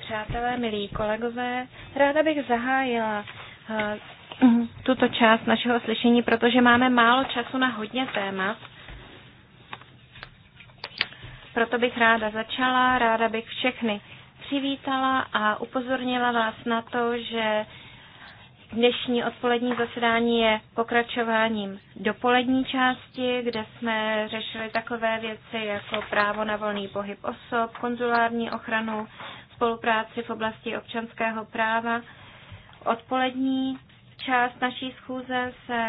Přátelé, milí kolegové, ráda bych zahájila eh, tuto část našeho slyšení, protože máme málo času na hodně témat. Proto bych ráda začala, ráda bych všechny přivítala a upozornila vás na to, že Dnešní odpolední zasedání je pokračováním dopolední části, kde jsme řešili takové věci jako právo na volný pohyb osob, konzulární ochranu, spolupráci v oblasti občanského práva. Odpolední část naší schůze se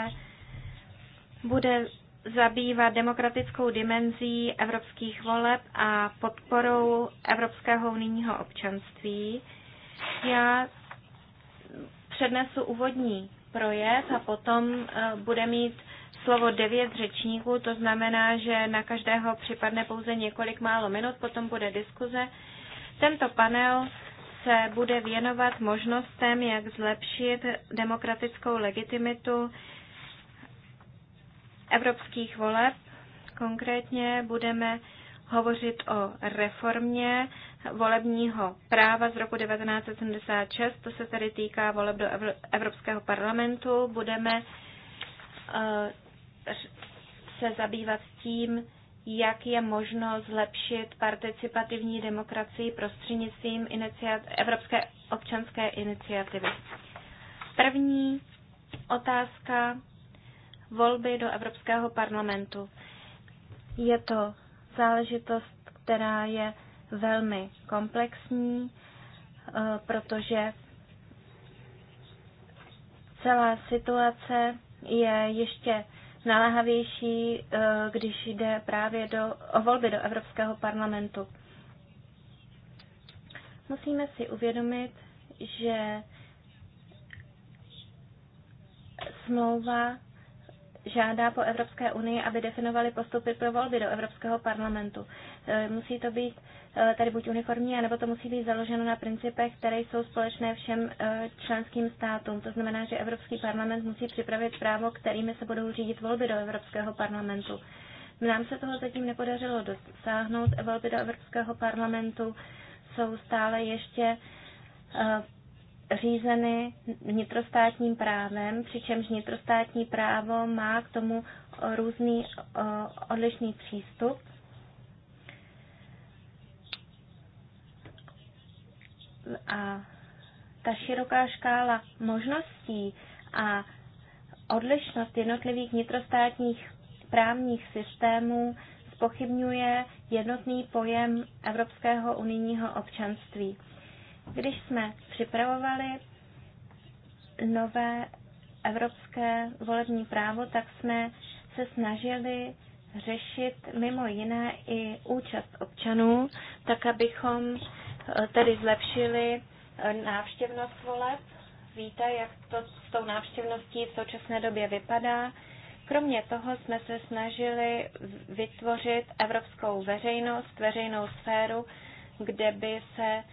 bude zabývat demokratickou dimenzí evropských voleb a podporou evropského unijního občanství. Já přednesu úvodní projev a potom eh, bude mít slovo devět řečníků, to znamená, že na každého připadne pouze několik málo minut, potom bude diskuze. Tento panel se bude věnovat možnostem, jak zlepšit demokratickou legitimitu evropských voleb. Konkrétně budeme hovořit o reformě volebního práva z roku 1976, to se tedy týká voleb do Evropského parlamentu. Budeme eh, se zabývat tím, jak je možno zlepšit participativní demokracii prostřednictvím Evropské občanské iniciativy. První otázka volby do Evropského parlamentu. Je to záležitost, která je velmi komplexní, eh, protože celá situace je ještě naléhavější, eh, když jde právě do, o volby do Evropského parlamentu. Musíme si uvědomit, že smlouva žádá po Evropské unii, aby definovali postupy pro volby do Evropského parlamentu. Eh, musí to být Eh, tady buď uniformní, anebo to musí být založeno na principech, které jsou společné všem eh, členským státům. To znamená, že Evropský parlament musí připravit právo, kterými se budou řídit volby do Evropského parlamentu. Nám se toho zatím nepodařilo dosáhnout. Volby do Evropského parlamentu jsou stále ještě eh, řízeny vnitrostátním právem, přičemž vnitrostátní právo má k tomu různý odlišný přístup. a ta široká škála možností a odlišnost jednotlivých vnitrostátních právních systémů spochybňuje jednotný pojem evropského unijního občanství. Když jsme připravovali nové evropské volební právo, tak jsme se snažili řešit mimo jiné i účast občanů, tak abychom tedy zlepšili eh, návštěvnost voleb. Víte, jak to s tou návštěvností v současné době vypadá. Kromě toho jsme se snažili vytvořit evropskou veřejnost, veřejnou sféru, kde by se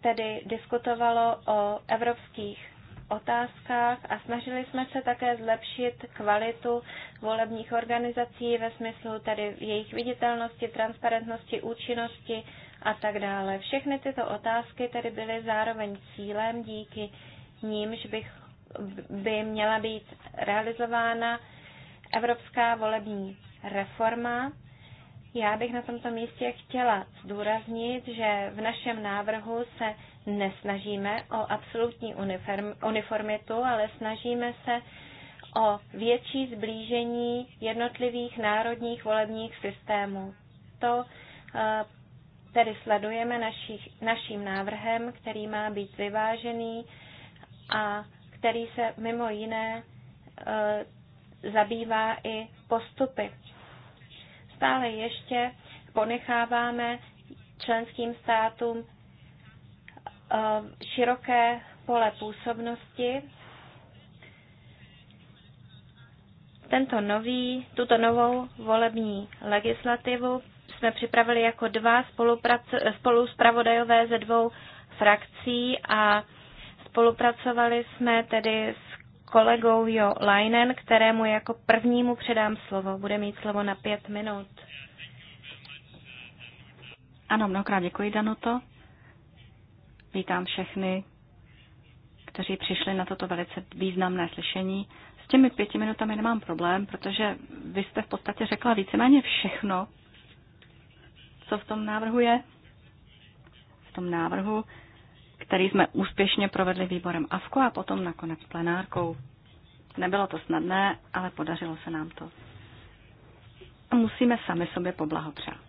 tedy diskutovalo o evropských otázkách a snažili jsme se také zlepšit kvalitu volebních organizací ve smyslu tedy jejich viditelnosti, transparentnosti, účinnosti a tak dále. Všechny tyto otázky tedy byly zároveň cílem, díky nímž bych, by měla být realizována evropská volební reforma. Já bych na tomto místě chtěla zdůraznit, že v našem návrhu se nesnažíme o absolutní uniformitu, ale snažíme se o větší zblížení jednotlivých národních volebních systémů. To eh, tedy sledujeme naší, naším návrhem, který má být vyvážený a který se mimo jiné e, zabývá i postupy. Stále ještě ponecháváme členským státům e, široké pole působnosti. Tento nový, tuto novou volební legislativu jsme připravili jako dva spoluzpravodajové ze dvou frakcí a spolupracovali jsme tedy s kolegou Jo Leinen, kterému jako prvnímu předám slovo. Bude mít slovo na pět minut. Ano, mnohokrát děkuji, Danuto. Vítám všechny, kteří přišli na toto velice významné slyšení. S těmi pěti minutami nemám problém, protože vy jste v podstatě řekla víceméně všechno, co v tom návrhu je? V tom návrhu, který jsme úspěšně provedli výborem AFKO a potom nakonec plenárkou. Nebylo to snadné, ale podařilo se nám to. A musíme sami sobě poblahopřát.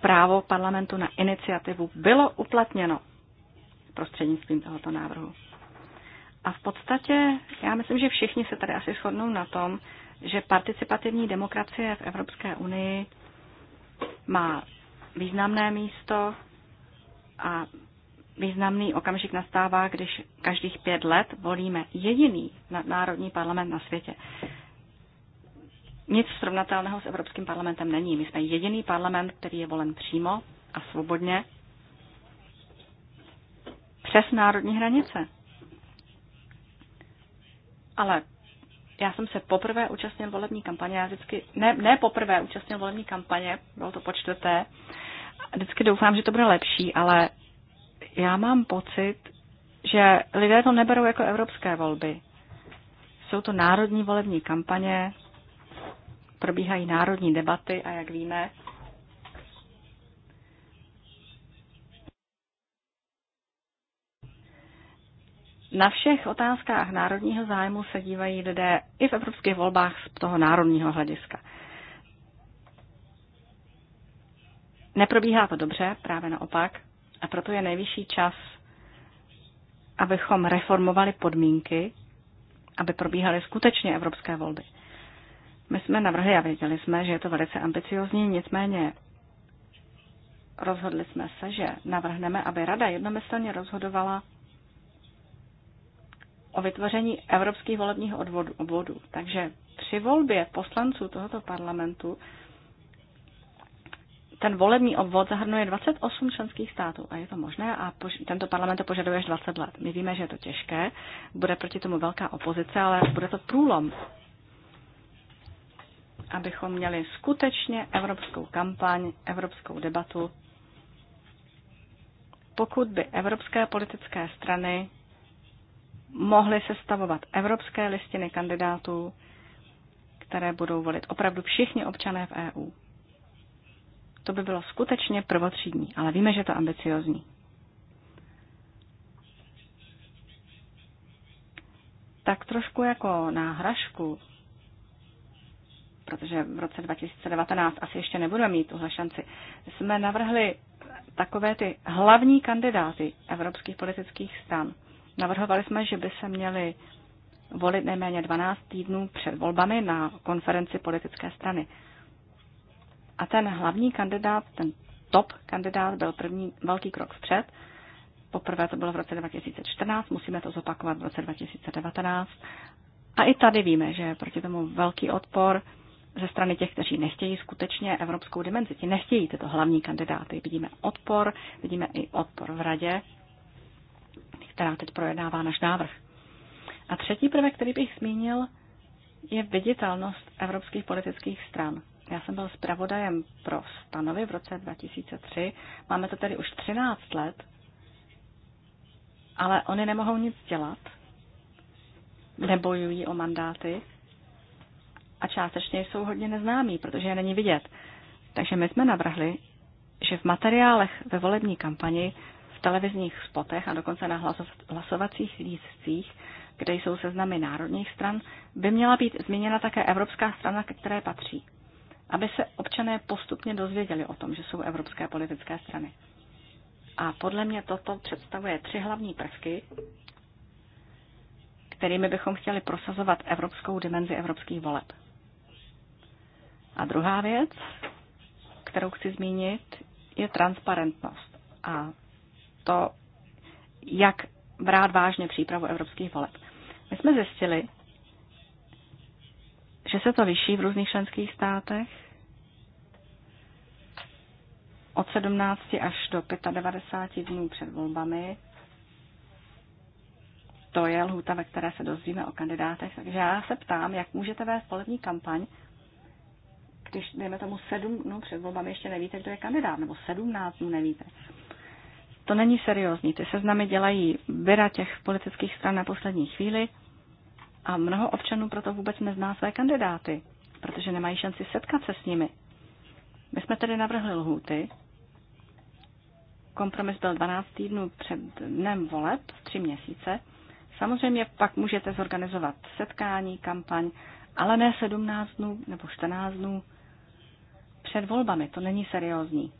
Právo parlamentu na iniciativu bylo uplatněno prostřednictvím tohoto návrhu. A v podstatě já myslím, že všichni se tady asi shodnou na tom, že participativní demokracie v Evropské unii má významné místo a významný okamžik nastává, když každých pět let volíme jediný národní parlament na světě. Nic srovnatelného s Evropským parlamentem není. My jsme jediný parlament, který je volen přímo a svobodně přes národní hranice. Ale já jsem se poprvé účastnil volební kampaně, já vždycky, ne, ne poprvé účastnil volební kampaně, bylo to po čtvrté, vždycky doufám, že to bude lepší, ale já mám pocit, že lidé to neberou jako evropské volby. Jsou to národní volební kampaně, probíhají národní debaty a jak víme, Na všech otázkách národního zájmu se dívají lidé i v evropských volbách z toho národního hlediska. Neprobíhá to dobře, právě naopak, a proto je nejvyšší čas, abychom reformovali podmínky, aby probíhaly skutečně evropské volby. My jsme navrhli a věděli jsme, že je to velice ambiciozní, nicméně rozhodli jsme se, že navrhneme, aby Rada jednomyslně rozhodovala o vytvoření evropských volebních odvodů, obvodů. Takže při volbě poslanců tohoto parlamentu ten volební obvod zahrnuje 28 členských států a je to možné a pož- tento parlament to požaduje až 20 let. My víme, že je to těžké, bude proti tomu velká opozice, ale bude to průlom, abychom měli skutečně evropskou kampaň, evropskou debatu. Pokud by evropské politické strany mohly sestavovat evropské listiny kandidátů, které budou volit opravdu všichni občané v EU. To by bylo skutečně prvotřídní, ale víme, že to ambiciozní. Tak trošku jako náhražku, protože v roce 2019 asi ještě nebudeme mít tuhle šanci, jsme navrhli takové ty hlavní kandidáty evropských politických stran – Navrhovali jsme, že by se měli volit nejméně 12 týdnů před volbami na konferenci politické strany. A ten hlavní kandidát, ten top kandidát, byl první velký krok vpřed. Poprvé to bylo v roce 2014, musíme to zopakovat v roce 2019. A i tady víme, že je proti tomu velký odpor ze strany těch, kteří nechtějí skutečně evropskou dimenzi. Ti nechtějí tyto hlavní kandidáty. Vidíme odpor, vidíme i odpor v radě která teď projednává náš návrh. A třetí prvek, který bych zmínil, je viditelnost evropských politických stran. Já jsem byl zpravodajem pro stanovy v roce 2003. Máme to tedy už 13 let, ale oni nemohou nic dělat, nebojují o mandáty a částečně jsou hodně neznámí, protože je není vidět. Takže my jsme navrhli, že v materiálech ve volební kampani televizních spotech a dokonce na hlasovacích lístcích, kde jsou seznamy národních stran, by měla být zmíněna také evropská strana, ke které patří, aby se občané postupně dozvěděli o tom, že jsou evropské politické strany. A podle mě toto představuje tři hlavní prvky, kterými bychom chtěli prosazovat evropskou dimenzi evropských voleb. A druhá věc, kterou chci zmínit, je transparentnost a to, jak brát vážně přípravu evropských voleb. My jsme zjistili, že se to liší v různých členských státech od 17 až do 95 dnů před volbami. To je lhůta, ve které se dozvíme o kandidátech. Takže já se ptám, jak můžete vést volební kampaň, když, dejme tomu, 7 dnů před volbami ještě nevíte, kdo je kandidát, nebo 17 dnů nevíte. To není seriózní. Ty seznamy dělají vyra těch politických stran na poslední chvíli a mnoho občanů proto vůbec nezná své kandidáty, protože nemají šanci setkat se s nimi. My jsme tedy navrhli lhůty. Kompromis byl 12 týdnů před dnem voleb, 3 měsíce. Samozřejmě pak můžete zorganizovat setkání, kampaň, ale ne 17 dnů nebo 14 dnů před volbami. To není seriózní.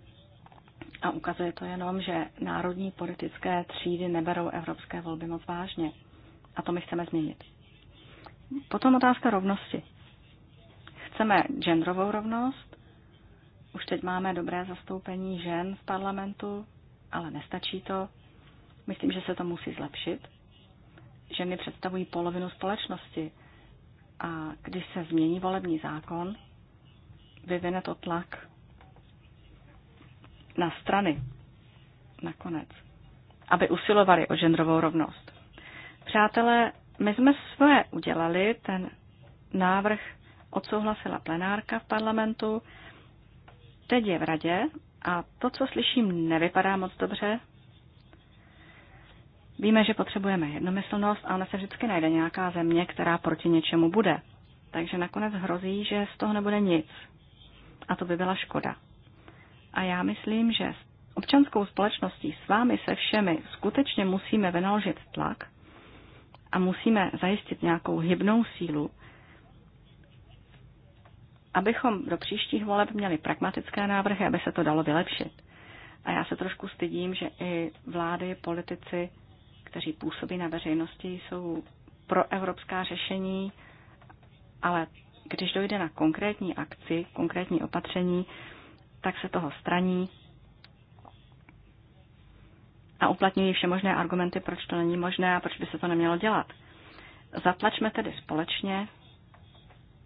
A ukazuje to jenom, že národní politické třídy neberou evropské volby moc vážně. A to my chceme změnit. Potom otázka rovnosti. Chceme genderovou rovnost. Už teď máme dobré zastoupení žen v parlamentu, ale nestačí to. Myslím, že se to musí zlepšit. Ženy představují polovinu společnosti. A když se změní volební zákon, vyvine to tlak na strany nakonec, aby usilovali o genderovou rovnost. Přátelé, my jsme své udělali, ten návrh odsouhlasila plenárka v parlamentu, teď je v radě a to, co slyším, nevypadá moc dobře. Víme, že potřebujeme jednomyslnost, ale se vždycky najde nějaká země, která proti něčemu bude. Takže nakonec hrozí, že z toho nebude nic. A to by byla škoda. A já myslím, že s občanskou společností s vámi se všemi skutečně musíme vynaložit tlak a musíme zajistit nějakou hybnou sílu, abychom do příštích voleb měli pragmatické návrhy, aby se to dalo vylepšit. A já se trošku stydím, že i vlády, politici, kteří působí na veřejnosti, jsou pro evropská řešení, ale když dojde na konkrétní akci, konkrétní opatření, tak se toho straní a uplatňují vše možné argumenty, proč to není možné a proč by se to nemělo dělat. Zatlačme tedy společně,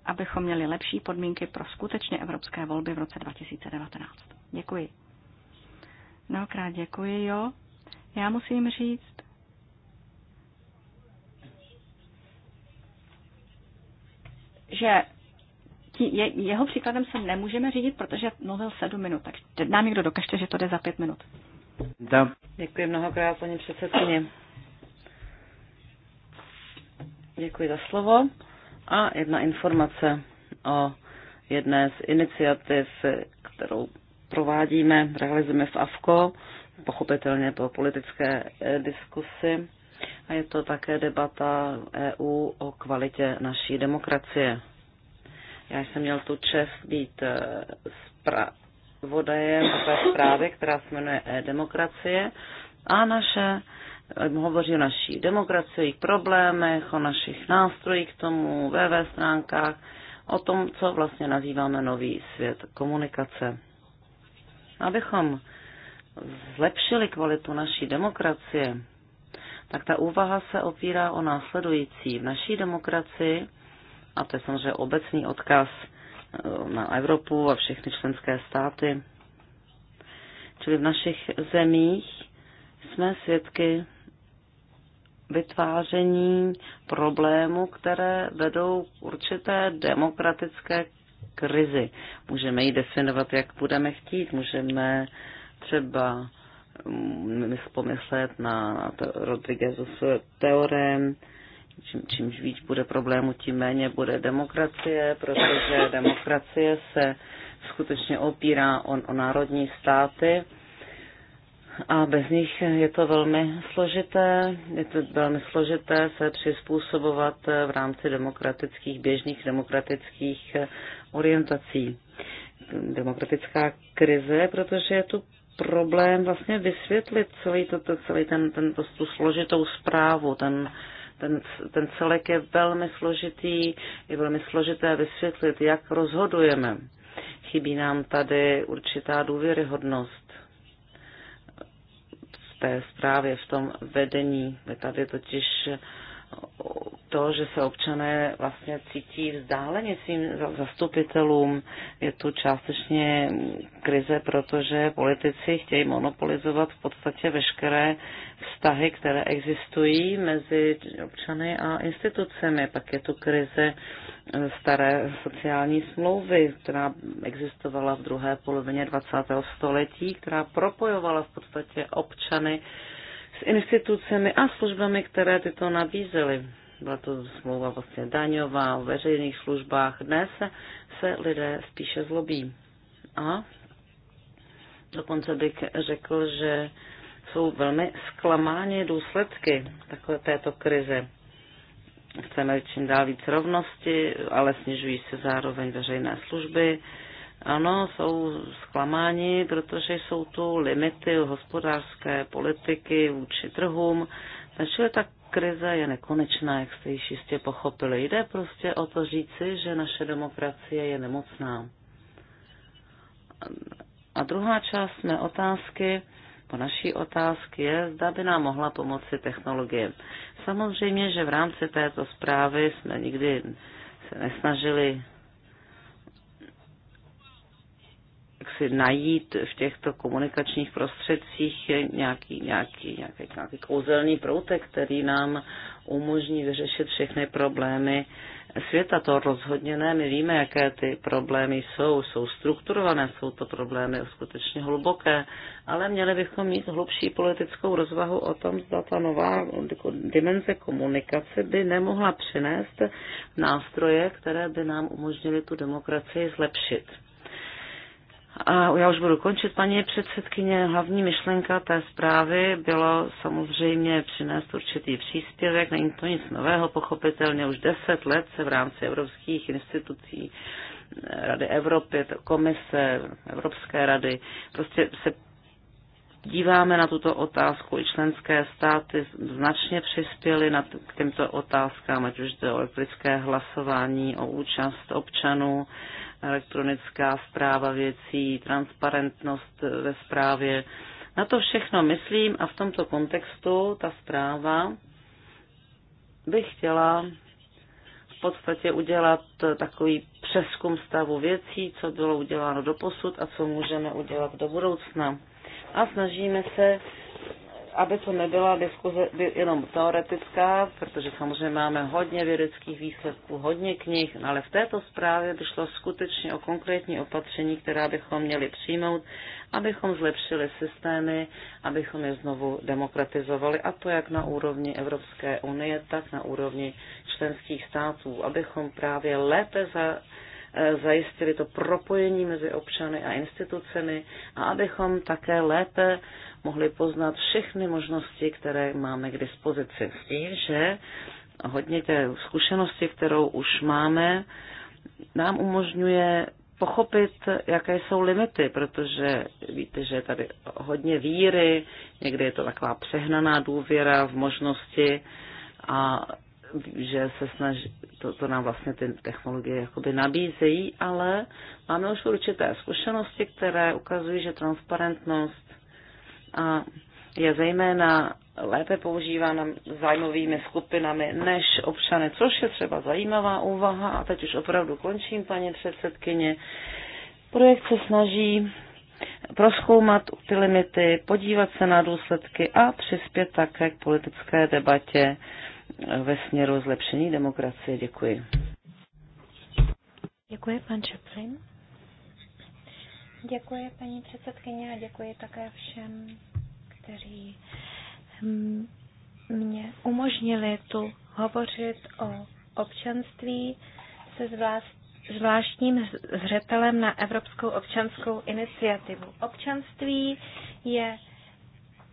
abychom měli lepší podmínky pro skutečně evropské volby v roce 2019. Děkuji. Mnohokrát děkuji, jo. Já musím říct, že tí, je, jeho příkladem se nemůžeme řídit, protože mluvil sedm minut. Tak nám někdo dokažte, že to jde za pět minut. Da. Děkuji mnohokrát, paní předsedkyně. Děkuji za slovo. A jedna informace o jedné z iniciativ, kterou provádíme, realizujeme v AFKO, pochopitelně po politické eh, diskusi. A je to také debata EU o kvalitě naší demokracie. Já jsem měl tu čest být eh, zpravodajem té zprávy, která se jmenuje e-demokracie eh, a naše eh, hovoří o naší demokracii, problémech, o našich nástrojích k tomu, web stránkách, o tom, co vlastně nazýváme nový svět komunikace. Abychom zlepšili kvalitu naší demokracie, tak ta úvaha se opírá o následující. V naší demokracii a to je samozřejmě obecný odkaz eh, na Evropu a všechny členské státy. Čili v našich zemích jsme svědky vytváření problémů, které vedou k určité demokratické krizi. Můžeme ji definovat, jak budeme chtít. Můžeme třeba mm, pomyslet na Rodriguezu teorem, čím, čím víc bude problému, tím méně bude demokracie, protože demokracie se skutečně opírá o, o národní státy a bez nich je to velmi složité, je to velmi složité se přizpůsobovat v rámci demokratických, běžných demokratických orientací. Demokratická krize, protože je tu problém vlastně vysvětlit celý, to, to, celý ten, ten, tu složitou zprávu, ten ten, ten celek je velmi složitý, je velmi složité vysvětlit, jak rozhodujeme. Chybí nám tady určitá důvěryhodnost v té zprávě, v tom vedení. My tady totiž to, že se občané vlastně cítí vzdáleně svým zastupitelům. Je tu částečně krize, protože politici chtějí monopolizovat v podstatě veškeré vztahy, které existují mezi občany a institucemi. Pak je tu krize staré sociální smlouvy, která existovala v druhé polovině 20. století, která propojovala v podstatě občany s institucemi a službami, které tyto nabízely. Byla to smlouva vlastně daňová, o veřejných službách. Dnes se lidé spíše zlobí. A dokonce bych řekl, že jsou velmi zklamáni důsledky takové této krize. Chceme čím dál víc rovnosti, ale snižují se zároveň veřejné služby, ano, jsou zklamáni, protože jsou tu limity hospodářské politiky vůči trhům, takže ta krize je nekonečná, jak jste již jistě pochopili. Jde prostě o to říci, že naše demokracie je nemocná. A druhá část mé otázky, po naší otázky je, zda by nám mohla pomoci technologie. Samozřejmě, že v rámci této zprávy jsme nikdy se nesnažili jak si najít v těchto komunikačních prostředcích nějaký, nějaký, nějaký, nějaký kouzelný proutek, který nám umožní vyřešit všechny problémy světa. To rozhodně ne, my víme, jaké ty problémy jsou. Jsou strukturované, jsou to problémy skutečně hluboké, ale měli bychom mít hlubší politickou rozvahu o tom, zda ta nová dimenze komunikace by nemohla přinést nástroje, které by nám umožnily tu demokracii zlepšit. A já už budu končit, paní předsedkyně. Hlavní myšlenka té zprávy bylo samozřejmě přinést určitý příspěvek. Není to nic nového, pochopitelně už deset let se v rámci evropských institucí Rady Evropy, komise, Evropské rady, prostě se díváme na tuto otázku, i členské státy značně přispěly na t- k těmto otázkám, ať už jde o elektrické hlasování, o účast občanů elektronická zpráva věcí, transparentnost ve zprávě. Na to všechno myslím a v tomto kontextu ta zpráva bych chtěla v podstatě udělat takový přeskum stavu věcí, co bylo uděláno do posud a co můžeme udělat do budoucna. A snažíme se aby to nebyla diskuze jenom teoretická, protože samozřejmě máme hodně vědeckých výsledků, hodně knih, no ale v této zprávě by šlo skutečně o konkrétní opatření, která bychom měli přijmout, abychom zlepšili systémy, abychom je znovu demokratizovali, a to jak na úrovni Evropské unie, tak na úrovni členských států, abychom právě lépe za e, zajistili to propojení mezi občany a institucemi a abychom také lépe mohli poznat všechny možnosti, které máme k dispozici. S tím, že hodně té zkušenosti, kterou už máme, nám umožňuje pochopit, jaké jsou limity, protože víte, že je tady hodně víry, někdy je to taková přehnaná důvěra v možnosti a že se snaží, to, to nám vlastně ty technologie jakoby nabízejí, ale máme už určité zkušenosti, které ukazují, že transparentnost a je zejména lépe používána zájmovými skupinami než občany, což je třeba zajímavá úvaha. A teď už opravdu končím, paní předsedkyně. Projekt se snaží proskoumat ty limity, podívat se na důsledky a přispět také k politické debatě ve směru zlepšení demokracie. Děkuji. Děkuji, pan Čeplin. Děkuji paní předsedkyně a děkuji také všem, kteří hm, mě umožnili tu hovořit o občanství se zvláštním zřetelem na Evropskou občanskou iniciativu. Občanství je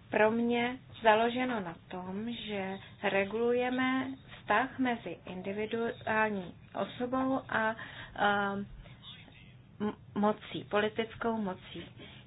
pro mě založeno na tom, že regulujeme vztah mezi individuální osobou a mocí, politickou mocí.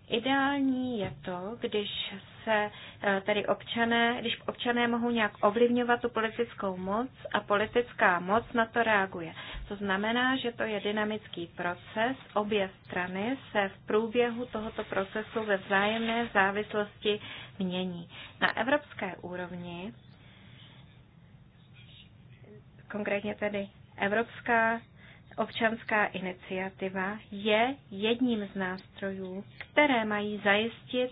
Ideální je to, když se eh, tedy občané, když občané mohou nějak ovlivňovat tu politickou moc a politická moc na to reaguje. To znamená, že to je dynamický proces. Obě strany se v průběhu tohoto procesu ve vzájemné závislosti mění. Na evropské úrovni, konkrétně tedy Evropská občanská iniciativa je jedním z nástrojů, které mají zajistit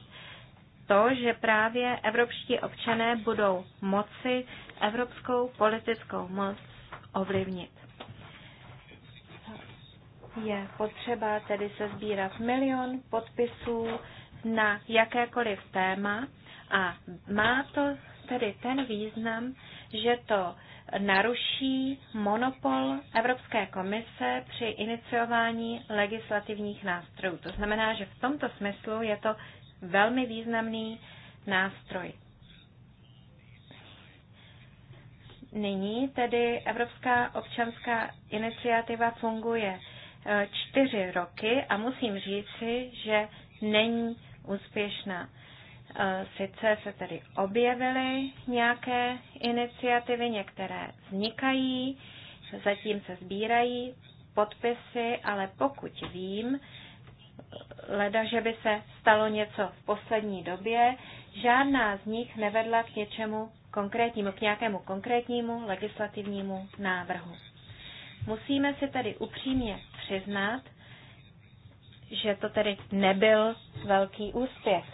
to, že právě evropští občané budou moci evropskou politickou moc ovlivnit. Je potřeba tedy se sbírat milion podpisů na jakékoliv téma a má to tedy ten význam, že to naruší monopol Evropské komise při iniciování legislativních nástrojů. To znamená, že v tomto smyslu je to velmi významný nástroj. Nyní tedy Evropská občanská iniciativa funguje e, čtyři roky a musím říci, že není úspěšná. E, sice se tedy objevily nějaké iniciativy, některé vznikají, zatím se sbírají podpisy, ale pokud vím, leda, že by se stalo něco v poslední době, žádná z nich nevedla k něčemu konkrétnímu, k nějakému konkrétnímu legislativnímu návrhu. Musíme si tedy upřímně přiznat, že to tedy nebyl velký úspěch.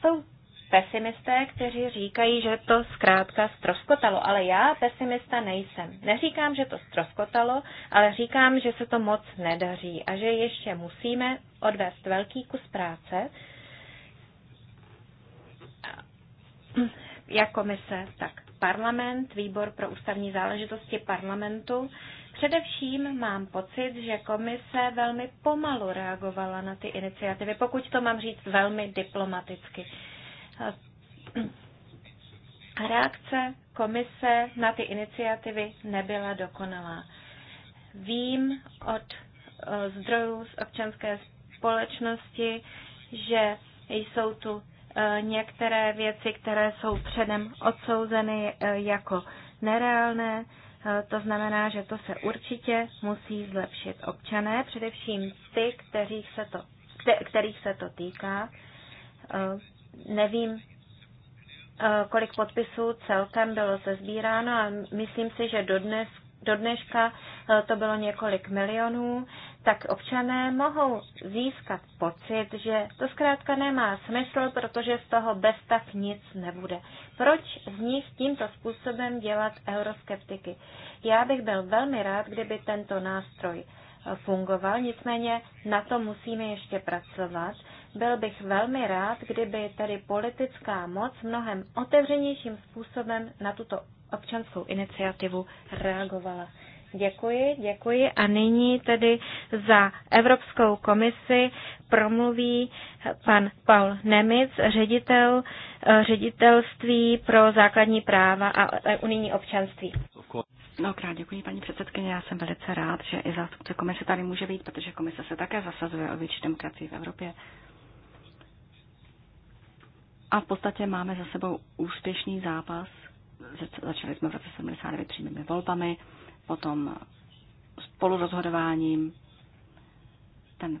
Jsou pesimisté, kteří říkají, že to zkrátka stroskotalo, ale já pesimista nejsem. Neříkám, že to stroskotalo, ale říkám, že se to moc nedaří a že ještě musíme odvést velký kus práce, jako komise, tak parlament, výbor pro ústavní záležitosti parlamentu, Především mám pocit, že komise velmi pomalu reagovala na ty iniciativy, pokud to mám říct velmi diplomaticky. Reakce komise na ty iniciativy nebyla dokonalá. Vím od eh, zdrojů z občanské společnosti, že jsou tu eh, některé věci, které jsou předem odsouzeny eh, jako nereálné. Eh, to znamená, že to se určitě musí zlepšit. Občané, především ty, kterých se to, kterých se to týká, eh, nevím, eh, kolik podpisů celkem bylo sezbíráno a myslím si, že dodnes, do dneška to bylo několik milionů tak občané mohou získat pocit, že to zkrátka nemá smysl, protože z toho bez tak nic nebude. Proč z nich tímto způsobem dělat euroskeptiky? Já bych byl velmi rád, kdyby tento nástroj eh, fungoval, nicméně na to musíme ještě pracovat. Byl bych velmi rád, kdyby tedy politická moc mnohem otevřenějším způsobem na tuto občanskou iniciativu reagovala. Děkuji, děkuji. A nyní tedy za Evropskou komisi promluví pan Paul Nemic, ředitel eh, ředitelství pro základní práva a eh, unijní občanství. Mnohokrát děkuji, paní předsedkyně. Já jsem velice rád, že i zástupce komise tady může být, protože komise se také zasazuje o větší demokracii v Evropě. A v podstatě máme za sebou úspěšný zápas. Začali jsme v roce 79 přímými volbami potom spolurozhodováním, ten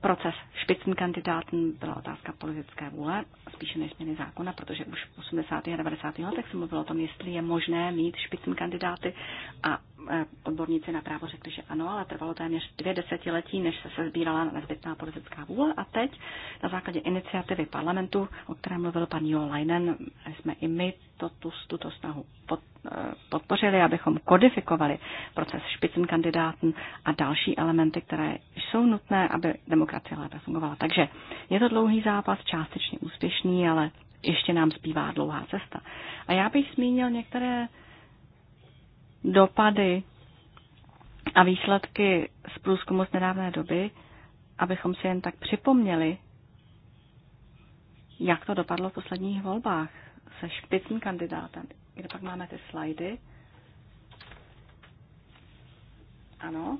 proces Spitzenkandidaten byla otázka politické vůle, spíše než změny zákona, protože už v 80. a 90. letech se mluvilo o tom, jestli je možné mít kandidáty a Eh, odborníci na právo řekli, že ano, ale trvalo téměř dvě desetiletí, než se sezbírala nezbytná politická vůle. A teď na základě iniciativy parlamentu, o které mluvil pan Jo Leinen, jsme i my to, tu, tuto snahu pod, eh, podpořili, abychom kodifikovali proces kandidátů a další elementy, které jsou nutné, aby demokracie lépe fungovala. Takže je to dlouhý zápas, částečně úspěšný, ale ještě nám zbývá dlouhá cesta. A já bych zmínil některé dopady a výsledky z průzkumu z nedávné doby, abychom si jen tak připomněli, jak to dopadlo v posledních volbách se špicným kandidátem. Kde pak máme ty slajdy? Ano.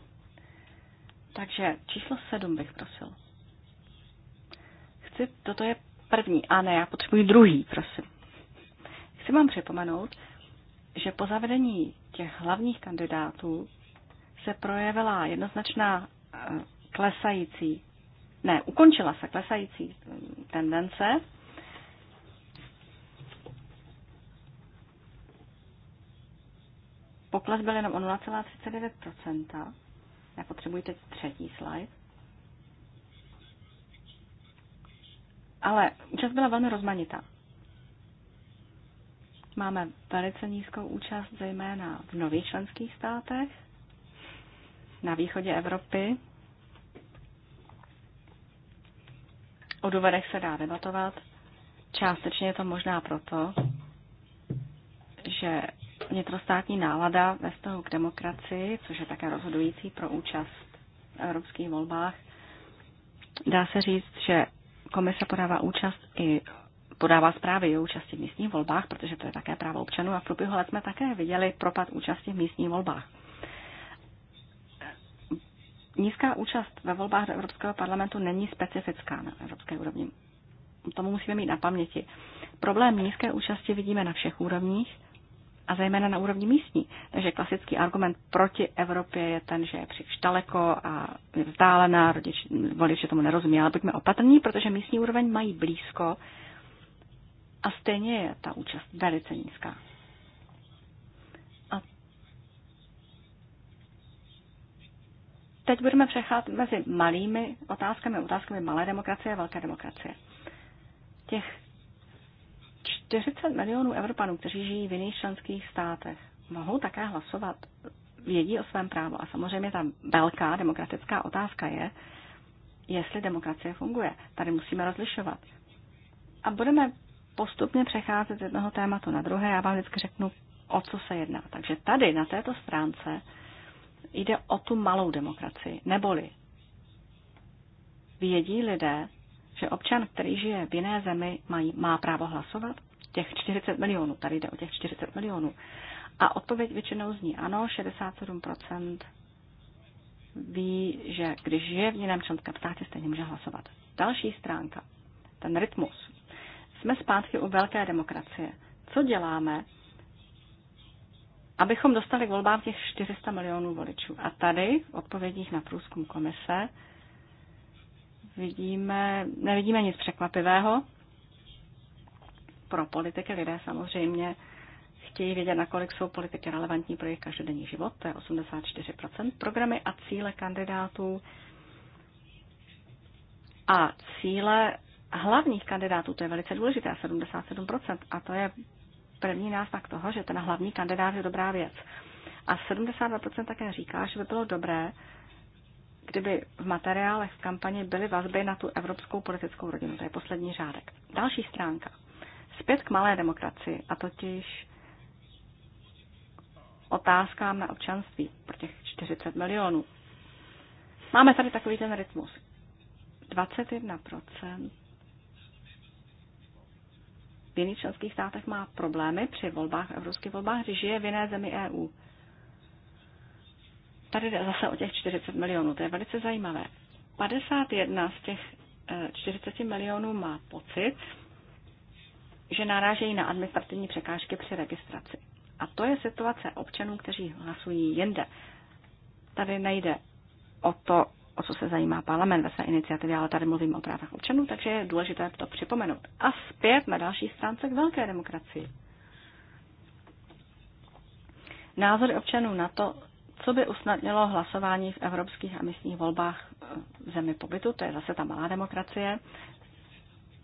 Takže číslo sedm bych prosil. Chci, toto je první. A ne, já potřebuji druhý, prosím. Chci vám připomenout, že po zavedení těch hlavních kandidátů se projevila jednoznačná eh, klesající, ne, ukončila se klesající mm, tendence. Pokles byl jenom o 0,39%. Já potřebuji teď třetí slide. Ale účast byla velmi rozmanitá. Máme velice nízkou účast zejména v nových členských státech, na východě Evropy. O důvodech se dá debatovat. Částečně je to možná proto, že vnitrostátní nálada ve vztahu k demokracii, což je také rozhodující pro účast v evropských volbách, dá se říct, že komise podává účast i podává zprávy o účasti v místních volbách, protože to je také právo občanů a v průběhu let jsme také viděli propad účasti v místních volbách. Nízká účast ve volbách do Evropského parlamentu není specifická na evropské úrovni. Tomu musíme mít na paměti. Problém nízké účasti vidíme na všech úrovních a zejména na úrovni místní. Takže klasický argument proti Evropě je ten, že je příliš daleko a je vzdálená, rodič, voliče tomu nerozumí, ale buďme opatrní, protože místní úroveň mají blízko a stejně je ta účast velice nízká. A teď budeme přecházet mezi malými otázkami, otázkami malé demokracie a velké demokracie. Těch 40 milionů Evropanů, kteří žijí v jiných členských státech, mohou také hlasovat, vědí o svém právu. A samozřejmě ta velká demokratická otázka je, jestli demokracie funguje. Tady musíme rozlišovat. A budeme postupně přecházet z jednoho tématu na druhé. Já vám vždycky řeknu, o co se jedná. Takže tady, na této stránce, jde o tu malou demokracii, neboli vědí lidé, že občan, který žije v jiné zemi, mají, má právo hlasovat? Těch 40 milionů, tady jde o těch 40 milionů. A odpověď většinou zní ano, 67% ví, že když žije v jiném členském státě, stejně může hlasovat. Další stránka, ten rytmus. Jsme zpátky u velké demokracie. Co děláme, abychom dostali k volbám těch 400 milionů voličů? A tady v odpovědích na průzkum komise vidíme, nevidíme nic překvapivého. Pro politiky lidé samozřejmě chtějí vědět, nakolik jsou politiky relevantní pro jejich každodenní život, to je 84%. Programy a cíle kandidátů a cíle hlavních kandidátů, to je velice důležité, 77%, a to je první náznak toho, že ten hlavní kandidát je dobrá věc. A 72% také říká, že by bylo dobré, kdyby v materiálech v kampani byly vazby na tu evropskou politickou rodinu. To je poslední řádek. Další stránka. Zpět k malé demokracii, a totiž otázkám na občanství pro těch 40 milionů. Máme tady takový ten rytmus. 21% v jiných členských státech má problémy při volbách, evropských volbách, když žije v jiné zemi EU. Tady jde zase o těch 40 milionů, to je velice zajímavé. 51 z těch 40 eh, milionů má pocit, že narážejí na administrativní překážky při registraci. A to je situace občanů, kteří hlasují jinde. Tady nejde o to, o co se zajímá parlament ve své iniciativě, ale tady mluvím o právech občanů, takže je důležité to připomenout. A zpět na další stránce k velké demokracii. Názory občanů na to, co by usnadnilo hlasování v evropských a místních volbách eh, v zemi pobytu, to je zase ta malá demokracie,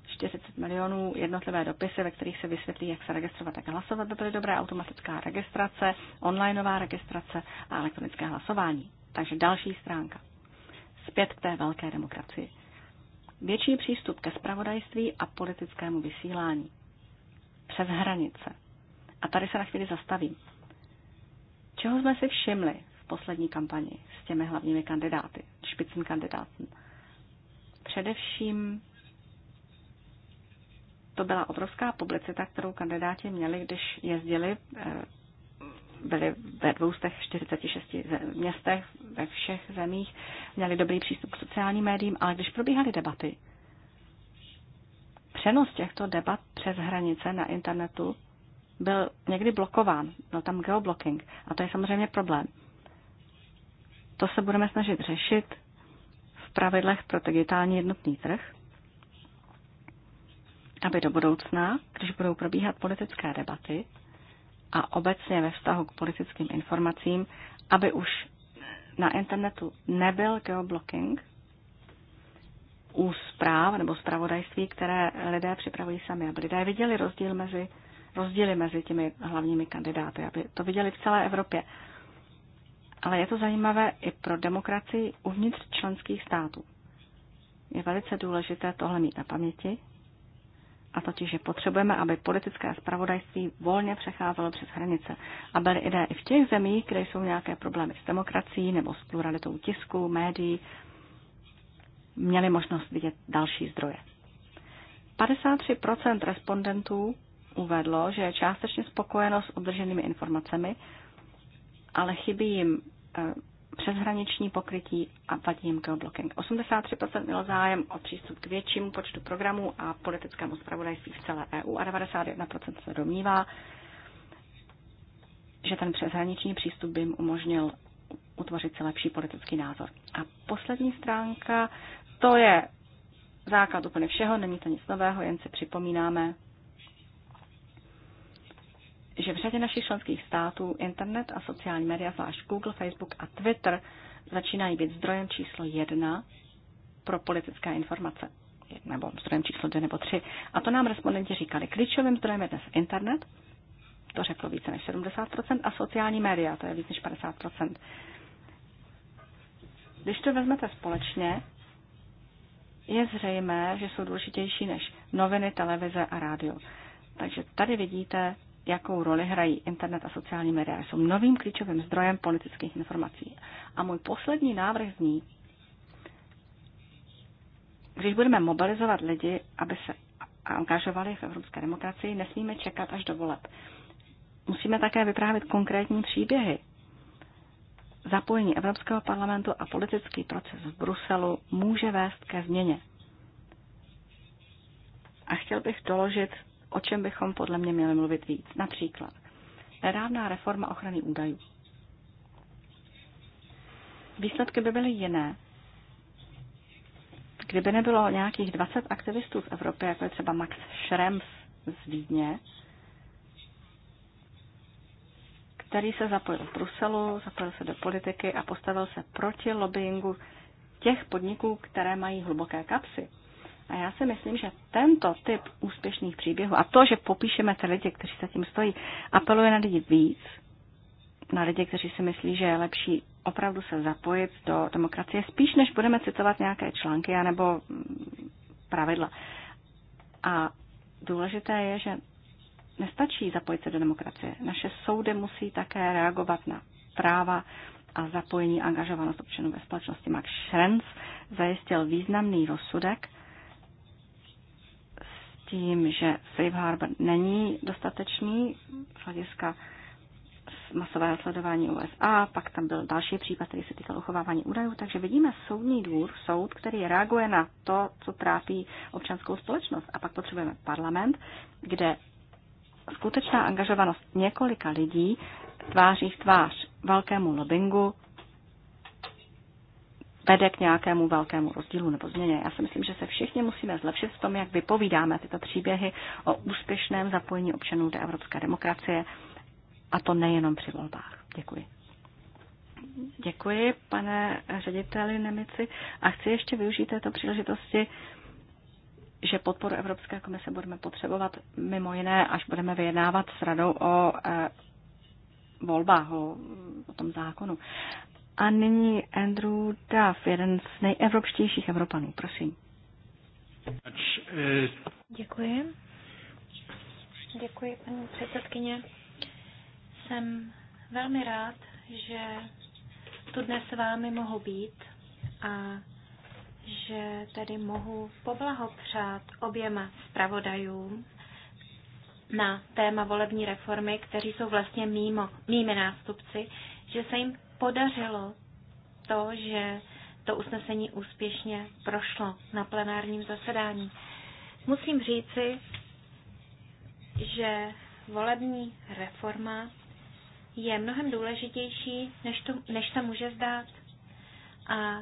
40 milionů jednotlivé dopisy, ve kterých se vysvětlí, jak se registrovat, jak hlasovat, by byly dobré automatická registrace, onlineová registrace a elektronické hlasování. Takže další stránka zpět k té velké demokracii. Větší přístup ke spravodajství a politickému vysílání. Přes hranice. A tady se na chvíli zastavím. Čeho jsme si všimli v poslední kampani s těmi hlavními kandidáty, špicným kandidátem? Především to byla obrovská publicita, kterou kandidáti měli, když jezdili eh, byli ve 246 městech, ve všech zemích, měli dobrý přístup k sociálním médiím, ale když probíhaly debaty, přenos těchto debat přes hranice na internetu byl někdy blokován, byl tam geoblocking a to je samozřejmě problém. To se budeme snažit řešit v pravidlech pro digitální jednotný trh, aby do budoucna, když budou probíhat politické debaty, a obecně ve vztahu k politickým informacím, aby už na internetu nebyl geoblocking u zpráv nebo zpravodajství, které lidé připravují sami, aby lidé viděli rozdíl mezi, rozdíly mezi těmi hlavními kandidáty, aby to viděli v celé Evropě. Ale je to zajímavé i pro demokracii uvnitř členských států. Je velice důležité tohle mít na paměti a totiž, že potřebujeme, aby politické spravodajství volně přecházelo přes hranice a byly ideje i v těch zemích, kde jsou nějaké problémy s demokracií nebo s pluralitou tisku, médií, měli možnost vidět další zdroje. 53% respondentů uvedlo, že je částečně spokojeno s obdrženými informacemi, ale chybí jim eh, přeshraniční pokrytí a vadím jim geoblocking. 83% mělo zájem o přístup k většímu počtu programů a politickému spravodajství v celé EU a 91% se domnívá, že ten přeshraniční přístup by jim umožnil utvořit si lepší politický názor. A poslední stránka, to je základ úplně všeho, není to nic nového, jen si připomínáme, že v řadě našich členských států internet a sociální média, zvlášť Google, Facebook a Twitter, začínají být zdrojem číslo jedna pro politické informace. Nebo zdrojem číslo dvě nebo tři. A to nám respondenti říkali. Klíčovým zdrojem je dnes internet, to řeklo více než 70%, a sociální média, to je více než 50%. Když to vezmete společně, je zřejmé, že jsou důležitější než noviny, televize a rádio. Takže tady vidíte, jakou roli hrají internet a sociální média. Jsou novým klíčovým zdrojem politických informací. A můj poslední návrh zní, když budeme mobilizovat lidi, aby se angažovali v evropské demokracii, nesmíme čekat až do voleb. Musíme také vyprávět konkrétní příběhy. Zapojení Evropského parlamentu a politický proces v Bruselu může vést ke změně. A chtěl bych doložit o čem bychom podle mě měli mluvit víc. Například nedávná reforma ochrany údajů. Výsledky by byly jiné, kdyby nebylo nějakých 20 aktivistů v Evropě, jako je třeba Max Schrems z Vídně, který se zapojil v Bruselu, zapojil se do politiky a postavil se proti lobbyingu těch podniků, které mají hluboké kapsy. A já si myslím, že tento typ úspěšných příběhů a to, že popíšeme ty lidi, kteří za tím stojí, apeluje na lidi víc, na lidi, kteří si myslí, že je lepší opravdu se zapojit do demokracie, spíš než budeme citovat nějaké články anebo mm, pravidla. A důležité je, že nestačí zapojit se do demokracie. Naše soudy musí také reagovat na práva a zapojení angažovanost občanů ve společnosti. Max Schrenz zajistil významný rozsudek, tím, že Safe Harbor není dostatečný z hlediska masového sledování USA, pak tam byl další případ, který se týkal uchovávání údajů, takže vidíme soudní dvůr, soud, který reaguje na to, co trápí občanskou společnost. A pak potřebujeme parlament, kde skutečná angažovanost několika lidí tváří v tvář velkému lobbingu vede k nějakému velkému rozdílu nebo změně. Já si myslím, že se všichni musíme zlepšit v tom, jak vypovídáme tyto příběhy o úspěšném zapojení občanů do evropské demokracie, a to nejenom při volbách. Děkuji. Děkuji, pane řediteli Nemici. A chci ještě využít této příležitosti, že podporu Evropské komise budeme potřebovat mimo jiné, až budeme vyjednávat s radou o eh, volbách, o, o tom zákonu. A nyní Andrew Duff, jeden z nejevropštějších Evropanů, prosím. Děkuji. Děkuji, paní předsedkyně. Jsem velmi rád, že tu dnes s vámi mohu být a že tady mohu poblahopřát oběma zpravodajům na téma volební reformy, kteří jsou vlastně mimo, mými nástupci, že se jim podařilo to, že to usnesení úspěšně prošlo na plenárním zasedání. Musím říci, že volební reforma je mnohem důležitější, než, to, než se může zdát. A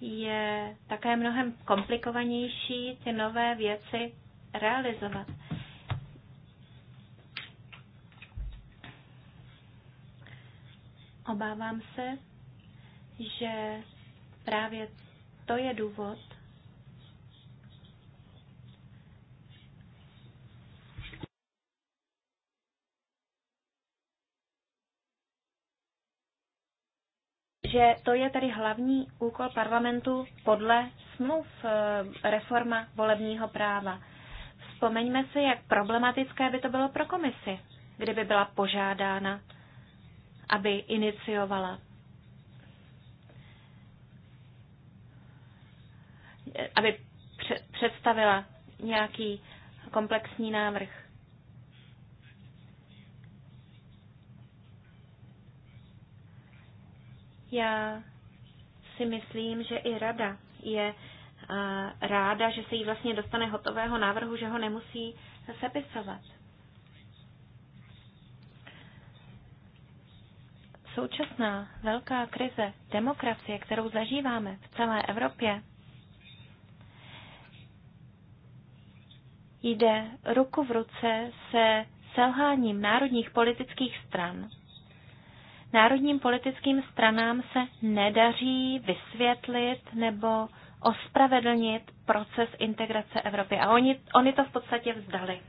je také mnohem komplikovanější ty nové věci realizovat. Obávám se, že právě to je důvod, že to je tedy hlavní úkol parlamentu podle smluv eh, reforma volebního práva. Vzpomeňme si, jak problematické by to bylo pro komisi, kdyby byla požádána aby iniciovala. aby představila nějaký komplexní návrh. Já si myslím, že i rada je ráda, že se jí vlastně dostane hotového návrhu, že ho nemusí sepisovat. Současná velká krize demokracie, kterou zažíváme v celé Evropě, jde ruku v ruce se selháním národních politických stran. Národním politickým stranám se nedaří vysvětlit nebo ospravedlnit proces integrace Evropy. A oni, oni to v podstatě vzdali.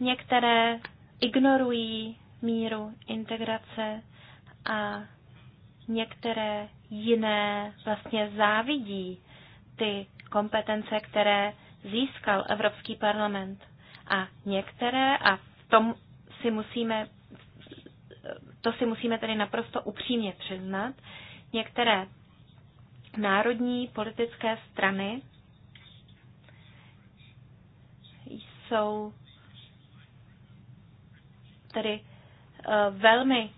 Některé ignorují míru integrace a některé jiné vlastně závidí ty kompetence, které získal Evropský parlament. A některé, a v tom si musíme, to si musíme tedy naprosto upřímně přiznat, některé národní politické strany jsou tedy Eh, velmi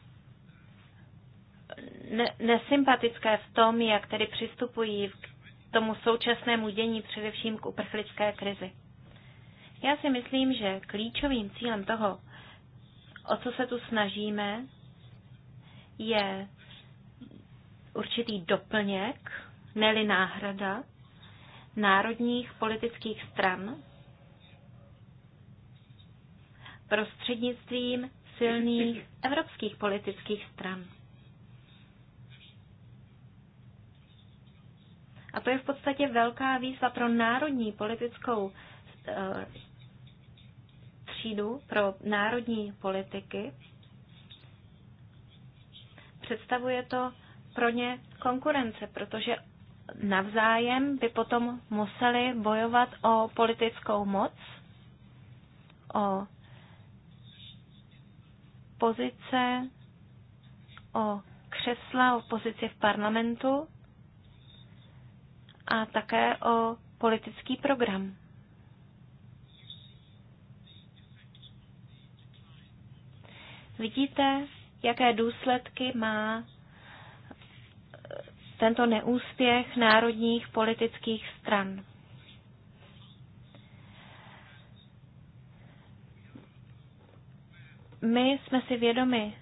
nesympatické v tom, jak tedy přistupují k tomu současnému dění, především k uprchlické krizi. Já si myslím, že klíčovým cílem toho, o co se tu snažíme, je určitý doplněk, neli náhrada, národních politických stran prostřednictvím silných evropských politických stran. A to je v podstatě velká výzva pro národní politickou eh, třídu, pro národní politiky. Představuje to pro ně konkurence, protože navzájem by potom museli bojovat o politickou moc, o pozice, o křesla, o pozici v parlamentu a také o politický program. Vidíte, jaké důsledky má eh, tento neúspěch národních politických stran. My jsme si vědomi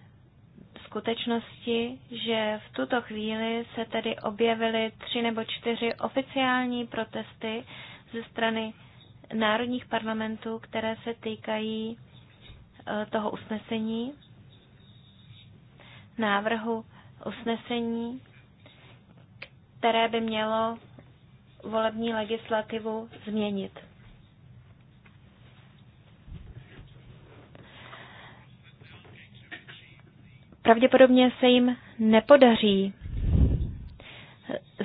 skutečnosti, že v tuto chvíli se tedy objevily tři nebo čtyři oficiální protesty ze strany národních parlamentů, které se týkají e, toho usnesení, návrhu usnesení, které by mělo volební legislativu změnit. pravděpodobně se jim nepodaří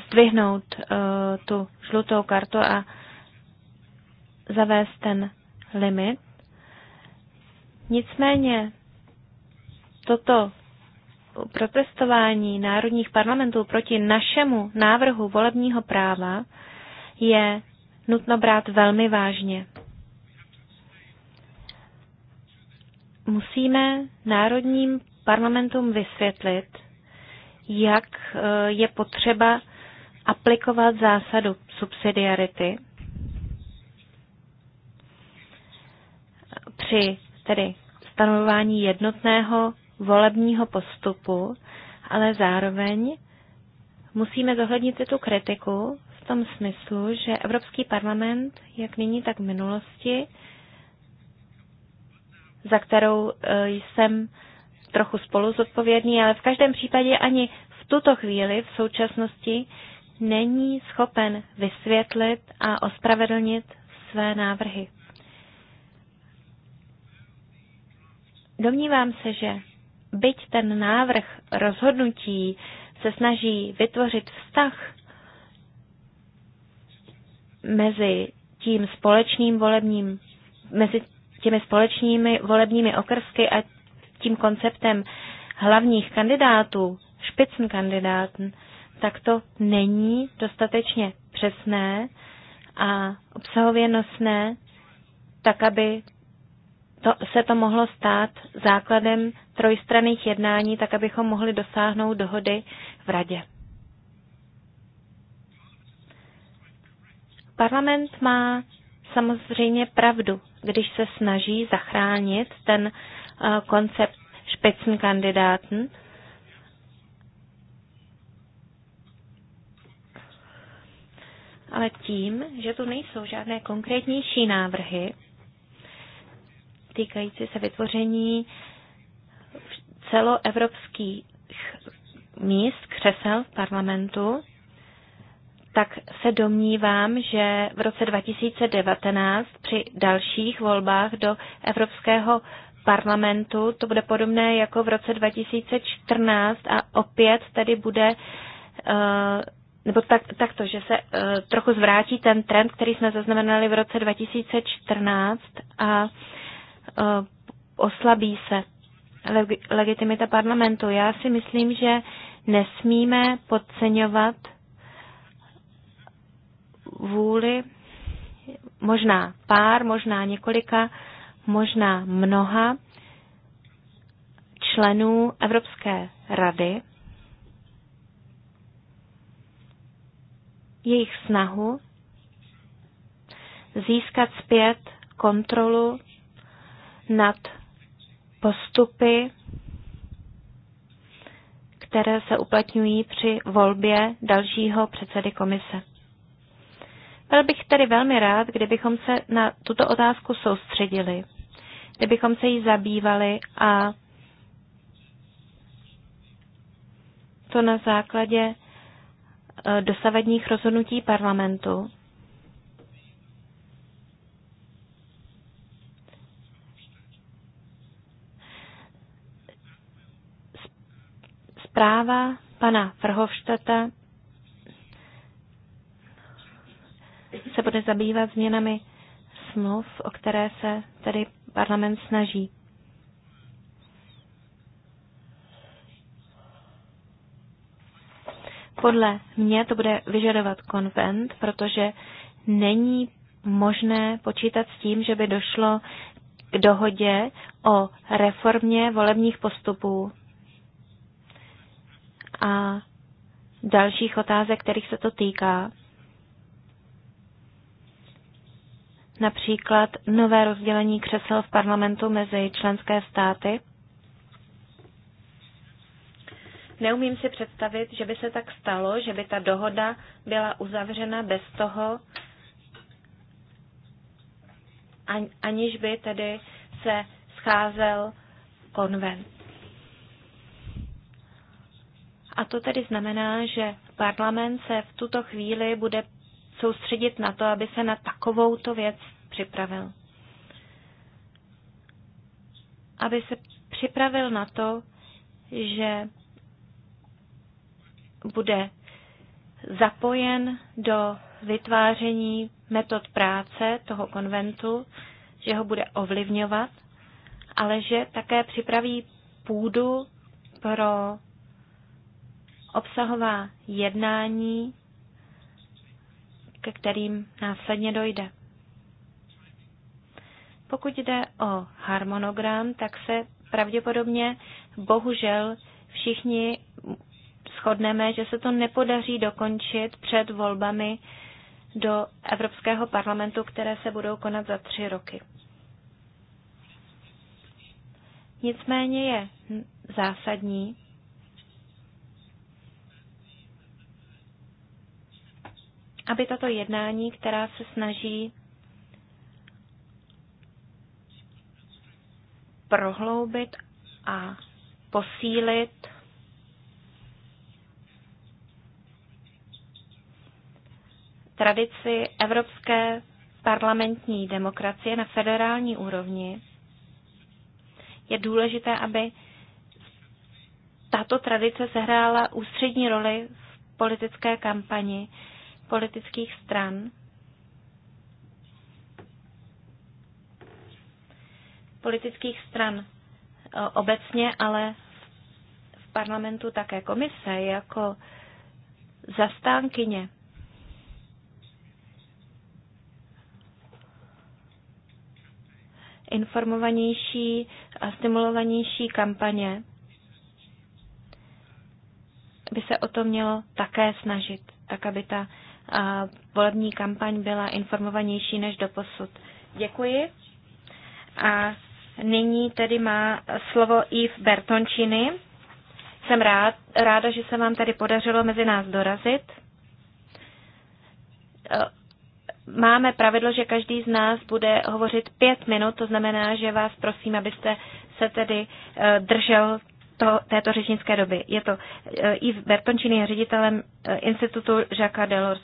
zdvihnout eh, tu žlutou kartu a zavést ten limit. Nicméně toto protestování národních parlamentů proti našemu návrhu volebního práva je nutno brát velmi vážně. Musíme národním parlamentům vysvětlit, jak eh, je potřeba aplikovat zásadu subsidiarity při tedy stanovování jednotného volebního postupu, ale zároveň musíme zohlednit i tu kritiku v tom smyslu, že Evropský parlament, jak nyní, tak v minulosti, za kterou eh, jsem trochu spolu zodpovědný, ale v každém případě ani v tuto chvíli, v současnosti, není schopen vysvětlit a ospravedlnit své návrhy. Domnívám se, že byť ten návrh rozhodnutí se snaží vytvořit vztah mezi tím společným volebním, mezi těmi společnými volebními okrsky a tím konceptem hlavních kandidátů, špicn kandidáten, tak to není dostatečně přesné a obsahově nosné, tak aby to, se to mohlo stát základem trojstranných jednání, tak abychom mohli dosáhnout dohody v radě. Parlament má samozřejmě pravdu, když se snaží zachránit ten Konzept Spitzenkandidaten. Ale tím, že tu nejsou žádné konkrétnější návrhy týkající se vytvoření celoevropských míst křesel v parlamentu, tak se domnívám, že v roce 2019 při dalších volbách do Evropského parlamentu. To bude podobné jako v roce 2014 a opět tedy bude, eh, nebo tak, takto, že se eh, trochu zvrátí ten trend, který jsme zaznamenali v roce 2014 a eh, oslabí se legitimita parlamentu. Já si myslím, že nesmíme podceňovat vůli možná pár, možná několika možná mnoha členů Evropské rady jejich snahu získat zpět kontrolu nad postupy, které se uplatňují při volbě dalšího předsedy komise. Byl bych tedy velmi rád, kdybychom se na tuto otázku soustředili kdybychom se jí zabývali a to na základě eh, dosavadních rozhodnutí parlamentu. Zpráva pana Frhovštata se bude zabývat změnami smluv, o které se tedy parlament snaží. Podle mě to bude vyžadovat konvent, protože není možné počítat s tím, že by došlo k dohodě o reformě volebních postupů a dalších otázek, kterých se to týká například nové rozdělení křesel v parlamentu mezi členské státy. Neumím si představit, že by se tak stalo, že by ta dohoda byla uzavřena bez toho, aniž by tedy se scházel konvent. A to tedy znamená, že parlament se v tuto chvíli bude soustředit na to, aby se na takovouto věc připravil. Aby se připravil na to, že bude zapojen do vytváření metod práce toho konventu, že ho bude ovlivňovat, ale že také připraví půdu pro obsahová jednání ke kterým následně dojde. Pokud jde o harmonogram, tak se pravděpodobně bohužel všichni shodneme, že se to nepodaří dokončit před volbami do Evropského parlamentu, které se budou konat za tři roky. Nicméně je zásadní, aby tato jednání, která se snaží prohloubit a posílit tradici evropské parlamentní demokracie na federální úrovni, je důležité, aby tato tradice sehrála ústřední roli v politické kampani politických stran. Politických stran eh, obecně, ale v parlamentu také komise jako zastánkyně informovanější a stimulovanější kampaně by se o to mělo také snažit, tak aby ta volební kampaň byla informovanější než doposud. Děkuji. A nyní tedy má slovo Yves Bertončiny. Jsem rád, ráda, že se vám tady podařilo mezi nás dorazit. E, máme pravidlo, že každý z nás bude hovořit pět minut, to znamená, že vás prosím, abyste se tedy e, držel to, této řečnické doby. Je to eh, Yves Bertončiny je ředitelem eh, institutu Jacques Delors.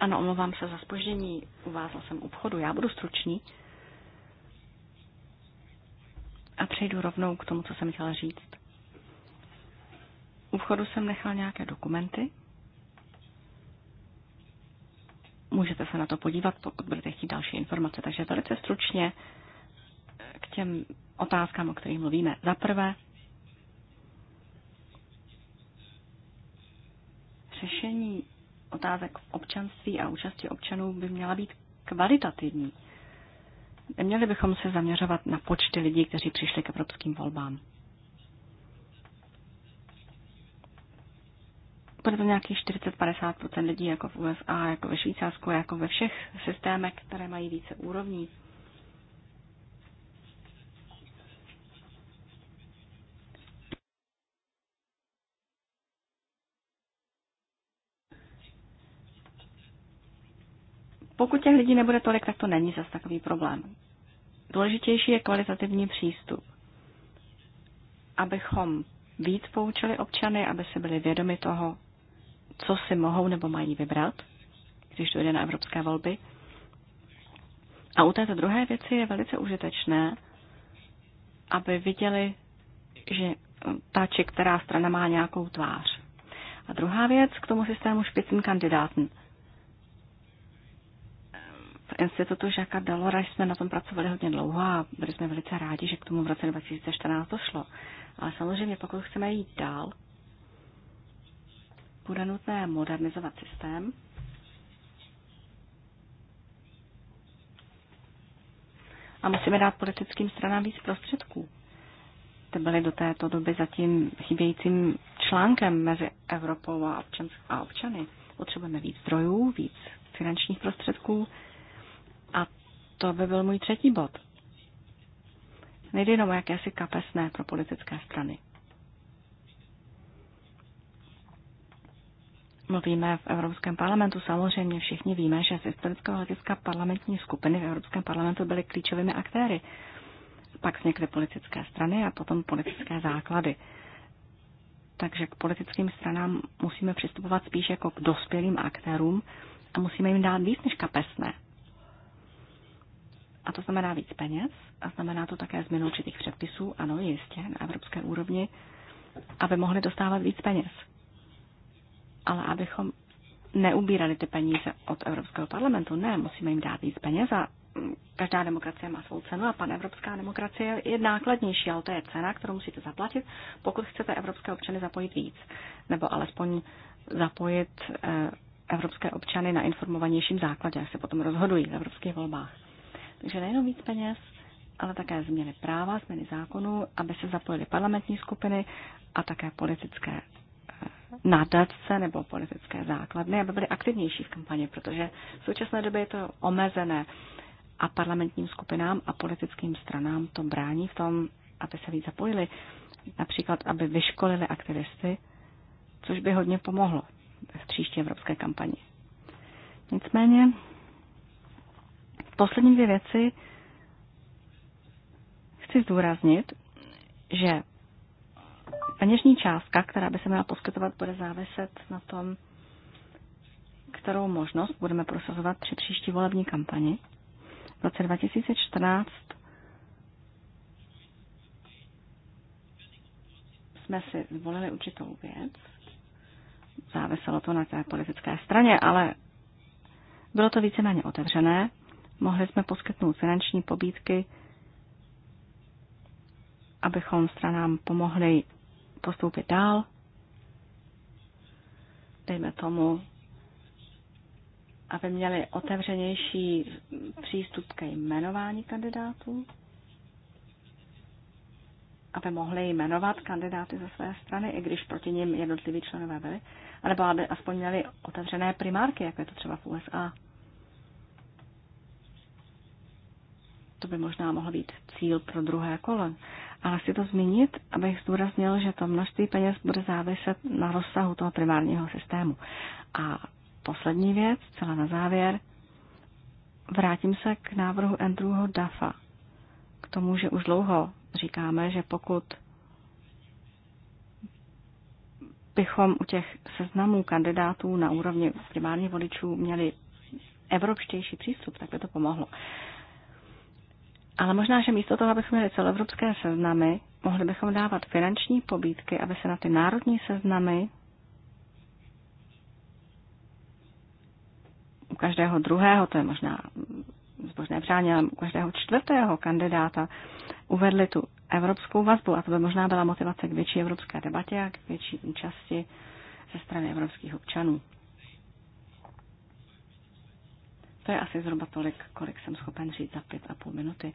Ano, omlouvám se za spoždění, uvázla jsem obchodu, já budu stručný. A přejdu rovnou k tomu, co jsem chtěla říct. U vchodu jsem nechal nějaké dokumenty. Můžete se na to podívat, pokud budete chtít další informace. Takže velice stručně těm otázkám, o kterých mluvíme. Za prvé, řešení otázek občanství a účasti občanů by měla být kvalitativní. Neměli bychom se zaměřovat na počty lidí, kteří přišli k evropským volbám. Bude to nějakých 40-50% lidí jako v USA, jako ve Švýcarsku, jako ve všech systémech, které mají více úrovní. Pokud těch lidí nebude tolik, tak to není zas takový problém. Důležitější je kvalitativní přístup. Abychom víc poučili občany, aby se byli vědomi toho, co si mohou nebo mají vybrat, když dojde na evropské volby. A u této druhé věci je velice užitečné, aby viděli, že ta či která strana má nějakou tvář. A druhá věc k tomu systému špicin kandidáten – v institutu Žáka Dalora jsme na tom pracovali hodně dlouho a byli jsme velice rádi, že k tomu v roce 2014 šlo. Ale samozřejmě, pokud chceme jít dál, bude nutné modernizovat systém. A musíme dát politickým stranám víc prostředků. Ty byly do této doby zatím chybějícím článkem mezi Evropou a, občan, a občany. Potřebujeme víc zdrojů, víc finančních prostředků, a to by byl můj třetí bod. Nejde jenom o jakési kapesné pro politické strany. Mluvíme v Evropském parlamentu, samozřejmě všichni víme, že z historického hlediska parlamentní skupiny v Evropském parlamentu byly klíčovými aktéry. Pak vznikly politické strany a potom politické základy. Takže k politickým stranám musíme přistupovat spíš jako k dospělým aktérům a musíme jim dát víc než kapesné. A to znamená víc peněz a znamená to také změnu určitých předpisů, ano, jistě, na evropské úrovni, aby mohli dostávat víc peněz. Ale abychom neubírali ty peníze od Evropského parlamentu, ne, musíme jim dát víc peněz a každá demokracie má svou cenu a pan evropská demokracie je nákladnější, ale to je cena, kterou musíte zaplatit, pokud chcete evropské občany zapojit víc, nebo alespoň zapojit eh, evropské občany na informovanějším základě, jak se potom rozhodují v evropských volbách. Takže nejenom víc peněz, ale také změny práva, změny zákonů, aby se zapojily parlamentní skupiny a také politické eh, nadace nebo politické základny, aby byly aktivnější v kampani, protože v současné době je to omezené a parlamentním skupinám a politickým stranám to brání v tom, aby se víc zapojili, například aby vyškolili aktivisty, což by hodně pomohlo v příští evropské kampani. Nicméně poslední dvě věci chci zdůraznit, že peněžní částka, která by se měla poskytovat, bude záviset na tom, kterou možnost budeme prosazovat při příští volební kampani. V roce 2014 jsme si zvolili určitou věc. Záviselo to na té politické straně, ale bylo to víceméně otevřené mohli jsme poskytnout finanční pobídky, abychom stranám pomohli postoupit dál. Dejme tomu, aby měli otevřenější přístup ke jmenování kandidátů, aby mohli jmenovat kandidáty ze své strany, i když proti nim jednotliví členové byli, anebo aby aspoň měli otevřené primárky, jako je to třeba v USA. To by možná mohl být cíl pro druhé kolo. Ale chci to zmínit, abych zdůraznil, že to množství peněz bude záviset na rozsahu toho primárního systému. A poslední věc, celá na závěr, vrátím se k návrhu Andrewho Dafa. K tomu, že už dlouho říkáme, že pokud bychom u těch seznamů kandidátů na úrovni primárních voličů měli evropštější přístup, tak by to pomohlo. Ale možná, že místo toho, abychom měli celoevropské seznamy, mohli bychom dávat finanční pobídky, aby se na ty národní seznamy u každého druhého, to je možná zbožné přání, ale u každého čtvrtého kandidáta uvedli tu evropskou vazbu a to by možná byla motivace k větší evropské debatě a k větší účasti ze strany evropských občanů. To je asi zhruba tolik, kolik jsem schopen říct za pět a půl minuty.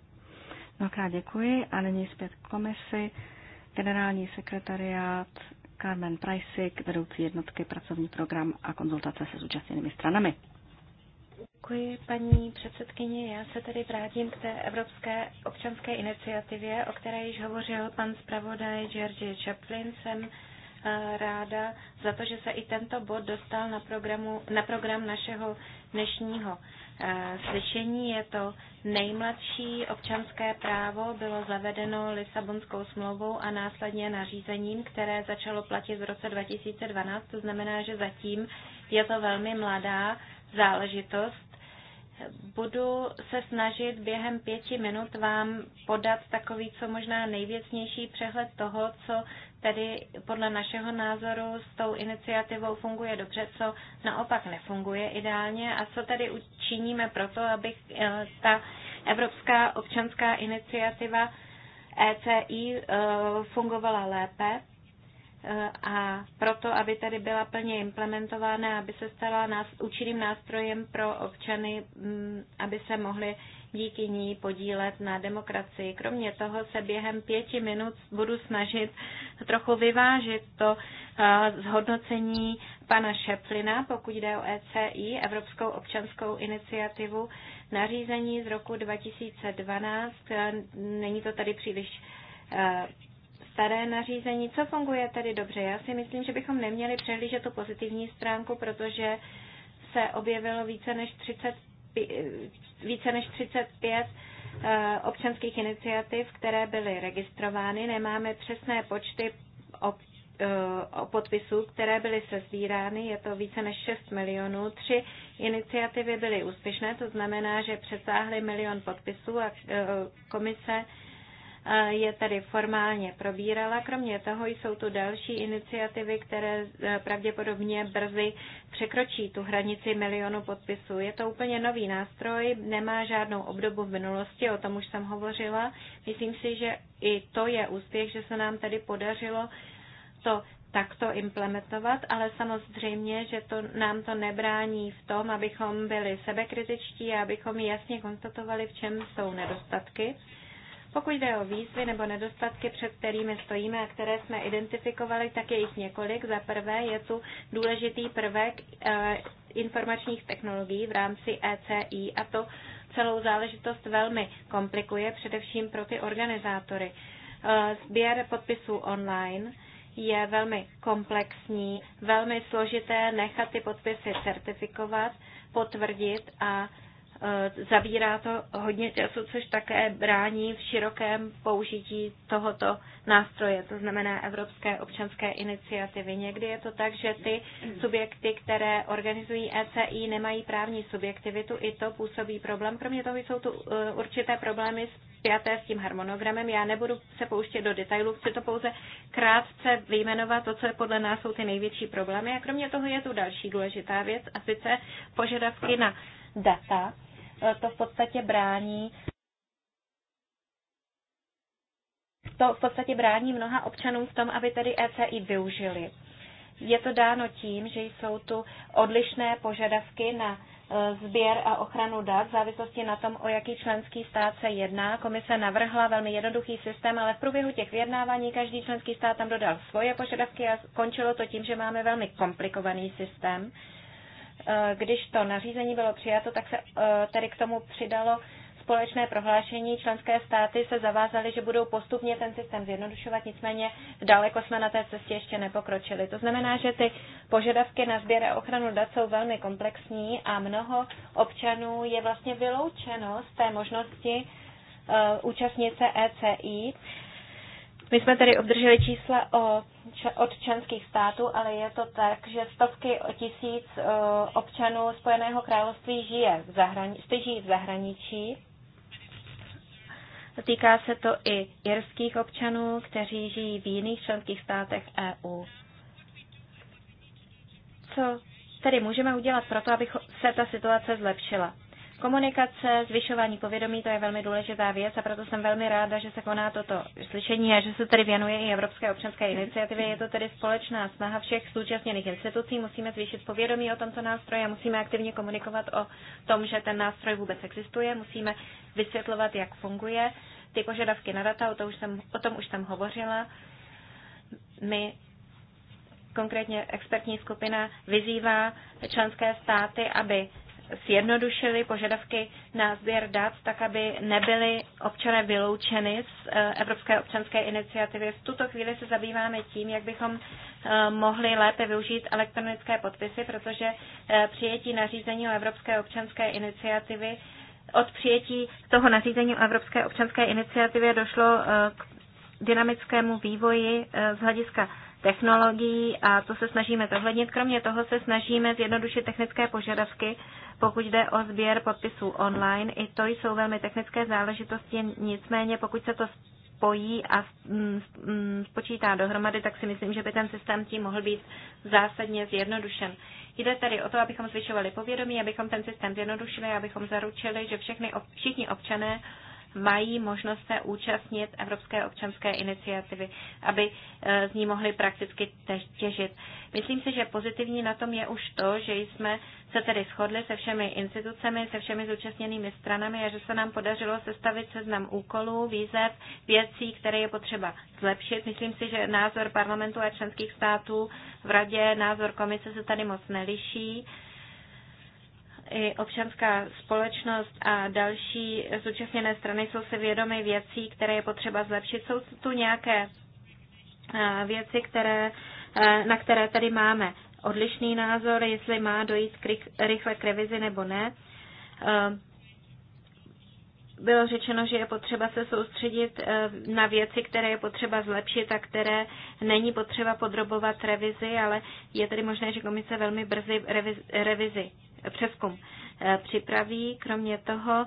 Mnohokrát děkuji a nyní zpět k komisi. Generální sekretariát Carmen Prysik, vedoucí jednotky pracovní program a konzultace se zúčastněnými stranami. Děkuji, paní předsedkyně. Já se tedy vrátím k té Evropské občanské iniciativě, o které již hovořil pan zpravodaj George Chaplin. Jsem eh, ráda za to, že se i tento bod dostal na, programu, na program našeho dnešního Eh, slyšení. Je to nejmladší občanské právo, bylo zavedeno Lisabonskou smlouvou a následně nařízením, které začalo platit v roce 2012. To znamená, že zatím je to velmi mladá záležitost. Budu se snažit během pěti minut vám podat takový co možná nejvěcnější přehled toho, co tedy podle našeho názoru s tou iniciativou funguje dobře, co naopak nefunguje ideálně a co tady učiníme proto, aby eh, ta Evropská občanská iniciativa ECI eh, fungovala lépe eh, a proto, aby tady byla plně implementována, aby se stala účinným nástrojem pro občany, mm, aby se mohli díky ní podílet na demokracii. Kromě toho se během pěti minut budu snažit trochu vyvážit to eh, zhodnocení pana Šeplina, pokud jde o ECI, Evropskou občanskou iniciativu, nařízení z roku 2012. Eh, není to tady příliš eh, staré nařízení. Co funguje tady dobře? Já si myslím, že bychom neměli přehlížet tu pozitivní stránku, protože se objevilo více než 30 více než 35 eh, občanských iniciativ, které byly registrovány. Nemáme přesné počty eh, podpisů, které byly sezbírány, je to více než 6 milionů. Tři iniciativy byly úspěšné, to znamená, že přesáhly milion podpisů a eh, komise je tady formálně probírala. Kromě toho jsou tu další iniciativy, které e, pravděpodobně brzy překročí tu hranici milionu podpisů. Je to úplně nový nástroj, nemá žádnou obdobu v minulosti, o tom už jsem hovořila. Myslím si, že i to je úspěch, že se nám tady podařilo to takto implementovat, ale samozřejmě, že to nám to nebrání v tom, abychom byli sebekritičtí a abychom jasně konstatovali, v čem jsou nedostatky. Pokud jde o výzvy nebo nedostatky, před kterými stojíme a které jsme identifikovali, tak je jich několik. Za prvé je tu důležitý prvek eh, informačních technologií v rámci ECI a to celou záležitost velmi komplikuje, především pro ty organizátory. Eh, sběr podpisů online je velmi komplexní, velmi složité nechat ty podpisy certifikovat, potvrdit a Eh, zabírá to hodně času, což také brání v širokém použití tohoto nástroje, to znamená Evropské občanské iniciativy. Někdy je to tak, že ty subjekty, které organizují ECI, nemají právní subjektivitu, i to působí problém. Kromě toho jsou tu eh, určité problémy spjaté s tím harmonogramem. Já nebudu se pouštět do detailů, chci to pouze krátce vyjmenovat to, co je podle nás jsou ty největší problémy. A kromě toho je tu další důležitá věc, a sice požadavky na data, to v podstatě brání to v podstatě brání mnoha občanům v tom, aby tedy ECI využili. Je to dáno tím, že jsou tu odlišné požadavky na e, sběr a ochranu dat v závislosti na tom, o jaký členský stát se jedná. Komise navrhla velmi jednoduchý systém, ale v průběhu těch vyjednávání každý členský stát tam dodal svoje požadavky a končilo to tím, že máme velmi komplikovaný systém. Eh, když to nařízení bylo přijato, tak se eh, tedy k tomu přidalo společné prohlášení. Členské státy se zavázaly, že budou postupně ten systém zjednodušovat, nicméně daleko jsme na té cestě ještě nepokročili. To znamená, že ty požadavky na sběr a ochranu dat jsou velmi komplexní a mnoho občanů je vlastně vyloučeno z té možnosti eh, účastnice ECI my jsme tady obdrželi čísla o, od členských států, ale je to tak, že stovky o tisíc eh, občanů Spojeného království žije v zahrani- žijí v zahraničí. Týká se to i irských občanů, kteří žijí v jiných členských státech EU. Co tedy můžeme udělat pro to, aby se ta situace zlepšila? Komunikace, zvyšování povědomí, to je velmi důležitá věc a proto jsem velmi ráda, že se koná toto slyšení a že se tedy věnuje i Evropské občanské iniciativě. Je to tedy společná snaha všech zúčastněných institucí. Musíme zvýšit povědomí o tomto nástroji a musíme aktivně komunikovat o tom, že ten nástroj vůbec existuje. Musíme vysvětlovat, jak funguje. Ty požadavky na data, o, to už jsem, o tom už jsem hovořila. My konkrétně expertní skupina vyzývá členské státy, aby zjednodušili požadavky na sběr dat, tak aby nebyly občané vyloučeny z eh, Evropské občanské iniciativy. V tuto chvíli se zabýváme tím, jak bychom eh, mohli lépe využít elektronické podpisy, protože eh, přijetí nařízení o Evropské občanské iniciativy od přijetí toho nařízení o Evropské občanské iniciativě došlo k dynamickému vývoji z hlediska technologií a to se snažíme zohlednit. Kromě toho se snažíme zjednodušit technické požadavky, pokud jde o sběr podpisů online. I to jsou velmi technické záležitosti, nicméně pokud se to spojí a spočítá dohromady, tak si myslím, že by ten systém tím mohl být zásadně zjednodušen. Jde tedy o to, abychom zvyšovali povědomí, abychom ten systém zjednodušili, abychom zaručili, že všechny, všichni občané mají možnost se účastnit Evropské občanské iniciativy, aby eh, z ní mohli prakticky těžit. Myslím si, že pozitivní na tom je už to, že jsme se tedy shodli se všemi institucemi, se všemi zúčastněnými stranami a že se nám podařilo sestavit seznam úkolů, výzev, věcí, které je potřeba zlepšit. Myslím si, že názor parlamentu a členských států v radě, názor komise se tady moc neliší i občanská společnost a další zúčastněné strany jsou si vědomy věcí, které je potřeba zlepšit. Jsou tu nějaké eh, věci, které, eh, na které tady máme odlišný názor, jestli má dojít k rychle k revizi nebo ne. Eh, bylo řečeno, že je potřeba se soustředit na věci, které je potřeba zlepšit a které není potřeba podrobovat revizi, ale je tedy možné, že komise velmi brzy revizi přeskum eh, připraví. Kromě toho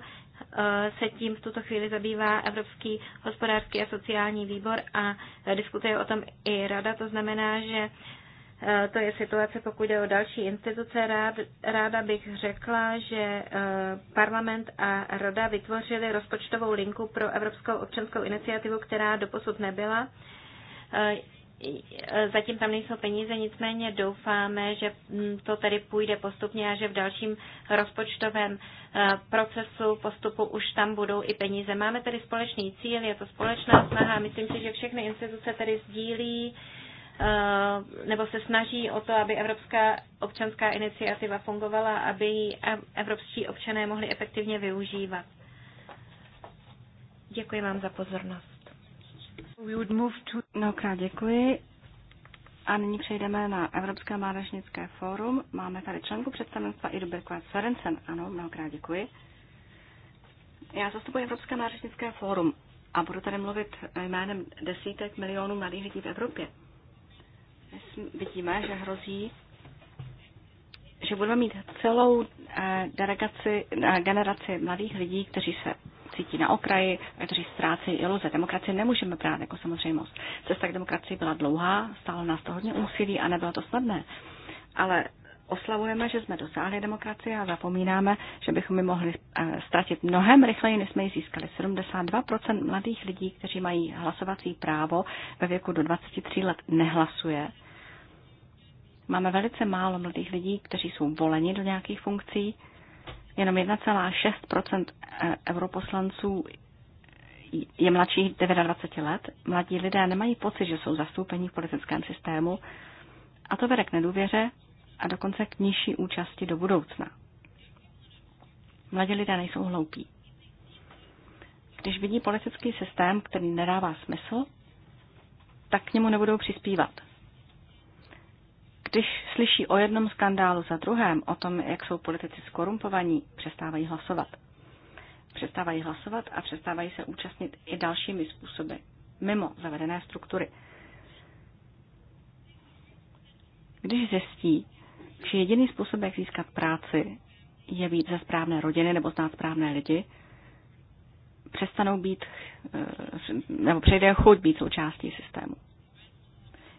eh, se tím v tuto chvíli zabývá Evropský hospodářský a sociální výbor a diskutuje o tom i rada. To znamená, že eh, to je situace, pokud jde o další instituce. ráda bych řekla, že parlament a rada vytvořili rozpočtovou linku pro Evropskou občanskou iniciativu, která doposud nebyla. E, zatím tam nejsou peníze, nicméně doufáme, že mm, to tedy půjde postupně a že v dalším rozpočtovém e, procesu postupu už tam budou i peníze. Máme tedy společný cíl, je to společná snaha. Myslím si, že všechny instituce tedy sdílí e, nebo se snaží o to, aby Evropská občanská iniciativa fungovala, aby ji evropští občané mohli efektivně využívat. Děkuji vám za pozornost. We would Mnohokrát děkuji. A nyní přejdeme na Evropské mládežnické fórum. Máme tady členku představenstva Iduberkova Sorensen. Ano, mnohokrát děkuji. Já zastupuji Evropské mládežnické fórum a budu tady mluvit jménem desítek milionů mladých lidí v Evropě. Vidíme, že hrozí, že budeme mít celou eh, delegaci, eh, generaci mladých lidí, kteří se cítí na okraji a kteří ztrácejí iluze. Demokracii nemůžeme brát jako samozřejmost. Cesta k demokracii byla dlouhá, stálo nás to hodně úsilí a nebylo to snadné. Ale oslavujeme, že jsme dosáhli demokracie a zapomínáme, že bychom ji mohli eh, ztratit mnohem rychleji, než jsme ji získali. 72% mladých lidí, kteří mají hlasovací právo ve věku do 23 let, nehlasuje. Máme velice málo mladých lidí, kteří jsou voleni do nějakých funkcí Jenom 1,6 eh, europoslanců je mladších 29 let. Mladí lidé nemají pocit, že jsou zastoupeni v politickém systému a to vede k nedůvěře a dokonce k nižší účasti do budoucna. Mladí lidé nejsou hloupí. Když vidí politický systém, který nedává smysl, tak k němu nebudou přispívat když slyší o jednom skandálu za druhém, o tom, jak jsou politici skorumpovaní, přestávají hlasovat. Přestávají hlasovat a přestávají se účastnit i dalšími způsoby, mimo zavedené struktury. Když zjistí, že jediný způsob, jak získat práci, je být ze správné rodiny nebo znát správné lidi, přestanou být, eh, nebo přejde chuť být součástí systému.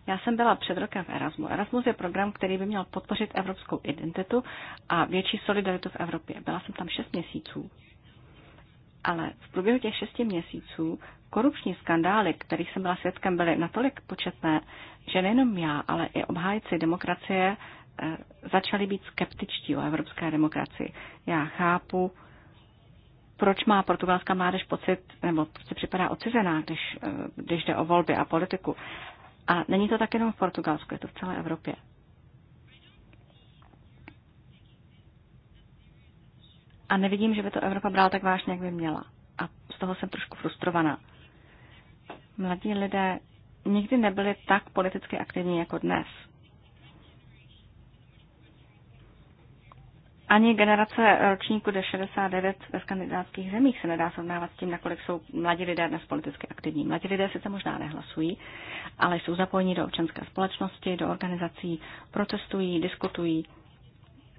Já jsem byla před rokem v Erasmu. Erasmus je program, který by měl podpořit evropskou identitu a větší solidaritu v Evropě. Byla jsem tam šest měsíců. Ale v průběhu těch šesti měsíců korupční skandály, kterých jsem byla svědkem, byly natolik početné, že nejenom já, ale i obhájci demokracie eh, začali být skeptičtí o evropské demokracii. Já chápu, proč má portugalská mládež pocit, nebo se prostě připadá ocizená, když, eh, když jde o volby a politiku. A není to tak jenom v Portugalsku, je to v celé Evropě. A nevidím, že by to Evropa brala tak vážně, jak by měla. A z toho jsem trošku frustrovaná. Mladí lidé nikdy nebyli tak politicky aktivní jako dnes. Ani generace eh, ročníku d 69 ve skandinávských zemích se nedá srovnávat s tím, nakolik jsou mladí lidé dnes politicky aktivní. Mladí lidé sice možná nehlasují, ale jsou zapojeni do občanské společnosti, do organizací, protestují, diskutují,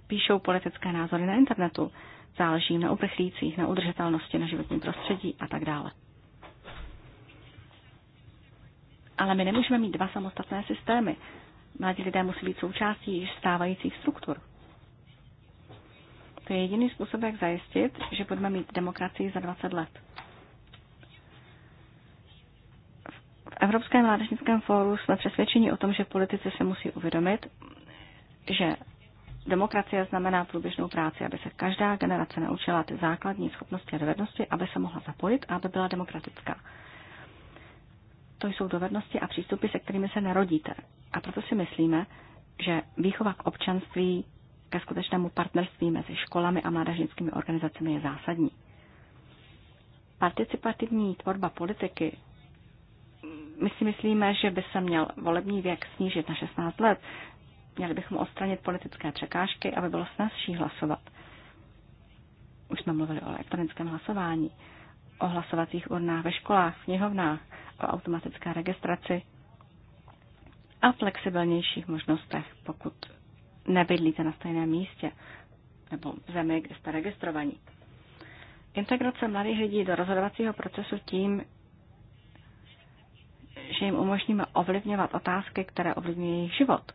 píšou politické názory na internetu, záleží jim na uprchlících, na udržitelnosti, na životním prostředí a tak dále. Ale my nemůžeme mít dva samostatné systémy. Mladí lidé musí být součástí již stávajících struktur. To je jediný způsob, jak zajistit, že budeme mít demokracii za 20 let. V Evropském mládežnickém fóru jsme přesvědčeni o tom, že politici se musí uvědomit, že demokracie znamená průběžnou práci, aby se každá generace naučila ty základní schopnosti a dovednosti, aby se mohla zapojit a aby byla demokratická. To jsou dovednosti a přístupy, se kterými se narodíte. A proto si myslíme, že výchova k občanství ke skutečnému partnerství mezi školami a mládežnickými organizacemi je zásadní. Participativní tvorba politiky. My si myslíme, že by se měl volební věk snížit na 16 let. Měli bychom odstranit politické překážky, aby bylo snazší hlasovat. Už jsme mluvili o elektronickém hlasování, o hlasovacích urnách ve školách, v knihovnách, o automatické registraci a flexibilnějších možnostech, pokud nebydlíte na stejném místě nebo zemi, kde jste registrovaní. Integrace mladých lidí do rozhodovacího procesu tím, že jim umožníme ovlivňovat otázky, které ovlivňují jejich život.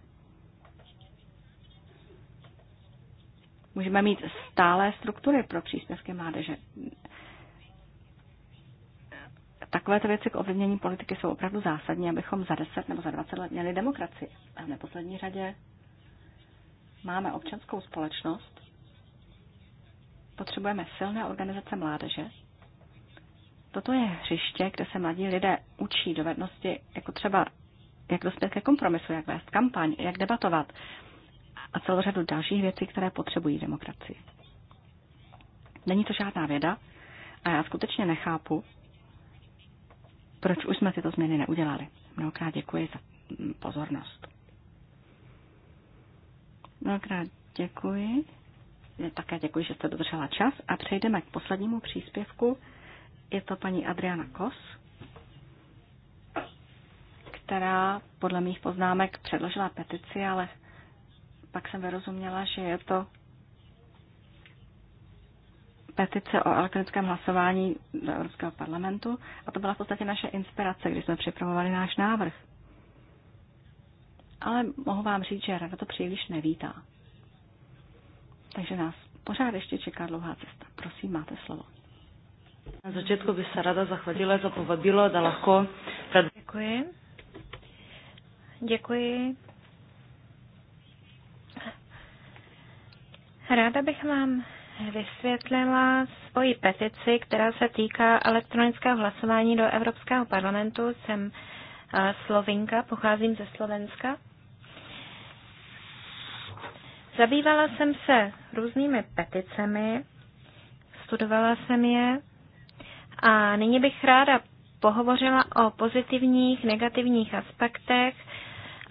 Můžeme mít stálé struktury pro příspěvky mládeže. Takovéto věci k ovlivnění politiky jsou opravdu zásadní, abychom za 10 nebo za 20 let měli demokracii. A v neposlední řadě máme občanskou společnost, potřebujeme silné organizace mládeže. Toto je hřiště, kde se mladí lidé učí dovednosti, jako třeba jak dospět ke kompromisu, jak vést kampaň, jak debatovat a celou řadu dalších věcí, které potřebují demokracii. Není to žádná věda a já skutečně nechápu, proč už jsme tyto změny neudělali. Mnohokrát děkuji za pozornost. Mnohokrát děkuji. Také děkuji, že jste dodržela čas a přejdeme k poslednímu příspěvku. Je to paní Adriana Kos, která podle mých poznámek předložila petici, ale pak jsem vyrozuměla, že je to petice o elektronickém hlasování do Evropského parlamentu a to byla v podstatě naše inspirace, když jsme připravovali náš návrh ale mohu vám říct, že rada to příliš nevítá. Takže nás pořád ještě čeká dlouhá cesta. Prosím, máte slovo. Na začátku bych se rada zachvatila za povabilo, da lahko... Děkuji. Děkuji. Ráda bych vám vysvětlila svoji petici, která se týká elektronického hlasování do Evropského parlamentu. Jsem eh, Slovinka, pocházím ze Slovenska. Zabývala jsem se různými peticemi, studovala jsem je a nyní bych ráda pohovořila o pozitivních, negativních aspektech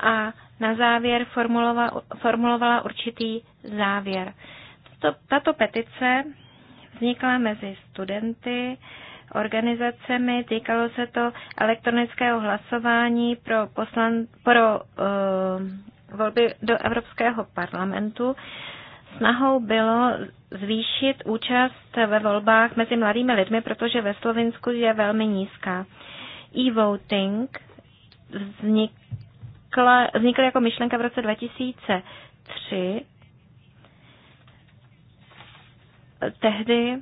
a na závěr formulovala, formulovala určitý závěr. Tato, tato petice vznikla mezi studenty, organizacemi, týkalo se to elektronického hlasování pro, poslan, pro uh, volby do Evropského parlamentu snahou bylo zvýšit účast ve volbách mezi mladými lidmi, protože ve Slovinsku je velmi nízká. E-voting vznikl, vznikl jako myšlenka v roce 2003. Tehdy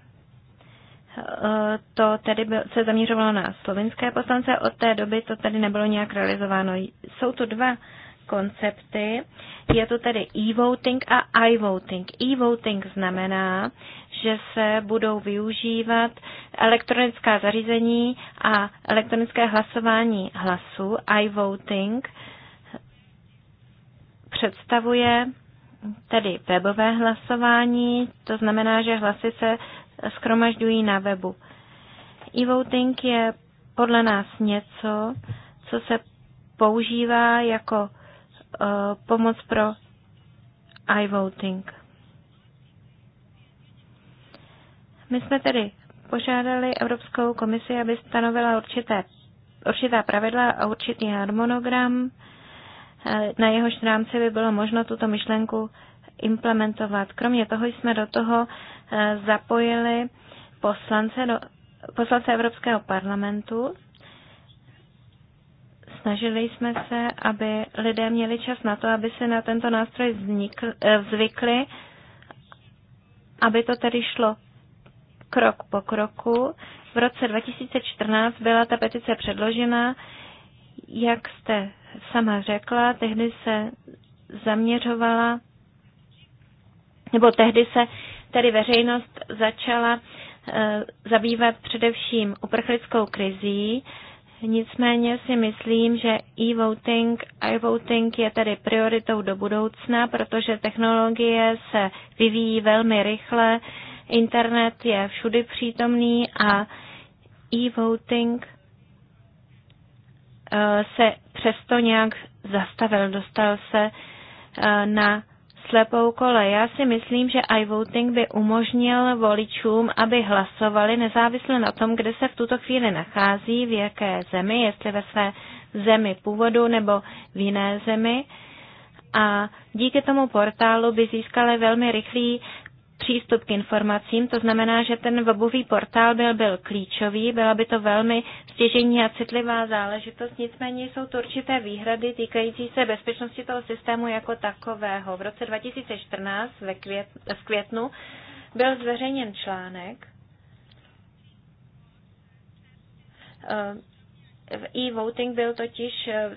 eh, to tedy byl, se zaměřovalo na slovinské poslance, od té doby to tedy nebylo nějak realizováno. Jsou tu dva koncepty. Je to tedy e-voting a i-voting. E-voting znamená, že se budou využívat elektronická zařízení a elektronické hlasování hlasu. I-voting představuje tedy webové hlasování, to znamená, že hlasy se schromažďují na webu. E-voting je podle nás něco, co se používá jako Eh, pomoc pro iVoting. My jsme tedy požádali Evropskou komisi, aby stanovila určité, určitá pravidla a určitý harmonogram, eh, na jehož rámci by bylo možno tuto myšlenku implementovat. Kromě toho jsme do toho eh, zapojili poslance, do, poslance Evropského parlamentu, Snažili jsme se, aby lidé měli čas na to, aby se na tento nástroj vznikl, eh, zvykli, aby to tedy šlo krok po kroku. V roce 2014 byla ta petice předložena. Jak jste sama řekla, tehdy se zaměřovala, nebo tehdy se tedy veřejnost začala eh, zabývat především uprchlickou krizí Nicméně si myslím, že e-voting, e-voting je tedy prioritou do budoucna, protože technologie se vyvíjí velmi rychle, internet je všudy přítomný a e-voting eh, se přesto nějak zastavil, dostal se eh, na slepou kole. Já si myslím, že iVoting by umožnil voličům, aby hlasovali nezávisle na tom, kde se v tuto chvíli nachází, v jaké zemi, jestli ve své zemi původu nebo v jiné zemi. A díky tomu portálu by získali velmi rychlý přístup k informacím. To znamená, že ten webový portál byl, byl klíčový, byla by to velmi stěžení a citlivá záležitost, nicméně jsou to určité výhrady týkající se bezpečnosti toho systému jako takového. V roce 2014 ve květ, v květnu byl zveřejněn článek eh, e-voting byl totiž eh,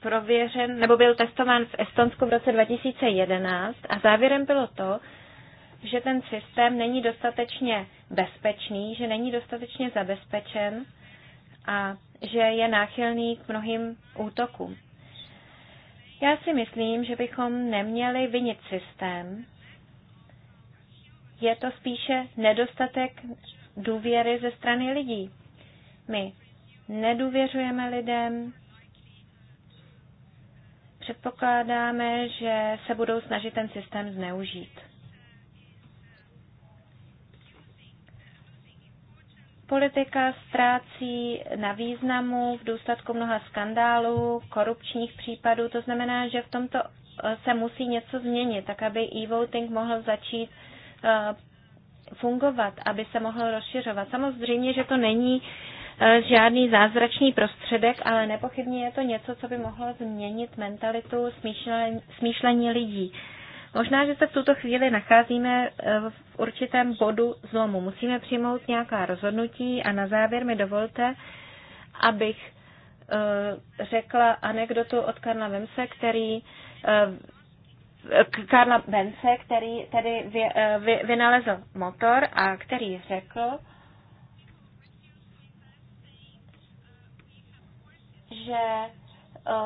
prověřen, nebo byl testován v Estonsku v roce 2011 a závěrem bylo to, že ten systém není dostatečně bezpečný, že není dostatečně zabezpečen a že je náchylný k mnohým útokům. Já si myslím, že bychom neměli vinit systém. Je to spíše nedostatek důvěry ze strany lidí. My nedůvěřujeme lidem, předpokládáme, že se budou snažit ten systém zneužít. Politika ztrácí na významu v důsledku mnoha skandálů, korupčních případů, to znamená, že v tomto eh, se musí něco změnit, tak aby e-voting mohl začít eh, fungovat, aby se mohl rozšiřovat. Samozřejmě, že to není eh, žádný zázračný prostředek, ale nepochybně je to něco, co by mohlo změnit mentalitu smýšlení, lidí. Možná, že se v tuto chvíli nacházíme eh, v určitém bodu zlomu. Musíme přijmout nějaká rozhodnutí a na závěr mi dovolte, abych eh, řekla anekdotu od Karla Vemse, který eh, Karla Bence, který tedy vy, vy, vynalezl motor a který řekl, že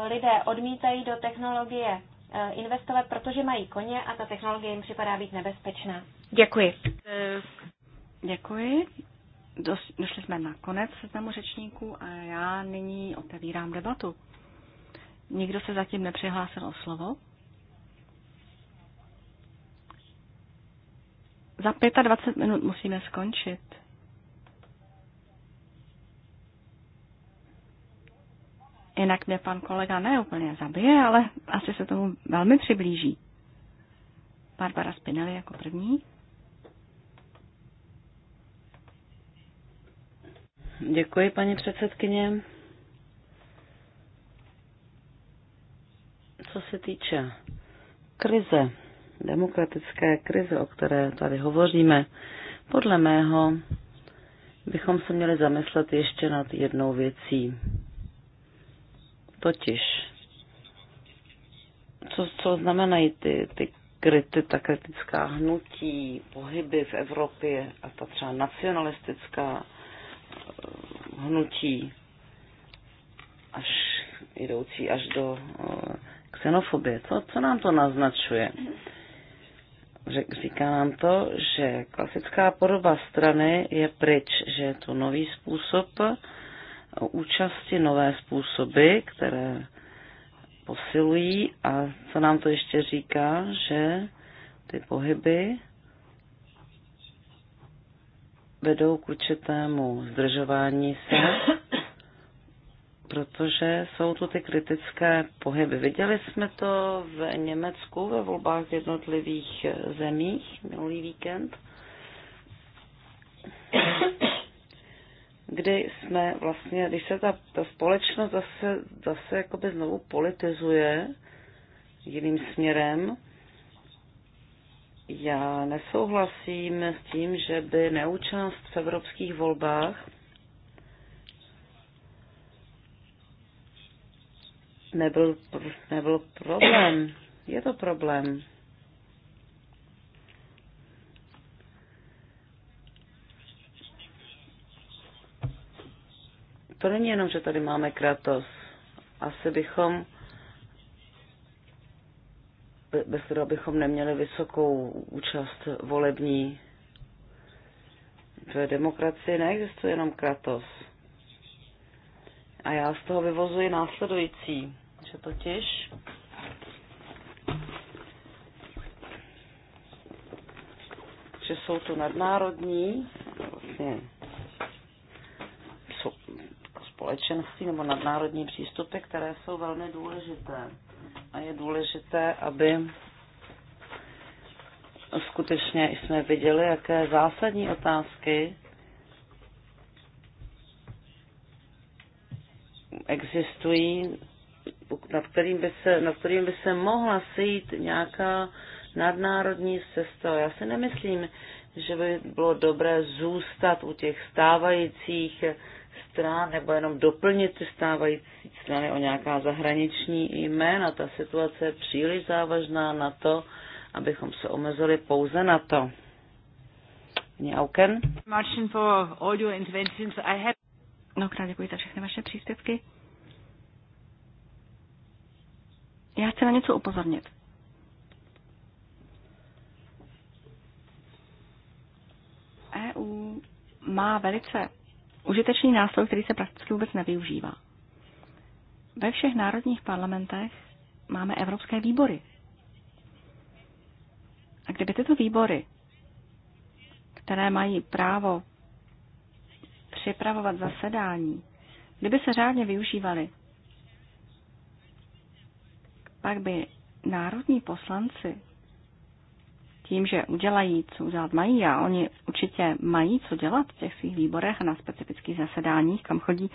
lidé odmítají do technologie Eh, investovat, protože mají koně a ta technologie jim připadá být nebezpečná. Děkuji. Děkuji. Došli jsme na konec seznamu řečníků a já nyní otevírám debatu. Nikdo se zatím nepřihlásil o slovo. Za 25 minut musíme skončit. Jinak mě pan kolega neúplně zabije, ale asi se tomu velmi přiblíží. Barbara Spinelli jako první. Děkuji, paní předsedkyně. Co se týče krize, demokratické krize, o které tady hovoříme, podle mého bychom se měli zamyslet ještě nad jednou věcí. Totiž, co, co znamenají ty, ty kryty, ta kritická hnutí, pohyby v Evropě a ta třeba nacionalistická eh, hnutí, až jdoucí až do xenofobie. Eh, co, co nám to naznačuje? Říká nám to, že klasická podoba strany je pryč, že je to nový způsob, o účasti, nové způsoby, které posilují a co nám to ještě říká, že ty pohyby vedou k určitému zdržování se, protože jsou tu ty kritické pohyby. Viděli jsme to v Německu ve volbách v jednotlivých zemích minulý víkend kdy jsme vlastně, když se ta, ta společnost zase, zase jakoby znovu politizuje jiným směrem, já nesouhlasím s tím, že by neúčast v evropských volbách nebyl, nebyl problém. Je to problém. To není jenom, že tady máme Kratos. Asi bychom bez kterého bychom neměli vysokou účast volební. Ve demokracii neexistuje jenom kratos. A já z toho vyvozuji následující, že totiž že jsou tu nadnárodní vlastně společenství nebo nadnárodní přístupy, které jsou velmi důležité. A je důležité, aby skutečně jsme viděli, jaké zásadní otázky existují, nad kterým by se, nad kterým by se mohla sejít nějaká nadnárodní cesta. Já si nemyslím, že by bylo dobré zůstat u těch stávajících stran nebo jenom doplnit ty stávající strany o nějaká zahraniční jména. Ta situace je příliš závažná na to, abychom se omezili pouze na to. Pani Auken. Martin no, děkuji za všechny vaše příspěvky. Já chci na něco upozornit. EU má velice užitečný nástroj, který se prakticky vůbec nevyužívá. Ve všech národních parlamentech máme evropské výbory. A kdyby tyto výbory, které mají právo připravovat zasedání, kdyby se řádně využívaly, pak by národní poslanci tím, že udělají, co udělat mají, a oni určitě mají co dělat v těch svých výborech a na specifických zasedáních, kam chodí,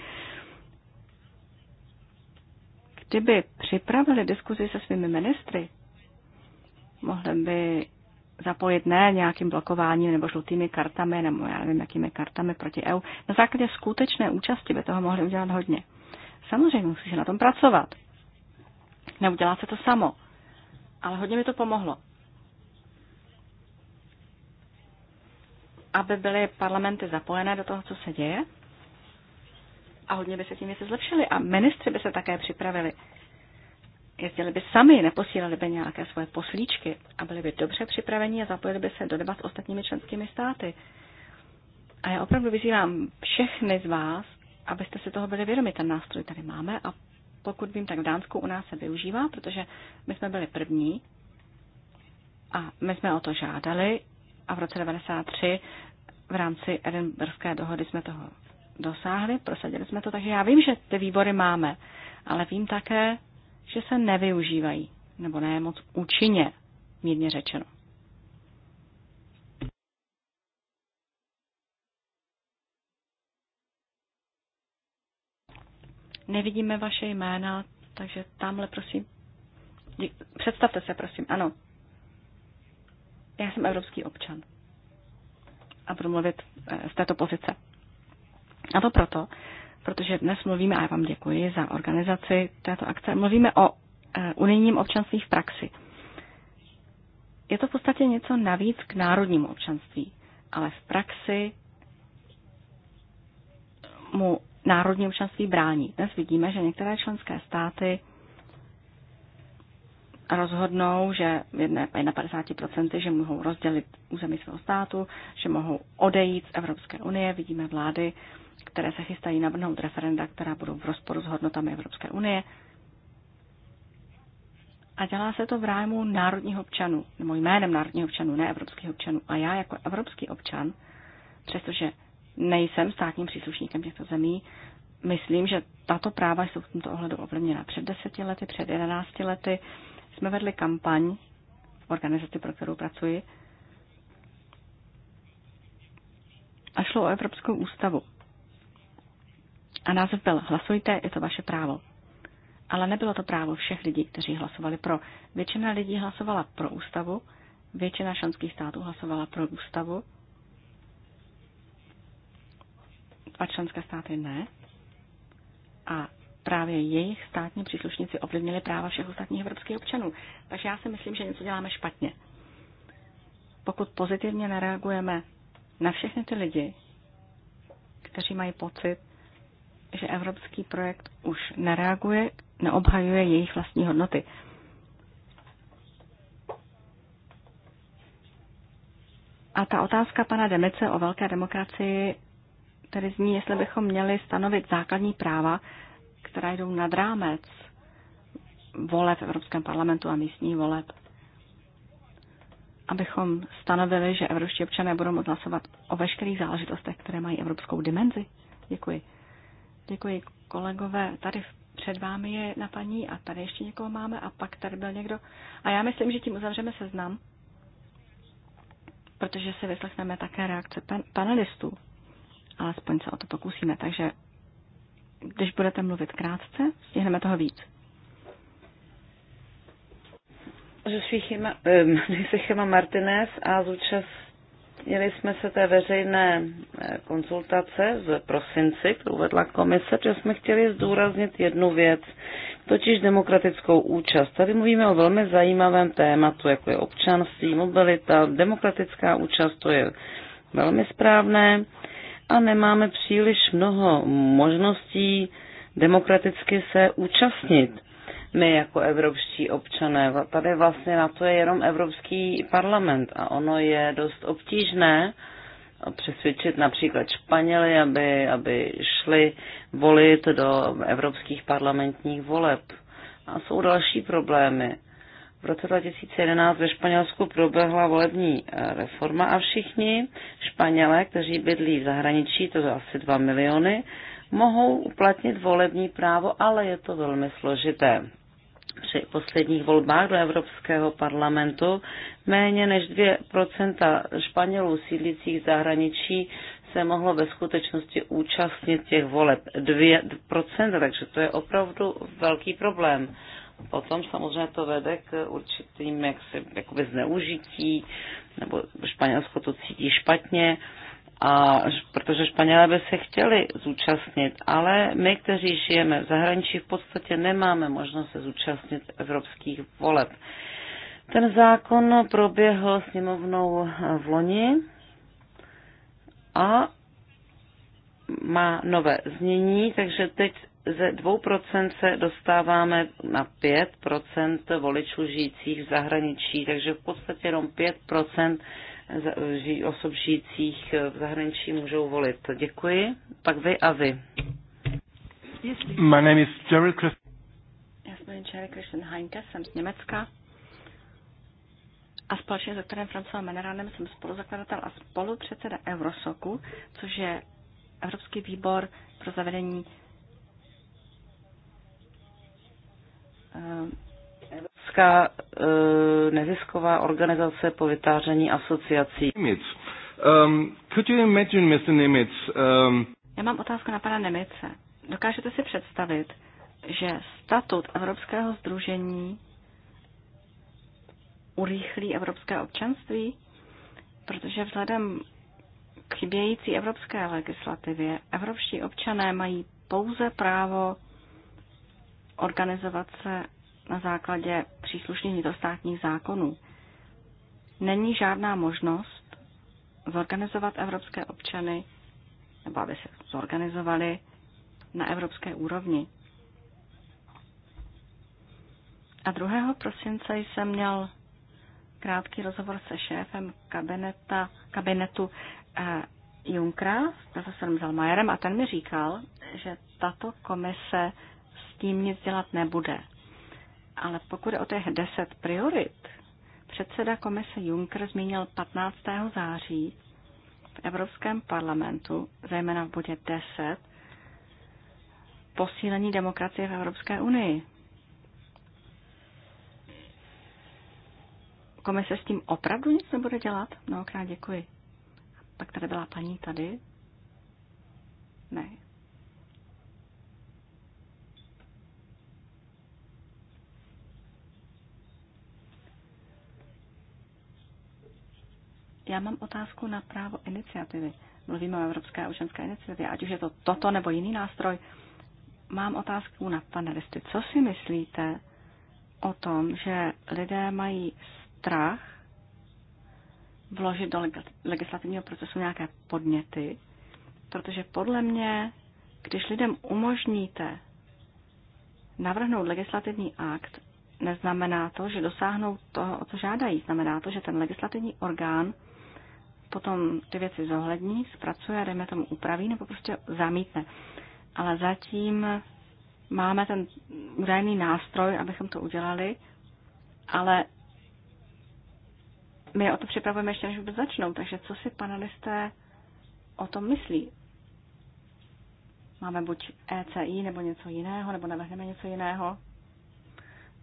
kdyby připravili diskuzi se svými ministry, mohli by zapojit ne nějakým blokováním nebo žlutými kartami, nebo já nevím, jakými kartami proti EU. Na základě skutečné účasti by toho mohli udělat hodně. Samozřejmě musí se na tom pracovat. Neudělá se to samo. Ale hodně mi to pomohlo. aby byly parlamenty zapojené do toho, co se děje. A hodně by se tím věci zlepšily. A ministři by se také připravili. Jezdili by sami, neposílali by nějaké svoje poslíčky a byli by dobře připraveni a zapojili by se do debat s ostatními členskými státy. A já opravdu vyzývám všechny z vás, abyste si toho byli vědomi. Ten nástroj tady máme a pokud vím, tak v Dánsku u nás se využívá, protože my jsme byli první a my jsme o to žádali a v roce 93 v rámci Edinburghské dohody jsme toho dosáhli, prosadili jsme to, takže já vím, že ty výbory máme, ale vím také, že se nevyužívají, nebo ne moc účinně, mírně řečeno. Nevidíme vaše jména, takže tamhle prosím. Představte se, prosím. Ano. Já jsem evropský občan a promluvit eh, z této pozice. A to proto, protože dnes mluvíme, a já vám děkuji za organizaci této akce, mluvíme o eh, unijním občanství v praxi. Je to v podstatě něco navíc k národnímu občanství, ale v praxi mu národní občanství brání. Dnes vidíme, že některé členské státy rozhodnou, že 51% že mohou rozdělit území svého státu, že mohou odejít z Evropské unie. Vidíme vlády, které se chystají navrhnout referenda, která budou v rozporu s hodnotami Evropské unie. A dělá se to v rájmu národních občanů, nebo jménem národních občanů, ne evropských občanů. A já jako evropský občan, přestože nejsem státním příslušníkem těchto zemí, myslím, že tato práva jsou v tomto ohledu ovlivněna. Před deseti lety, před jedenácti lety jsme vedli kampaň v organizaci, pro kterou pracuji, a šlo o Evropskou ústavu. A název byl Hlasujte, je to vaše právo. Ale nebylo to právo všech lidí, kteří hlasovali pro. Většina lidí hlasovala pro ústavu, většina šanských států hlasovala pro ústavu, dva členské státy ne. A právě jejich státní příslušníci ovlivnili práva všech ostatních evropských občanů. Takže já si myslím, že něco děláme špatně. Pokud pozitivně nereagujeme na všechny ty lidi, kteří mají pocit, že evropský projekt už nereaguje, neobhajuje jejich vlastní hodnoty. A ta otázka pana Demice o velké demokracii tedy zní, jestli bychom měli stanovit základní práva, která jdou nad rámec voleb v Evropském parlamentu a místní voleb. Abychom stanovili, že evropští občané budou moct hlasovat o veškerých záležitostech, které mají evropskou dimenzi. Děkuji. Děkuji, kolegové. Tady před vámi je na paní a tady ještě někoho máme a pak tady byl někdo. A já myslím, že tím uzavřeme seznam, protože si vyslechneme také reakce panelistů. Alespoň se o to pokusíme. Takže když budete mluvit krátce, stihneme toho víc. Že suis Chema, eh, Chema Martinez a zúčastnili jsme se té veřejné eh, konzultace z prosinci, kterou vedla komise, protože jsme chtěli zdůraznit jednu věc, totiž demokratickou účast. Tady mluvíme o velmi zajímavém tématu, jako je občanství, mobilita, demokratická účast, to je velmi správné a nemáme příliš mnoho možností demokraticky se účastnit. My jako evropští občané, tady vlastně na to je jenom Evropský parlament a ono je dost obtížné přesvědčit například Španěly, aby, aby šli volit do evropských parlamentních voleb. A jsou další problémy. V roce 2011 ve Španělsku proběhla volební eh, reforma a všichni Španělé, kteří bydlí v zahraničí, to je asi 2 miliony, mohou uplatnit volební právo, ale je to velmi složité. Při posledních volbách do Evropského parlamentu méně než 2% Španělů sídlících v zahraničí se mohlo ve skutečnosti účastnit těch voleb 2%, takže to je opravdu velký problém potom samozřejmě to vede k určitým jaksi, jakoby zneužití, nebo Španělsko to cítí špatně, a, protože Španělé by se chtěli zúčastnit, ale my, kteří žijeme v zahraničí, v podstatě nemáme možnost se zúčastnit evropských voleb. Ten zákon proběhl sněmovnou eh, v loni a má nové znění, takže teď ze 2% se dostáváme na 5% voličů žijících v zahraničí, takže v podstatě jenom 5% osob žijících v zahraničí můžou volit. Děkuji. Pak vy a vy. My name is Jerry Christian. Já jsem Jerry Christian Heinke, jsem z Německa. A společně s doktorem Francova Meneranem jsem spoluzakladatel a spolupředseda Eurosoku, což je Evropský výbor pro zavedení Evropská eh, nezisková organizace po vytáření asociací. Um, could you imagine, Mr. Nimitz, um... Já mám otázku na pana Nemice. Dokážete si představit, že statut Evropského združení urychlí evropské občanství? Protože vzhledem k chybějící evropské legislativě evropští občané mají pouze právo organizovat se na základě příslušných vnitrostátních zákonů. Není žádná možnost zorganizovat evropské občany, nebo aby se zorganizovali na evropské úrovni. A 2. prosince jsem měl krátký rozhovor se šéfem kabineta, kabinetu eh, Junkra, profesorem Zalmajerem, a ten mi říkal, že tato komise s tím nic dělat nebude. Ale pokud o těch deset priorit, předseda komise Juncker zmínil 15. září v Evropském parlamentu, zejména v bodě 10, posílení demokracie v Evropské unii. Komise s tím opravdu nic nebude dělat? Mnohokrát děkuji. Pak tady byla paní tady. Ne, Já mám otázku na právo iniciativy. Mluvíme o Evropské občanské iniciativě, ať už je to toto nebo jiný nástroj. Mám otázku na panelisty. Co si myslíte o tom, že lidé mají strach vložit do legislativního procesu nějaké podněty, protože podle mě, když lidem umožníte navrhnout legislativní akt, neznamená to, že dosáhnou toho, o co žádají. Znamená to, že ten legislativní orgán potom ty věci zohlední, zpracuje, dejme tomu upraví, nebo prostě zamítne. Ale zatím máme ten údajný nástroj, abychom to udělali, ale my o to připravujeme ještě, než vůbec začnou. Takže co si panelisté o tom myslí? Máme buď ECI nebo něco jiného, nebo navrhneme něco jiného.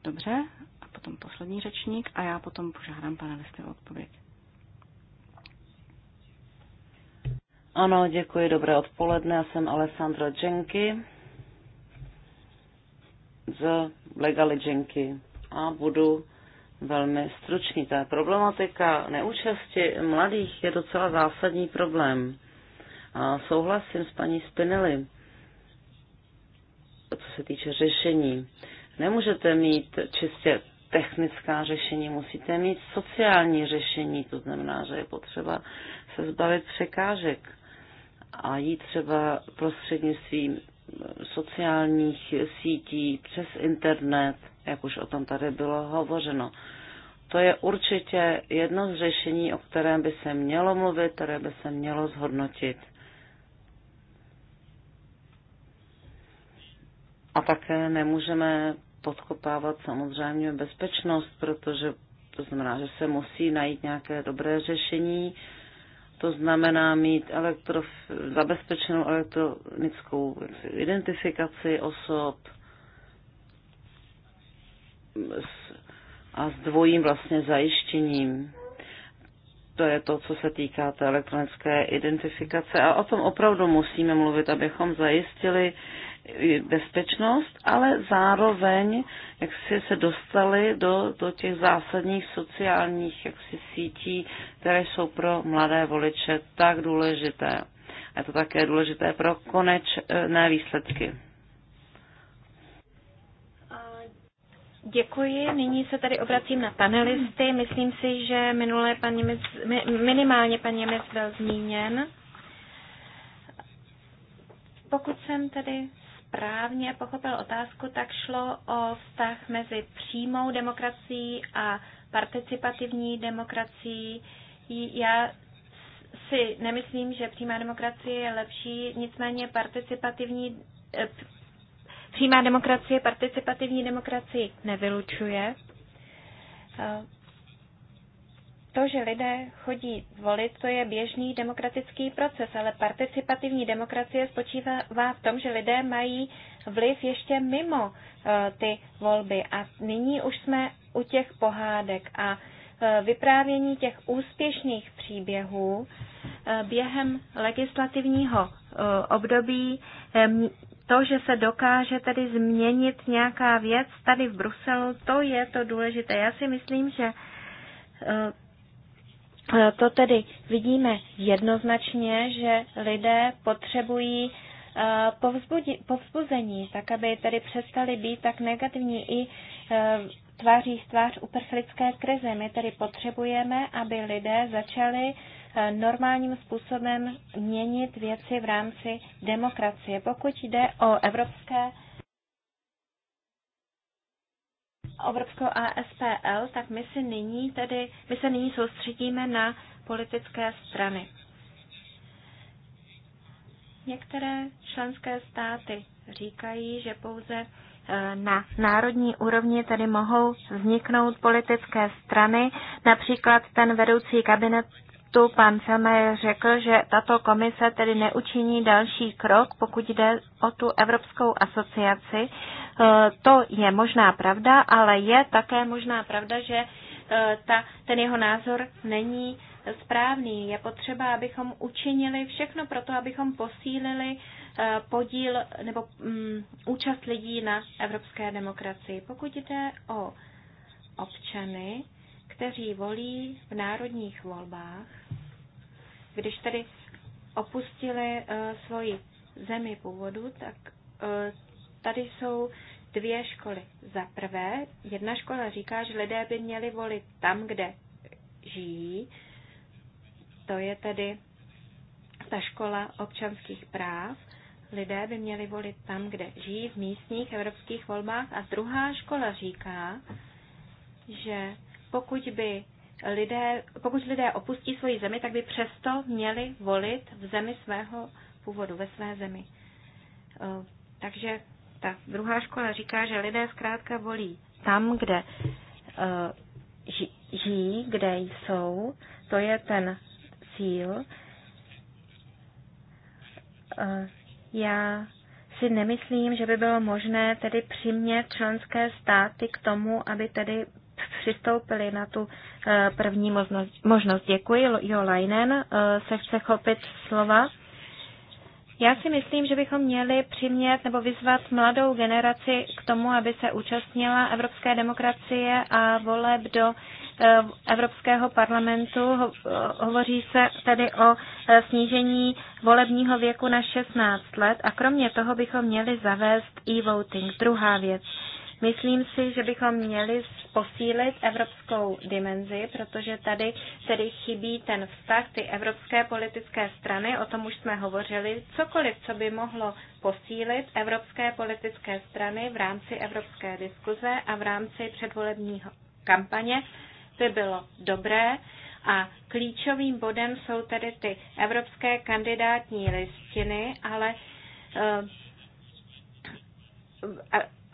Dobře, a potom poslední řečník a já potom požádám panelisty o odpověď. Ano, děkuji, dobré odpoledne. Já jsem Alessandra Jenky z Legali Jenky a budu velmi stručný. Ta problematika neúčasti mladých je docela zásadní problém. A souhlasím s paní Spinelli, co se týče řešení. Nemůžete mít čistě technická řešení, musíte mít sociální řešení, to znamená, že je potřeba se zbavit překážek a jít třeba prostřednictvím sociálních sítí, přes internet, jak už o tom tady bylo hovořeno. To je určitě jedno z řešení, o kterém by se mělo mluvit, které by se mělo zhodnotit. A také nemůžeme podkopávat samozřejmě bezpečnost, protože to znamená, že se musí najít nějaké dobré řešení, to znamená mít elektro, zabezpečenou elektronickou identifikaci osob a s dvojím vlastně zajištěním. To je to, co se týká té elektronické identifikace. A o tom opravdu musíme mluvit, abychom zajistili, bezpečnost, ale zároveň, jak si se dostali do, do těch zásadních sociálních jaksi sítí, které jsou pro mladé voliče tak důležité. A je to také důležité pro konečné výsledky. Děkuji. Nyní se tady obracím na panelisty. Myslím si, že minulé pan Němec, minimálně pan Němec byl zmíněn. Pokud jsem tady správně pochopil otázku, tak šlo o vztah mezi přímou demokracií a participativní demokracií. Já si nemyslím, že přímá demokracie je lepší, nicméně participativní, eh, přímá demokracie participativní demokracii nevylučuje. Eh, to, že lidé chodí volit, to je běžný demokratický proces, ale participativní demokracie spočívá v tom, že lidé mají vliv ještě mimo eh, ty volby. A nyní už jsme u těch pohádek a eh, vyprávění těch úspěšných příběhů eh, během legislativního období to, že se dokáže tedy změnit nějaká věc tady v Bruselu, to je to důležité. Já si myslím, že to tedy vidíme jednoznačně, že lidé potřebují eh, povzbuzení, tak aby tedy přestali být tak negativní i eh, tváří v tvář uprchlické krize. My tedy potřebujeme, aby lidé začali eh, normálním způsobem měnit věci v rámci demokracie. Pokud jde o evropské evropskou ASPL, tak my, si nyní tedy, my se nyní soustředíme na politické strany. Některé členské státy říkají, že pouze eh, na národní úrovni tedy mohou vzniknout politické strany. Například ten vedoucí kabinet tu pan Filmer řekl, že tato komise tedy neučiní další krok, pokud jde o tu Evropskou asociaci. E, to je možná pravda, ale je také možná pravda, že e, ta, ten jeho názor není správný. Je potřeba, abychom učinili všechno pro to, abychom posílili e, podíl nebo um, účast lidí na evropské demokracii. Pokud jde o občany, kteří volí v národních volbách, když tedy opustili eh, svoji zemi původu, tak eh, tady jsou dvě školy. Za prvé, jedna škola říká, že lidé by měli volit tam, kde žijí. To je tedy ta škola občanských práv. Lidé by měli volit tam, kde žijí, v místních evropských volbách. A druhá škola říká, že pokud by lidé, pokud lidé opustí svoji zemi, tak by přesto měli volit v zemi svého původu, ve své zemi. Eh, takže ta druhá škola říká, že lidé zkrátka volí tam, kde eh, žijí, kde jsou. To je ten cíl. Eh, já si nemyslím, že by bylo možné tedy přimět členské státy k tomu, aby tedy přistoupili na tu eh, první možnost. možnost. Děkuji, Jo Leinen, eh, se chce chopit slova. Já si myslím, že bychom měli přimět nebo vyzvat mladou generaci k tomu, aby se účastnila evropské demokracie a voleb do eh, Evropského parlamentu. Hovoří se tedy o snížení volebního věku na 16 let a kromě toho bychom měli zavést e-voting. Druhá věc. Myslím si, že bychom měli posílit evropskou dimenzi, protože tady tedy chybí ten vztah ty evropské politické strany, o tom už jsme hovořili, cokoliv, co by mohlo posílit evropské politické strany v rámci evropské diskuze a v rámci předvolebního kampaně, by bylo dobré. A klíčovým bodem jsou tedy ty evropské kandidátní listiny, ale eh,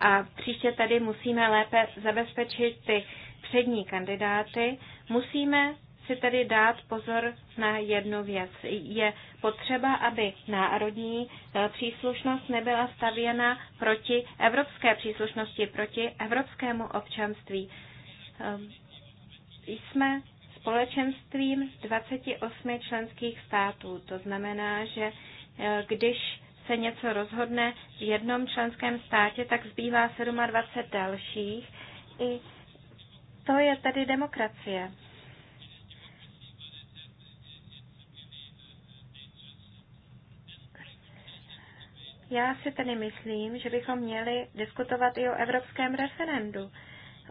a příště tady musíme lépe zabezpečit ty přední kandidáty. Musíme si tedy dát pozor na jednu věc. Je potřeba, aby národní eh, příslušnost nebyla stavěna proti evropské příslušnosti, proti evropskému občanství. Ehm, jsme společenstvím 28 členských států. To znamená, že eh, když se něco rozhodne v jednom členském státě, tak zbývá 27 dalších. I to je tedy demokracie. Já si tedy myslím, že bychom měli diskutovat i o evropském referendu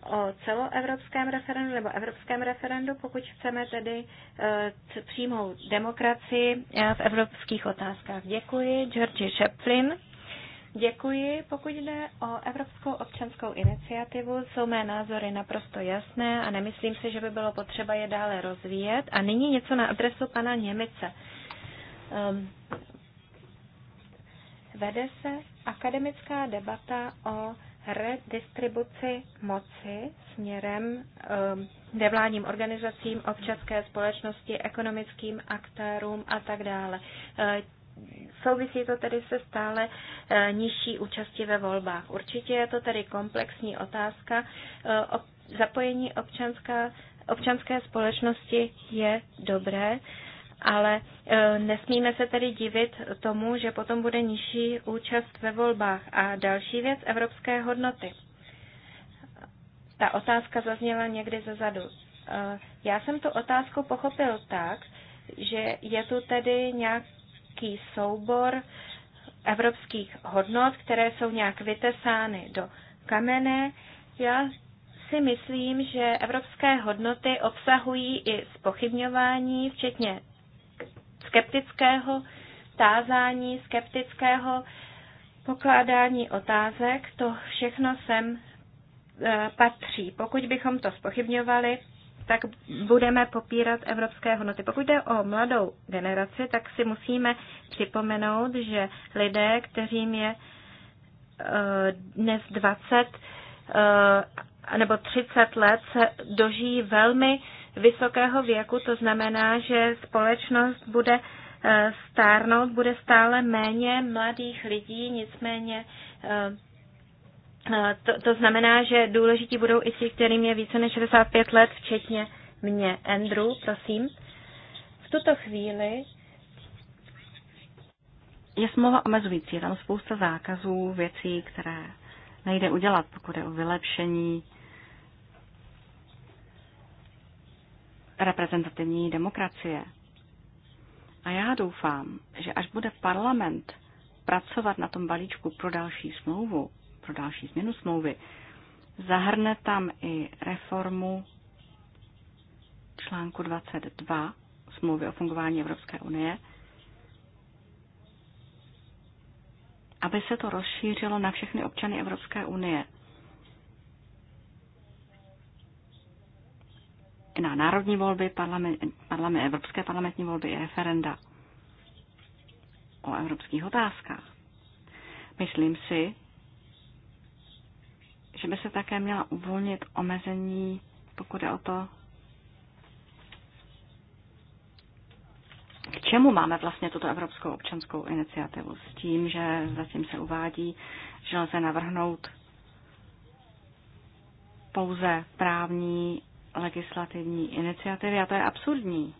o celoevropském referendu nebo evropském referendu, pokud chceme tedy e, přijmout demokracii e, v evropských otázkách. Děkuji, Georgi Chaplin. Děkuji. Pokud jde o Evropskou občanskou iniciativu, jsou mé názory naprosto jasné a nemyslím si, že by bylo potřeba je dále rozvíjet. A nyní něco na adresu pana Němice. Um, vede se akademická debata o redistribuci moci směrem ehm, nevládním organizacím, občanské společnosti, ekonomickým aktérům a tak dále. Eh, souvisí to tedy se stále eh, nižší účasti ve volbách. Určitě je to tedy komplexní otázka. Eh, zapojení občanská, občanské společnosti je dobré ale e, nesmíme se tedy divit tomu, že potom bude nižší účast ve volbách. A další věc, evropské hodnoty. Ta otázka zazněla někdy zezadu. E, já jsem tu otázku pochopil tak, že je tu tedy nějaký soubor evropských hodnot, které jsou nějak vytesány do kamene. Já si myslím, že evropské hodnoty obsahují i spochybňování, včetně skeptického tázání, skeptického pokládání otázek, to všechno sem e, patří. Pokud bychom to spochybňovali, tak budeme popírat evropské hodnoty. Pokud jde o mladou generaci, tak si musíme připomenout, že lidé, kterým je e, dnes 20 e, nebo 30 let, se dožijí velmi vysokého věku, to znamená, že společnost bude eh, stárnout, bude stále méně mladých lidí, nicméně eh, eh, to, to znamená, že důležití budou i ti, kterým je více než 65 let, včetně mě. Andrew, prosím. V tuto chvíli je smlouva omezující. Je tam spousta zákazů, věcí, které nejde udělat, pokud je o vylepšení reprezentativní demokracie. A já doufám, že až bude parlament pracovat na tom balíčku pro další smlouvu, pro další změnu smlouvy, zahrne tam i reformu článku 22 smlouvy o fungování Evropské unie, aby se to rozšířilo na všechny občany Evropské unie – na národní volby, parlament, parlament, evropské parlamentní volby i referenda o evropských otázkách. Myslím si, že by se také měla uvolnit omezení, pokud je o to, k čemu máme vlastně tuto Evropskou občanskou iniciativu. S tím, že zatím se uvádí, že lze navrhnout pouze právní legislativní iniciativy a to je absurdní.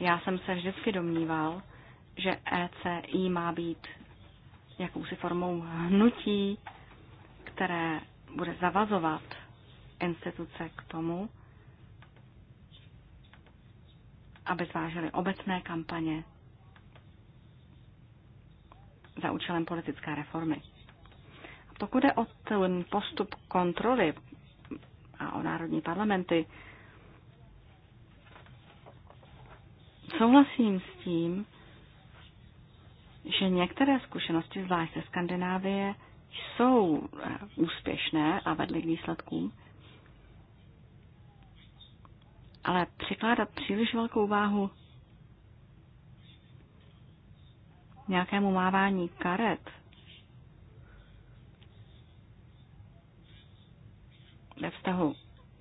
Já jsem se vždycky domníval, že ECI má být jakousi formou hnutí, které bude zavazovat instituce k tomu, aby zvážily obecné kampaně za účelem politické reformy. A pokud je o ten postup kontroly a o národní parlamenty. Souhlasím s tím, že některé zkušenosti, zvlášť ze Skandinávie, jsou eh, úspěšné a vedly k výsledkům, ale přikládat příliš velkou váhu nějakému mávání karet ve vztahu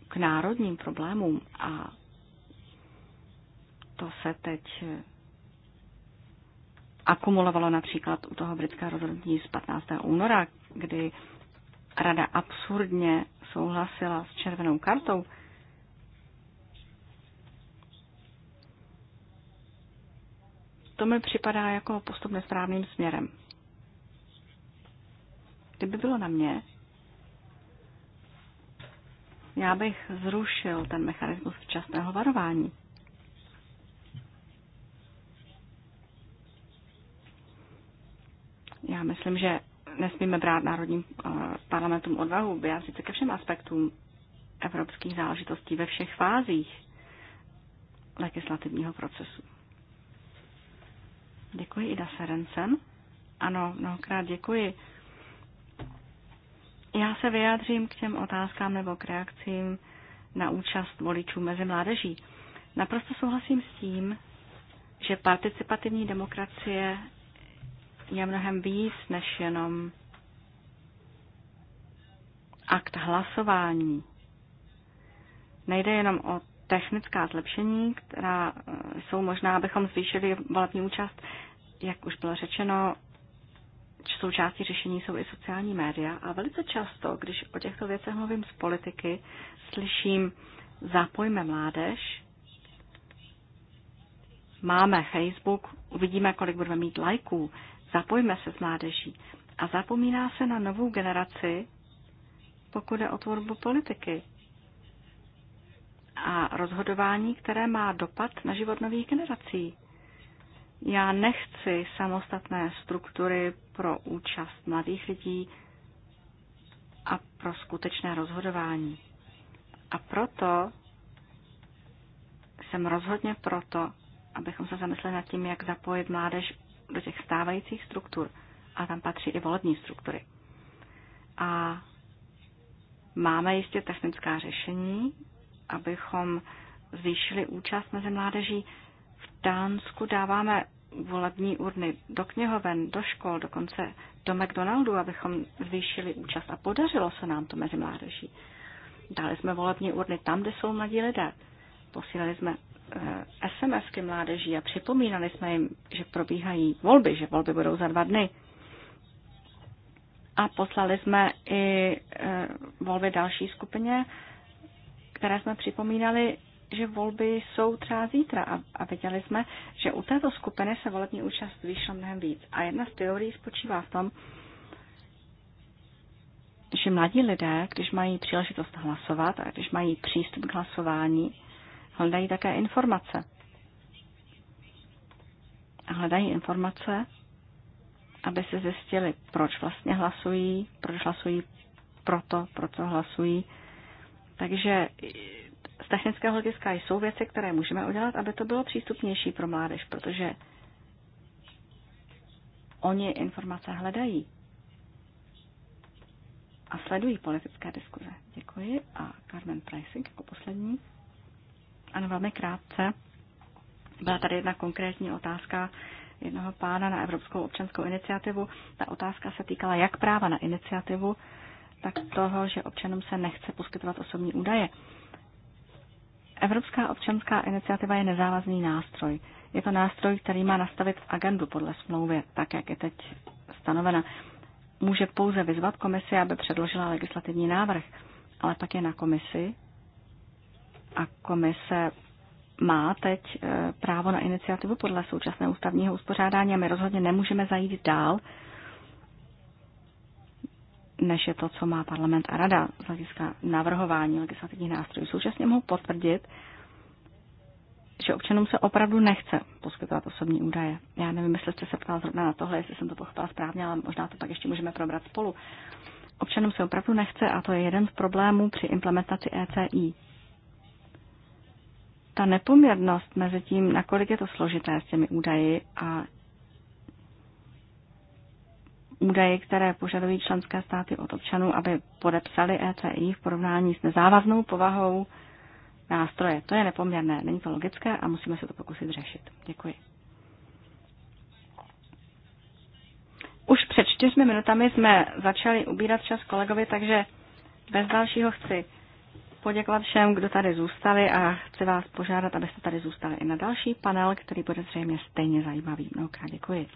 k národním problémům a to se teď eh, akumulovalo například u toho britského rozhodnutí z 15. února, kdy rada absurdně souhlasila s červenou kartou, to mi připadá jako postup nesprávným směrem. Kdyby bylo na mě, já bych zrušil ten mechanismus včasného varování. Já myslím, že nesmíme brát národním eh, parlamentům odvahu vyjádřit se ke všem aspektům evropských záležitostí ve všech fázích legislativního procesu. Děkuji Ida Serencen. Ano, mnohokrát děkuji. Já se vyjádřím k těm otázkám nebo k reakcím na účast voličů mezi mládeží. Naprosto souhlasím s tím, že participativní demokracie je mnohem víc než jenom akt hlasování. Nejde jenom o technická zlepšení, která jsou možná, abychom zvýšili volební účast. Jak už bylo řečeno, součástí řešení jsou i sociální média a velice často, když o těchto věcech mluvím z politiky, slyším, zapojme mládež, máme Facebook, uvidíme, kolik budeme mít lajků, zapojme se s mládeží. A zapomíná se na novou generaci, pokud je o tvorbu politiky a rozhodování, které má dopad na život nových generací. Já nechci samostatné struktury pro účast mladých lidí a pro skutečné rozhodování. A proto jsem rozhodně proto, abychom se zamysleli nad tím, jak zapojit mládež do těch stávajících struktur. A tam patří i volební struktury. A máme jistě technická řešení, abychom zvýšili účast mezi mládeží, v Dánsku dáváme volební urny do knihoven, do škol, dokonce do McDonaldu, abychom zvýšili účast. A podařilo se nám to mezi mládeží. Dali jsme volební urny tam, kde jsou mladí lidé. Posílali jsme eh, SMSky mládeží a připomínali jsme jim, že probíhají volby, že volby budou za dva dny. A poslali jsme i eh, volby další skupině, které jsme připomínali, že volby jsou třeba zítra a, a viděli jsme, že u této skupiny se volební účast zvýšila mnohem víc. A jedna z teorií spočívá v tom, že mladí lidé, když mají příležitost hlasovat a když mají přístup k hlasování, hledají také informace. Hledají informace, aby se zjistili, proč vlastně hlasují, proč hlasují proto, pro co hlasují. Takže z technického hlediska jsou věci, které můžeme udělat, aby to bylo přístupnější pro mládež, protože oni informace hledají a sledují politické diskuze. Děkuji. A Carmen Pricing jako poslední. Ano, velmi krátce. Byla tady jedna konkrétní otázka jednoho pána na Evropskou občanskou iniciativu. Ta otázka se týkala jak práva na iniciativu, tak toho, že občanům se nechce poskytovat osobní údaje. Evropská občanská iniciativa je nezávazný nástroj. Je to nástroj, který má nastavit agendu podle smlouvy, tak jak je teď stanovena. Může pouze vyzvat komisi, aby předložila legislativní návrh, ale pak je na komisi a komise má teď e, právo na iniciativu podle současného ústavního uspořádání a my rozhodně nemůžeme zajít dál, než je to, co má parlament a rada z hlediska navrhování legislativních nástrojů. Současně mohu potvrdit, že občanům se opravdu nechce poskytovat osobní údaje. Já nevím, jestli jste se ptal zrovna na tohle, jestli jsem to pochopila správně, ale možná to pak ještě můžeme probrat spolu. Občanům se opravdu nechce a to je jeden z problémů při implementaci ECI. Ta nepoměrnost mezi tím, nakolik je to složité s těmi údaji a údaje, které požadují členské státy od občanů, aby podepsali ECI v porovnání s nezávaznou povahou nástroje. To je nepoměrné, není to logické a musíme se to pokusit řešit. Děkuji. Už před čtyřmi minutami jsme začali ubírat čas kolegovi, takže bez dalšího chci poděkovat všem, kdo tady zůstali a chci vás požádat, abyste tady zůstali i na další panel, který bude zřejmě stejně zajímavý. Mnohokrát děkuji.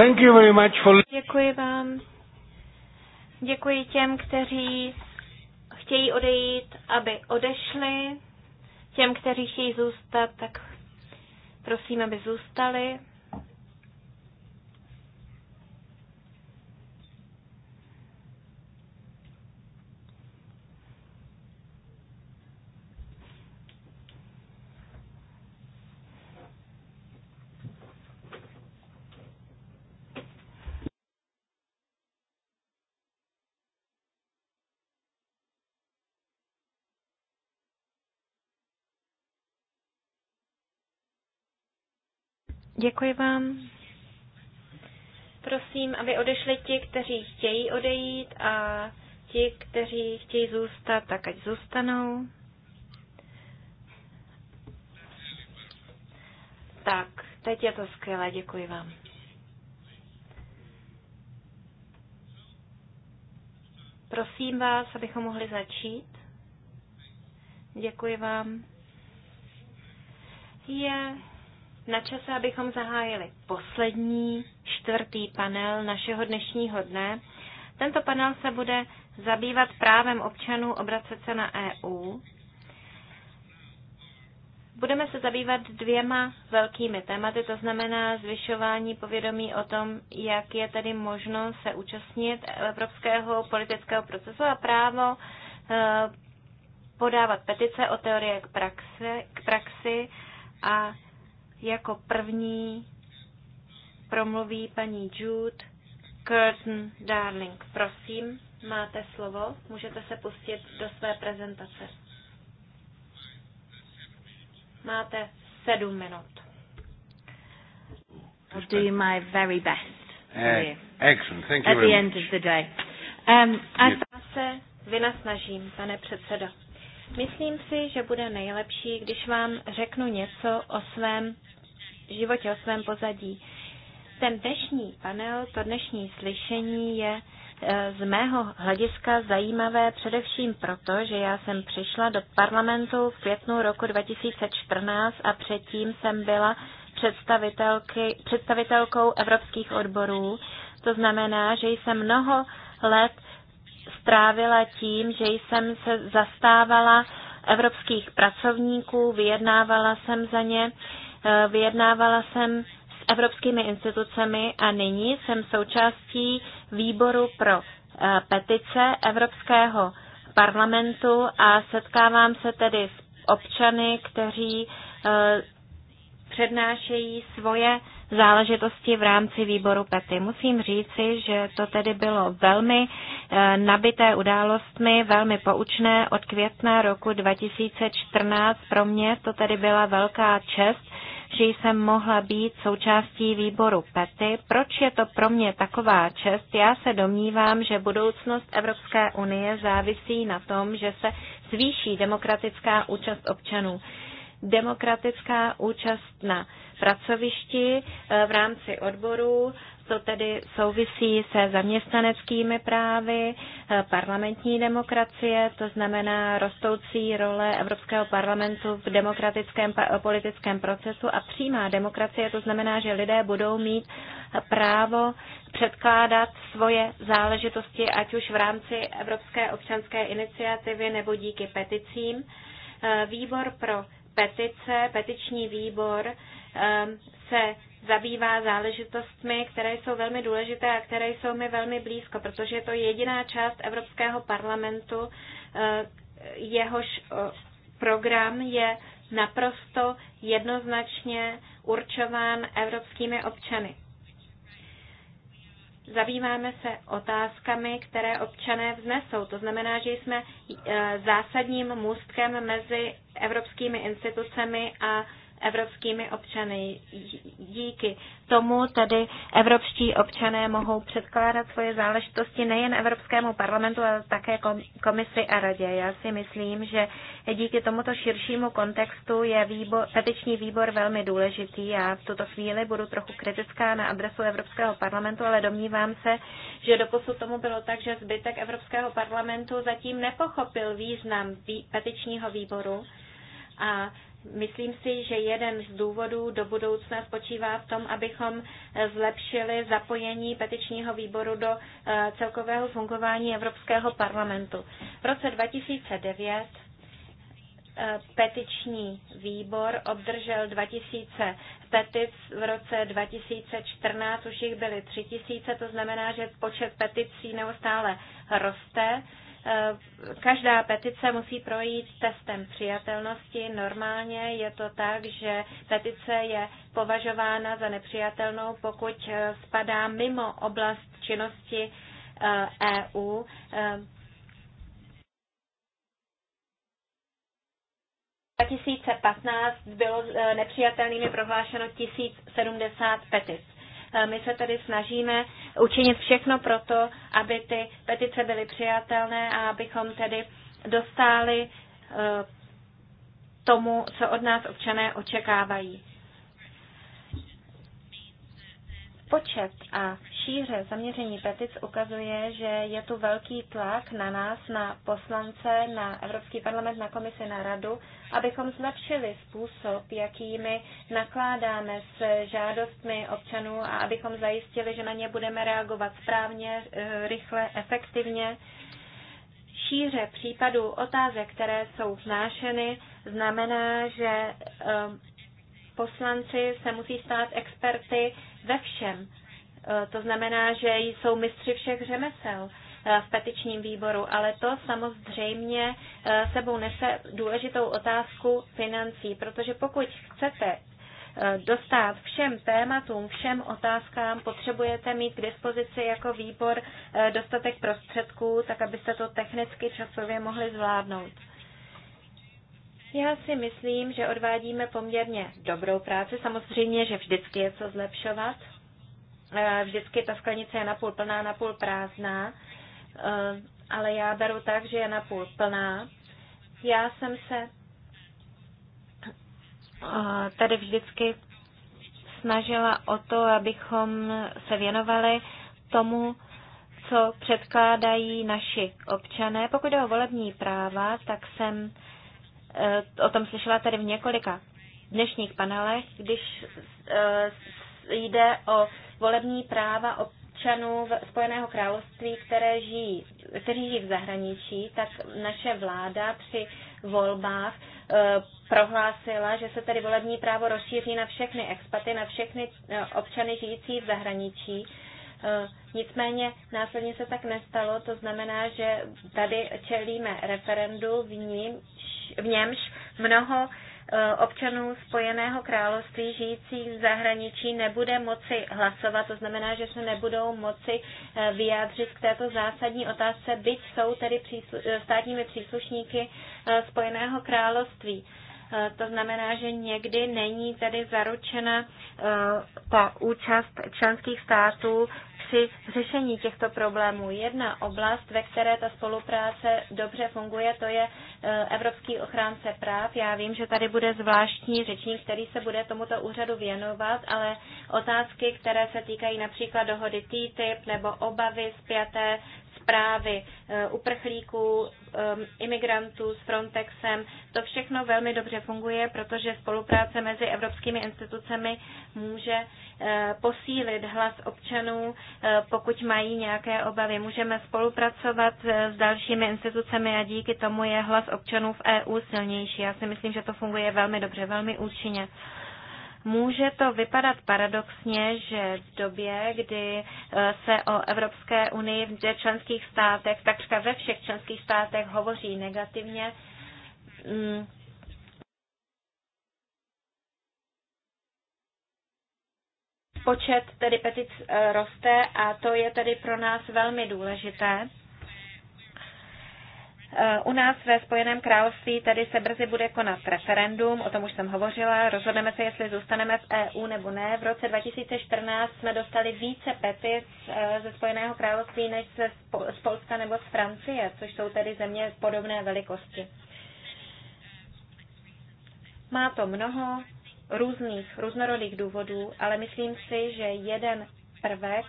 Thank you very much for... Děkuji vám. Děkuji těm, kteří chtějí odejít, aby odešli. Těm, kteří chtějí zůstat, tak prosím, aby zůstali. Děkuji vám. Prosím, aby odešli ti, kteří chtějí odejít a ti, kteří chtějí zůstat, tak ať zůstanou. Tak, teď je to skvělé, děkuji vám. Prosím vás, abychom mohli začít. Děkuji vám. Je na čase, abychom zahájili poslední, čtvrtý panel našeho dnešního dne. Tento panel se bude zabývat právem občanů obracet se na EU. Budeme se zabývat dvěma velkými tématy, to znamená zvyšování povědomí o tom, jak je tedy možno se účastnit evropského politického procesu a právo eh, podávat petice o teorie k praxi, k praxi a jako první promluví paní Jude Curtin Darling. Prosím, máte slovo, můžete se pustit do své prezentace. Máte sedm minut. I'll do my very best. Uh, excellent. Thank you At the end much. of the day. Um, a se vynasnažím, pane předsedo. Myslím si, že bude nejlepší, když vám řeknu něco o svém životě, o svém pozadí. Ten dnešní panel, to dnešní slyšení je e, z mého hlediska zajímavé především proto, že já jsem přišla do parlamentu v květnu roku 2014 a předtím jsem byla představitelky, představitelkou evropských odborů. To znamená, že jsem mnoho let strávila tím, že jsem se zastávala evropských pracovníků, vyjednávala jsem za ně. Uh, Eh, vyjednávala jsem s evropskými institucemi a nyní jsem součástí výboru pro eh, petice Evropského parlamentu a setkávám se tedy s občany, kteří eh, přednášejí svoje záležitosti v rámci výboru PETY. Musím říci, že to tedy bylo velmi nabité událostmi, velmi poučné od května roku 2014. Pro mě to tedy byla velká čest že jsem mohla být součástí výboru PETY. Proč je to pro mě taková čest? Já se domnívám, že budoucnost Evropské unie závisí na tom, že se zvýší demokratická účast občanů. Demokratická účast na pracovišti eh, v rámci odborů, to tedy souvisí se zaměstnaneckými právy, eh, parlamentní demokracie, to znamená rostoucí role Evropského parlamentu v demokratickém politickém procesu a přímá demokracie, to znamená, že lidé budou mít právo předkládat svoje záležitosti, ať už v rámci Evropské občanské iniciativy nebo díky peticím. Eh, výbor pro petice, petiční výbor eh, se zabývá záležitostmi, které jsou velmi důležité a které jsou mi velmi blízko, protože je to jediná část Evropského parlamentu, eh, jehož eh, program je naprosto jednoznačně určován evropskými občany. Zabýváme se otázkami, které občané vznesou. To znamená, že jsme eh, zásadním můstkem mezi evropskými institucemi a evropskými občany. Díky tomu tedy evropští občané mohou předkládat svoje záležitosti nejen Evropskému parlamentu, ale také komisi a radě. Já si myslím, že díky tomuto širšímu kontextu je výbor, petiční výbor velmi důležitý. Já v tuto chvíli budu trochu kritická na adresu Evropského parlamentu, ale domnívám se, že doposud tomu bylo tak, že zbytek Evropského parlamentu zatím nepochopil význam petičního výboru a Myslím si, že jeden z důvodů do budoucna spočívá v tom, abychom zlepšili zapojení petičního výboru do eh, celkového fungování Evropského parlamentu. V roce 2009 eh, petiční výbor obdržel 2000 petic, v roce 2014 už jich byly 3000, to znamená, že počet peticí neustále roste. Eh, každá petice musí projít testem přijatelnosti. Normálně je to tak, že petice je považována za nepřijatelnou, pokud eh, spadá mimo oblast činnosti EU. V 2015 bylo eh, nepřijatelnými prohlášeno 1070 petic. Eh, my se tedy snažíme učinit všechno pro to, aby ty petice byly přijatelné a abychom tedy dostali eh, tomu, co od nás občané očekávají. Počet a šíře zaměření petic ukazuje, že je tu velký tlak na nás, na poslance, na Evropský parlament, na komisi, na radu, abychom zlepšili způsob, jakými nakládáme s žádostmi občanů a abychom zajistili, že na ně budeme reagovat správně, eh, rychle, efektivně. Šíře případů otázek, které jsou vznášeny, znamená, že eh, poslanci se musí stát experty ve všem. E, to znamená, že jsou mistři všech řemesel e, v petičním výboru, ale to samozřejmě e, sebou nese důležitou otázku financí, protože pokud chcete dostat všem tématům, všem otázkám, potřebujete mít k dispozici jako výbor dostatek prostředků, tak abyste to technicky časově mohli zvládnout. Já si myslím, že odvádíme poměrně dobrou práci. Samozřejmě, že vždycky je co zlepšovat. E, vždycky ta sklenice je napůl plná, napůl prázdná, e, ale já beru tak, že je napůl plná. Já jsem se e, tady vždycky snažila o to, abychom se věnovali tomu, co předkládají naši občané. Pokud jde o volební práva, tak jsem Eh, o tom slyšela tady v několika dnešních panelech, když eh, jde o volební práva občanů Spojeného království, které žijí, kteří žijí v zahraničí, tak naše vláda při volbách eh, prohlásila, že se tedy volební právo rozšíří na všechny expaty, na všechny občany žijící v zahraničí Eh, nicméně následně se tak nestalo, to znamená, že tady čelíme referendu, v, nímž, v němž mnoho eh, občanů Spojeného království žijících v zahraničí nebude moci hlasovat, to znamená, že se nebudou moci eh, vyjádřit k této zásadní otázce, byť jsou tedy příslu- státními příslušníky Spojeného království. Eh, to znamená, že někdy není tady zaručena eh, ta účast členských států při řešení těchto problémů. Jedna oblast, ve které ta spolupráce dobře funguje, to je eh, Evropský ochránce práv. Já vím, že tady bude zvláštní řečník, který se bude tomuto úřadu věnovat, ale otázky, které se týkají například dohody TTIP nebo obavy zpěté zprávy eh, uprchlíků, eh, imigrantů s Frontexem. To všechno velmi dobře funguje, protože spolupráce mezi evropskými institucemi může eh, posílit hlas občanů, pokud mají nějaké obavy. Můžeme spolupracovat s dalšími institucemi a díky tomu je hlas občanů v EU silnější. Já si myslím, že to funguje velmi dobře, velmi účinně. Může to vypadat paradoxně, že v době, kdy eh, se o Evropské unii v členských státech, takřka ve všech členských státech hovoří negativně, mm, počet tedy petic eh, roste a to je tedy pro nás velmi důležité. Eh, u nás ve Spojeném království tedy se brzy bude konat referendum, o tom už jsem hovořila. Rozhodneme se, jestli zůstaneme v EU nebo ne. V roce 2014 jsme dostali více petic eh, ze Spojeného království než ze, z Polska nebo z Francie, což jsou tedy země podobné velikosti. Má to mnoho různých, různorodých důvodů, ale myslím si, že jeden prvek,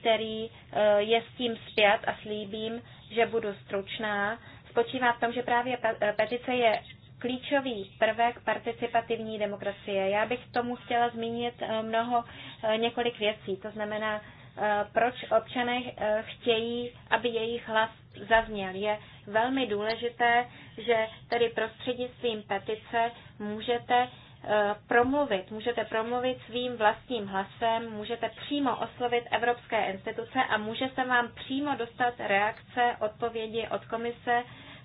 který eh, je s tím zpět a slíbím, že budu stručná, spočívá v tom, že právě petice je klíčový prvek participativní demokracie. Já bych k tomu chtěla zmínit eh, mnoho, eh, několik věcí. To znamená, eh, proč občané chtějí, aby jejich hlas zazněl. Je velmi důležité, že tedy prostřednictvím petice můžete Eh, promluvit, můžete promluvit svým vlastním hlasem, můžete přímo oslovit evropské instituce a může se vám přímo dostat reakce, odpovědi od komise,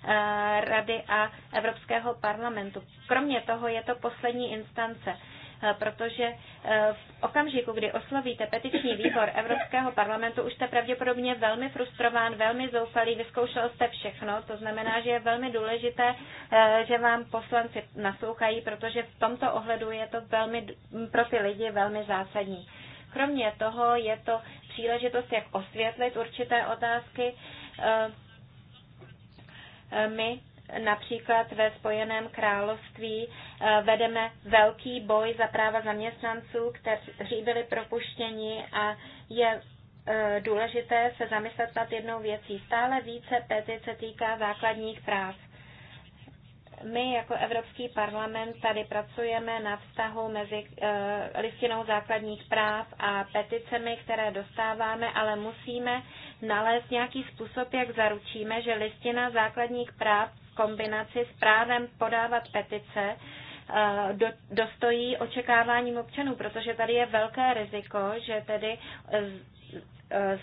eh, Rady a Evropského parlamentu. Kromě toho je to poslední instance. Eh, protože eh, v okamžiku, kdy oslovíte petiční výbor Evropského parlamentu, už jste pravděpodobně velmi frustrován, velmi zoufalý, vyzkoušel jste všechno, to znamená, že je velmi důležité, eh, že vám poslanci naslouchají, protože v tomto ohledu je to velmi, pro ty lidi velmi zásadní. Kromě toho je to příležitost, jak osvětlit určité otázky. My Například ve Spojeném království eh, vedeme velký boj za práva zaměstnanců, kteří byli propuštěni a je eh, důležité se zamyslet nad jednou věcí. Stále více petice týká základních práv. My jako Evropský parlament tady pracujeme na vztahu mezi eh, listinou základních práv a peticemi, které dostáváme, ale musíme nalézt nějaký způsob, jak zaručíme, že listina základních práv kombinaci s právem podávat petice eh, dostojí očekáváním občanů, protože tady je velké riziko, že tedy eh, eh,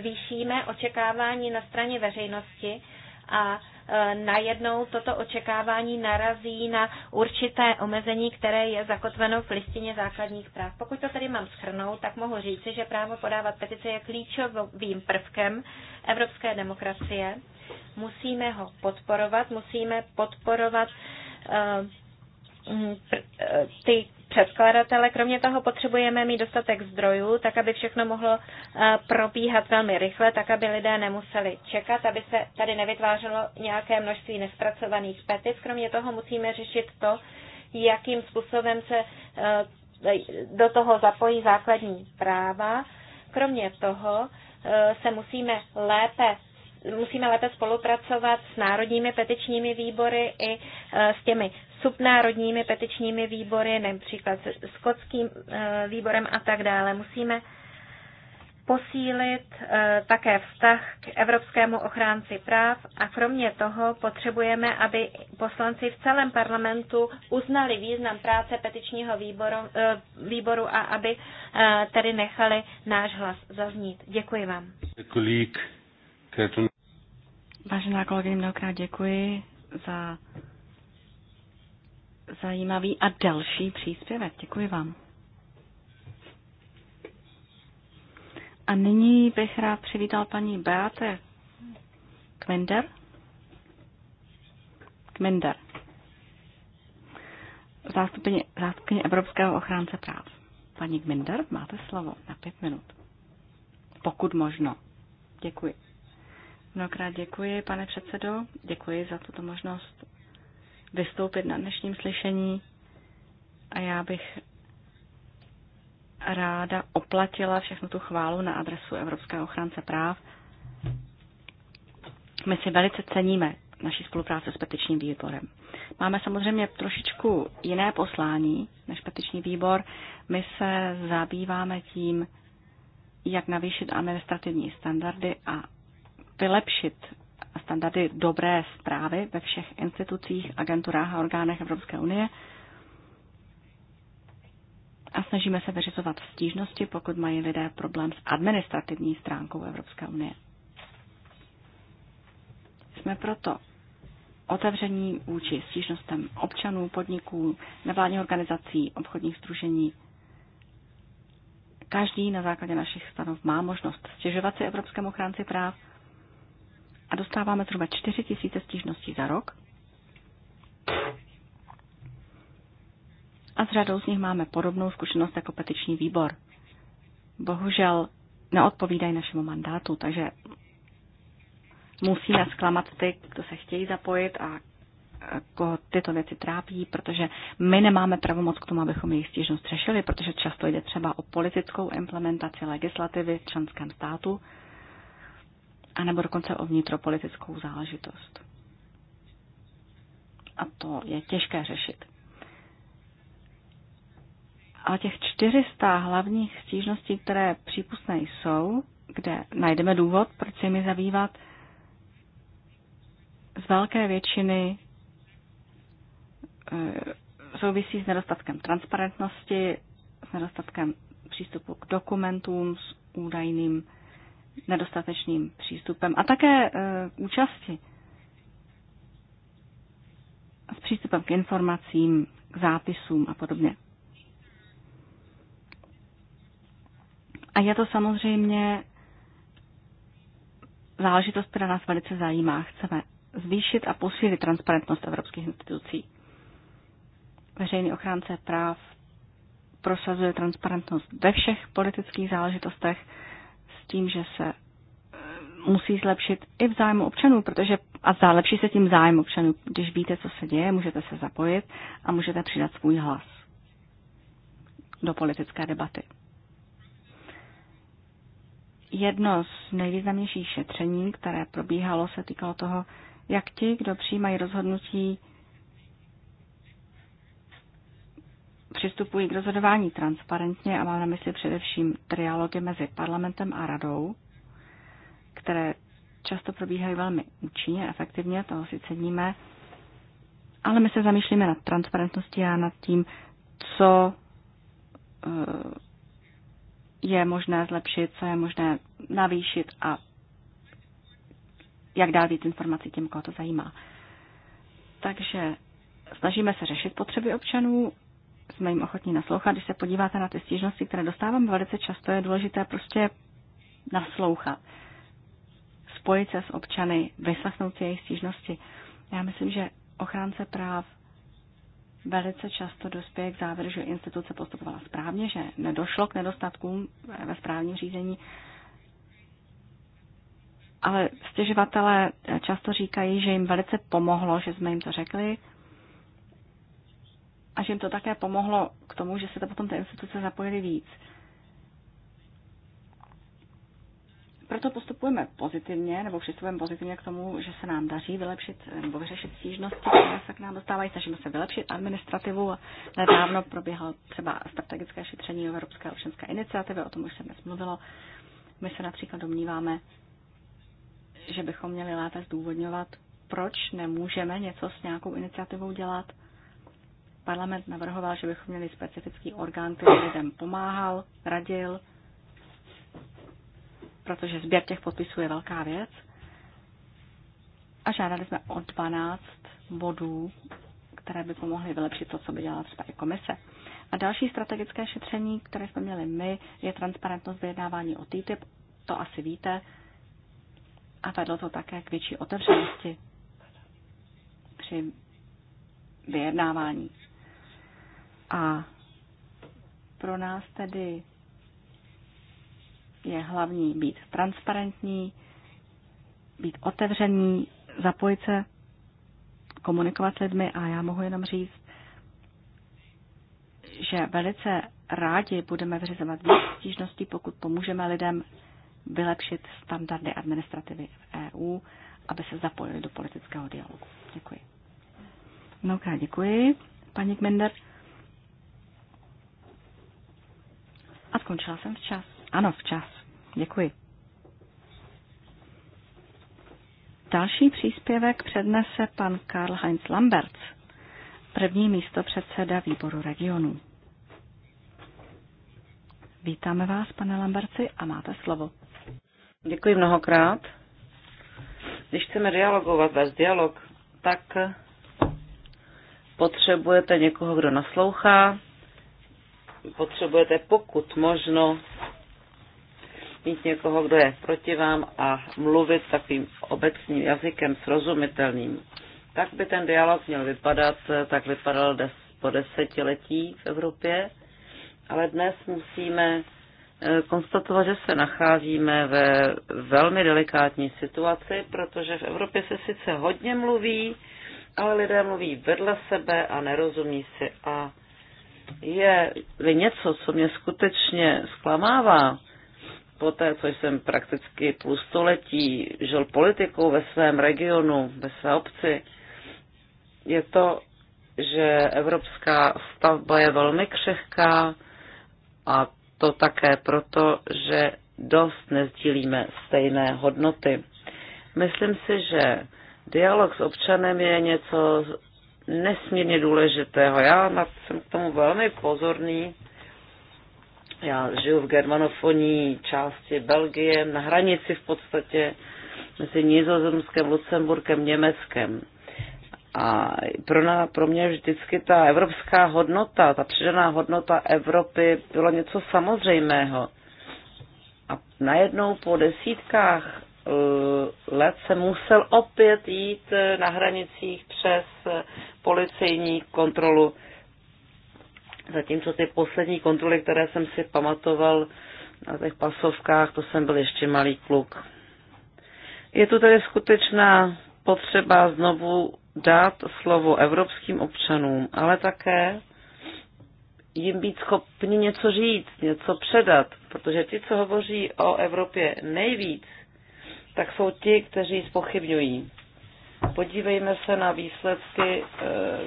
zvýšíme očekávání na straně veřejnosti a najednou toto očekávání narazí na určité omezení, které je zakotveno v listině základních práv. Pokud to tady mám schrnout, tak mohu říci, že právo podávat petice je klíčovým prvkem evropské demokracie Musíme ho podporovat, musíme podporovat eh, mm, eh, ty předkladatele. Kromě toho potřebujeme mít dostatek zdrojů, tak aby všechno mohlo eh, probíhat velmi rychle, tak aby lidé nemuseli čekat, aby se tady nevytvářelo nějaké množství nespracovaných petic. Kromě toho musíme řešit to, jakým způsobem se do toho zapojí základní práva. Kromě toho se musíme lépe musíme lépe spolupracovat s národními petičními výbory i e, s těmi subnárodními petičními výbory, například s skotským e, výborem a tak dále. Musíme posílit e, také vztah k Evropskému ochránci práv a kromě toho potřebujeme, aby poslanci v celém parlamentu uznali význam práce petičního výboru, výboru a aby tedy nechali náš hlas zaznít. Děkuji vám. Kolik, Vážená kolegyně, mnohokrát děkuji za zajímavý a další příspěvek. Děkuji vám. A nyní bych rád přivítal paní Beate Kmender. Kmender. Zástupkyně, zástupkyně Evropského ochránce práv. Paní Kminder, máte slovo na pět minut. Pokud možno. Děkuji. Mnohokrát děkuji, pane předsedo, děkuji za tuto možnost vystoupit na dnešním slyšení a já bych ráda oplatila všechnu tu chválu na adresu Evropské ochránce práv. My si velice ceníme naší spolupráce s petičním výborem. Máme samozřejmě trošičku jiné poslání než petiční výbor. My se zabýváme tím, jak navýšit administrativní standardy a vylepšit standardy dobré zprávy ve všech institucích, agenturách a orgánech Evropské unie a snažíme se vyřizovat stížnosti, pokud mají lidé problém s administrativní stránkou Evropské unie. Jsme proto otevření vůči stížnostem občanů, podniků, nevládních organizací, obchodních združení. Každý na základě našich stanov má možnost stěžovat si Evropskému ochránci práv a dostáváme zhruba 4 tisíce stížností za rok. A s řadou z nich máme podobnou zkušenost jako petiční výbor. Bohužel neodpovídají našemu mandátu, takže musíme zklamat ty, kdo se chtějí zapojit a koho tyto věci trápí, protože my nemáme pravomoc k tomu, abychom jejich stížnost řešili, protože často jde třeba o politickou implementaci legislativy v členském státu, anebo dokonce o vnitropolitickou záležitost. A to je těžké řešit. Ale těch 400 hlavních stížností, které přípustné jsou, kde najdeme důvod, proč se mi zabývat, z velké většiny eh, souvisí s nedostatkem transparentnosti, s nedostatkem přístupu k dokumentům, s údajným nedostatečným přístupem a také uh, účasti s přístupem k informacím, k zápisům a podobně. A je to samozřejmě záležitost, která nás velice zajímá. Chceme zvýšit a posílit transparentnost evropských institucí. Veřejný ochránce práv prosazuje transparentnost ve všech politických záležitostech tím, že se eh, musí zlepšit i v zájmu občanů, protože a zálepší se tím zájem občanů. Když víte, co se děje, můžete se zapojit a můžete přidat svůj hlas do politické debaty. Jedno z nejvýznamnějších šetření, které probíhalo, se týkalo toho, jak ti, kdo přijímají rozhodnutí, přistupují k rozhodování transparentně a mám na mysli především trialogy mezi parlamentem a radou, které často probíhají velmi účinně, efektivně, toho si ceníme, ale my se zamýšlíme nad transparentností a nad tím, co eh, je možné zlepšit, co je možné navýšit a jak dát víc informací těm, koho to zajímá. Takže snažíme se řešit potřeby občanů jsme jim ochotní naslouchat. Když se podíváte na ty stížnosti, které dostáváme velice často, je důležité prostě naslouchat. Spojit se s občany, vyslechnout si jejich stížnosti. Já myslím, že ochránce práv velice často dospěje k závěru, že instituce postupovala správně, že nedošlo k nedostatkům ve správním řízení. Ale stěžovatelé často říkají, že jim velice pomohlo, že jsme jim to řekli, a že jim to také pomohlo k tomu, že se to potom ty instituce zapojily víc. Proto postupujeme pozitivně, nebo přistupujeme pozitivně k tomu, že se nám daří vylepšit nebo vyřešit stížnosti, které se k nám dostávají. Snažíme se vylepšit administrativu. Nedávno proběhlo třeba strategické šetření Evropské občanské iniciativy, o tom už se dnes mluvilo. My se například domníváme, že bychom měli lépe zdůvodňovat, proč nemůžeme něco s nějakou iniciativou dělat, Parlament navrhoval, že bychom měli specifický orgán, který lidem pomáhal, radil, protože sběr těch podpisů je velká věc. A žádali jsme o 12 bodů, které by pomohly vylepšit to, co by dělala třeba i komise. A další strategické šetření, které jsme měli my, je transparentnost vyjednávání o TTIP. To asi víte. A vedlo to také k větší otevřenosti při vyjednávání. A pro nás tedy je hlavní být transparentní, být otevřený, zapojit se, komunikovat s lidmi a já mohu jenom říct, že velice rádi budeme vyřizovat víc stížností, pokud pomůžeme lidem vylepšit standardy administrativy v EU, aby se zapojili do politického dialogu. Děkuji. Mnohokrát děkuji, paní Kmender. A skončila jsem včas. Ano, včas. Děkuji. Další příspěvek přednese pan Karl-Heinz Lamberts, první místo předseda výboru regionu. Vítáme vás, pane Lamberci, a máte slovo. Děkuji mnohokrát. Když chceme dialogovat, vést dialog, tak potřebujete někoho, kdo naslouchá, potřebujete pokud možno mít někoho, kdo je proti vám a mluvit takovým obecným jazykem srozumitelným. Tak by ten dialog měl vypadat, tak vypadal des, po desetiletí v Evropě, ale dnes musíme eh, konstatovat, že se nacházíme ve velmi delikátní situaci, protože v Evropě se sice hodně mluví, ale lidé mluví vedle sebe a nerozumí si. A je něco, co mě skutečně zklamává, po té, co jsem prakticky půl století žil politikou ve svém regionu, ve své obci, je to, že evropská stavba je velmi křehká a to také proto, že dost nezdílíme stejné hodnoty. Myslím si, že dialog s občanem je něco, nesmírně důležitého. Já jsem k tomu velmi pozorný. Já žiju v germanofonní části Belgie, na hranici v podstatě mezi Nizozemskem, Lucemburkem, Německem. A pro, na, pro mě vždycky ta evropská hodnota, ta přidaná hodnota Evropy bylo něco samozřejmého. A najednou po desítkách Eh, let se musel opět jít eh, na hranicích přes eh, policejní kontrolu. Zatímco ty poslední kontroly, které jsem si pamatoval na těch pasovkách, to jsem byl ještě malý kluk. Je tu tedy skutečná potřeba znovu dát slovo evropským občanům, ale také jim být schopni něco říct, něco předat, protože ti, co hovoří o Evropě nejvíc, tak jsou ti, kteří spochybňují. Podívejme se na výsledky eh,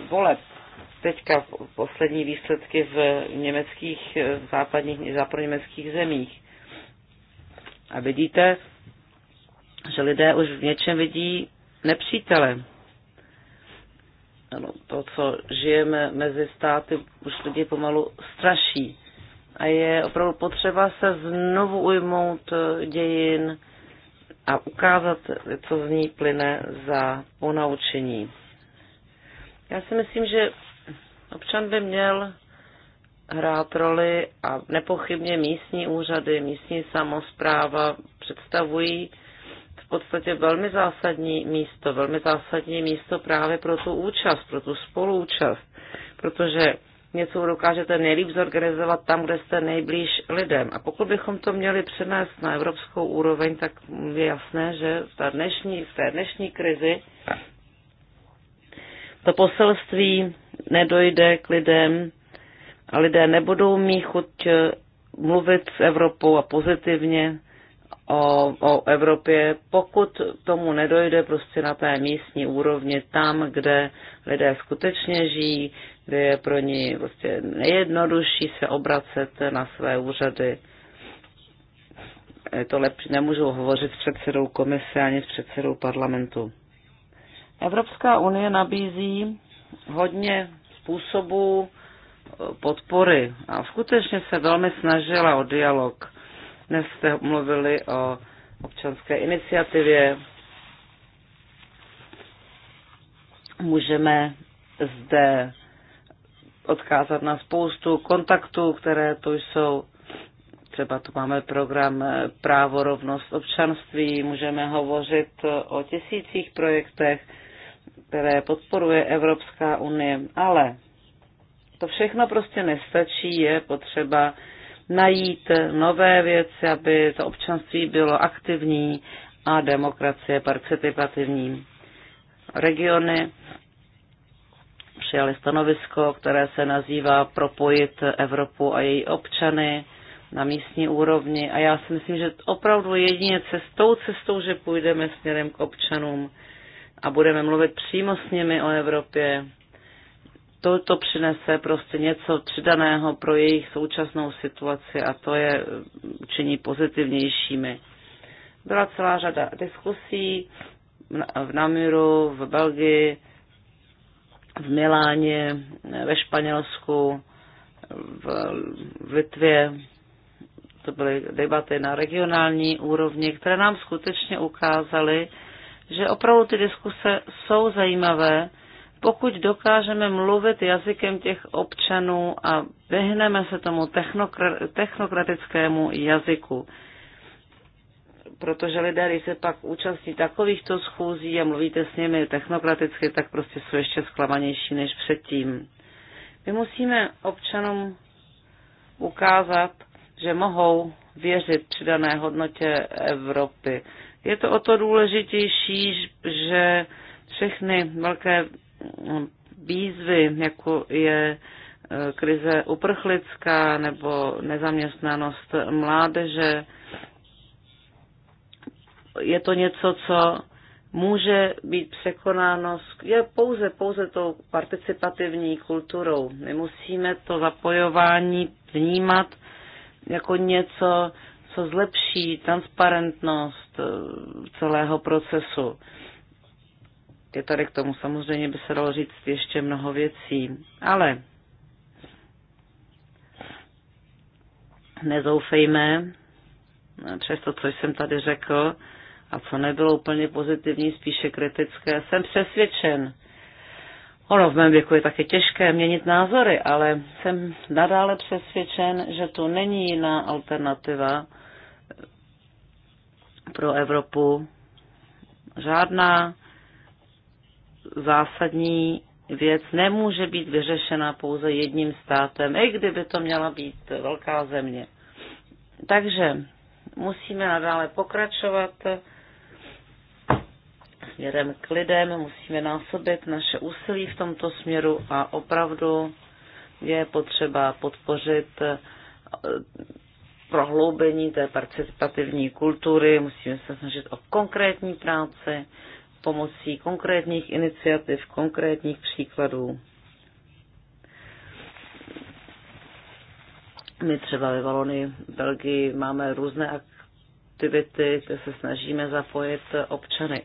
voleb. Teďka poslední výsledky v německých, eh, v západních, západněmeckých zemích. A vidíte, že lidé už v něčem vidí nepřítele. Ano, to, co žijeme mezi státy, už lidi pomalu straší. A je opravdu potřeba se znovu ujmout eh, dějin, a ukázat, co z ní plyne za ponaučení. Já si myslím, že občan by měl hrát roli a nepochybně místní úřady, místní samozpráva představují v podstatě velmi zásadní místo, velmi zásadní místo právě pro tu účast, pro tu spoluúčast, protože něco dokážete nejlíp zorganizovat tam, kde jste nejblíž lidem. A pokud bychom to měli přenést na evropskou úroveň, tak je jasné, že v té dnešní, v té dnešní krizi to poselství nedojde k lidem a lidé nebudou mít chuť mluvit s Evropou a pozitivně o, o Evropě, pokud tomu nedojde prostě na té místní úrovni, tam, kde lidé skutečně žijí, kdy je pro ní vlastně nejjednodušší se obracet na své úřady. Je to lepší, nemůžu hovořit s předsedou komise ani s předsedou parlamentu. Evropská unie nabízí hodně způsobů podpory a skutečně se velmi snažila o dialog. Dnes jste mluvili o občanské iniciativě. Můžeme zde odkázat na spoustu kontaktů, které tu jsou. Třeba tu máme program Právo, rovnost, občanství, můžeme hovořit o tisících projektech, které podporuje Evropská unie, ale to všechno prostě nestačí, je potřeba najít nové věci, aby to občanství bylo aktivní a demokracie participativní. Regiony přijali stanovisko, které se nazývá Propojit Evropu a její občany na místní úrovni. A já si myslím, že opravdu jedině cestou, cestou, že půjdeme směrem k občanům a budeme mluvit přímo s nimi o Evropě, to, to přinese prostě něco přidaného pro jejich současnou situaci a to je činí pozitivnějšími. Byla celá řada diskusí v Namuru, v Belgii, v Miláně, ve Španělsku, v, v Litvě. To byly debaty na regionální úrovni, které nám skutečně ukázaly, že opravdu ty diskuse jsou zajímavé, pokud dokážeme mluvit jazykem těch občanů a vyhneme se tomu technokratickému jazyku protože lidé, když se pak účastní takovýchto schůzí a mluvíte s nimi technokraticky, tak prostě jsou ještě zklamanější než předtím. My musíme občanům ukázat, že mohou věřit přidané hodnotě Evropy. Je to o to důležitější, že všechny velké výzvy, jako je e, krize uprchlická nebo nezaměstnanost mládeže, je to něco, co může být překonáno je pouze, pouze tou participativní kulturou. My musíme to zapojování vnímat jako něco, co zlepší transparentnost eh, celého procesu. Je tady k tomu samozřejmě by se dalo říct ještě mnoho věcí, ale nezoufejme, eh, přesto, co jsem tady řekl, a co nebylo úplně pozitivní, spíše kritické, jsem přesvědčen. Ono v mém věku je také těžké měnit názory, ale jsem nadále přesvědčen, že to není jiná alternativa pro Evropu. Žádná zásadní věc nemůže být vyřešena pouze jedním státem, i kdyby to měla být velká země. Takže musíme nadále pokračovat směrem k lidem, musíme násobit naše úsilí v tomto směru a opravdu je potřeba podpořit eh, prohloubení té participativní kultury, musíme se snažit o konkrétní práci pomocí konkrétních iniciativ, konkrétních příkladů. My třeba ve Valonii, Belgii máme různé aktivity, se snažíme zapojit občany.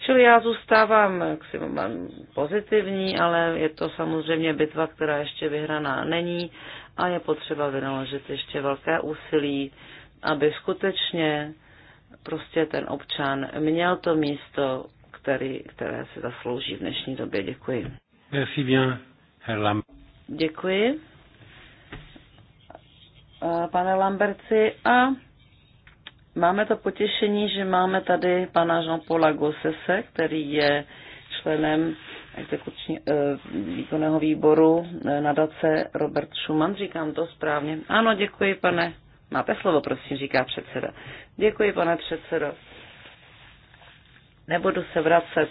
Čili já zůstávám mám pozitivní, ale je to samozřejmě bitva, která ještě vyhraná není a je potřeba vynaložit ještě velké úsilí, aby skutečně prostě ten občan měl to místo, který, které si zaslouží v dnešní době. Děkuji. Merci bien, Herr Lam. Děkuji, pane Lamberci. A Máme to potěšení, že máme tady pana Jean-Paula Gossese, který je členem exekuční, eh, výkonného výboru eh, nadace Robert Schumann. Říkám to správně. Ano, děkuji, pane. Máte slovo, prosím, říká předseda. Děkuji, pane předsedo. Nebudu se vracet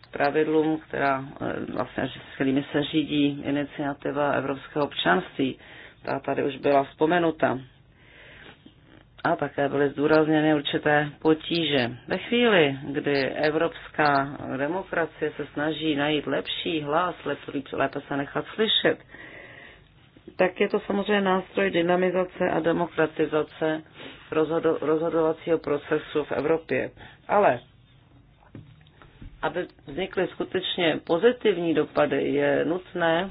k pravidlům, která, eh, vlastně, s kterými se řídí iniciativa Evropského občanství. Ta tady už byla vzpomenuta a také byly zdůrazněny určité potíže. Ve chvíli, kdy evropská demokracie se snaží najít lepší hlas, lépe se nechat slyšet, tak je to samozřejmě nástroj dynamizace a demokratizace rozhodo, rozhodovacího procesu v Evropě. Ale aby vznikly skutečně pozitivní dopady, je nutné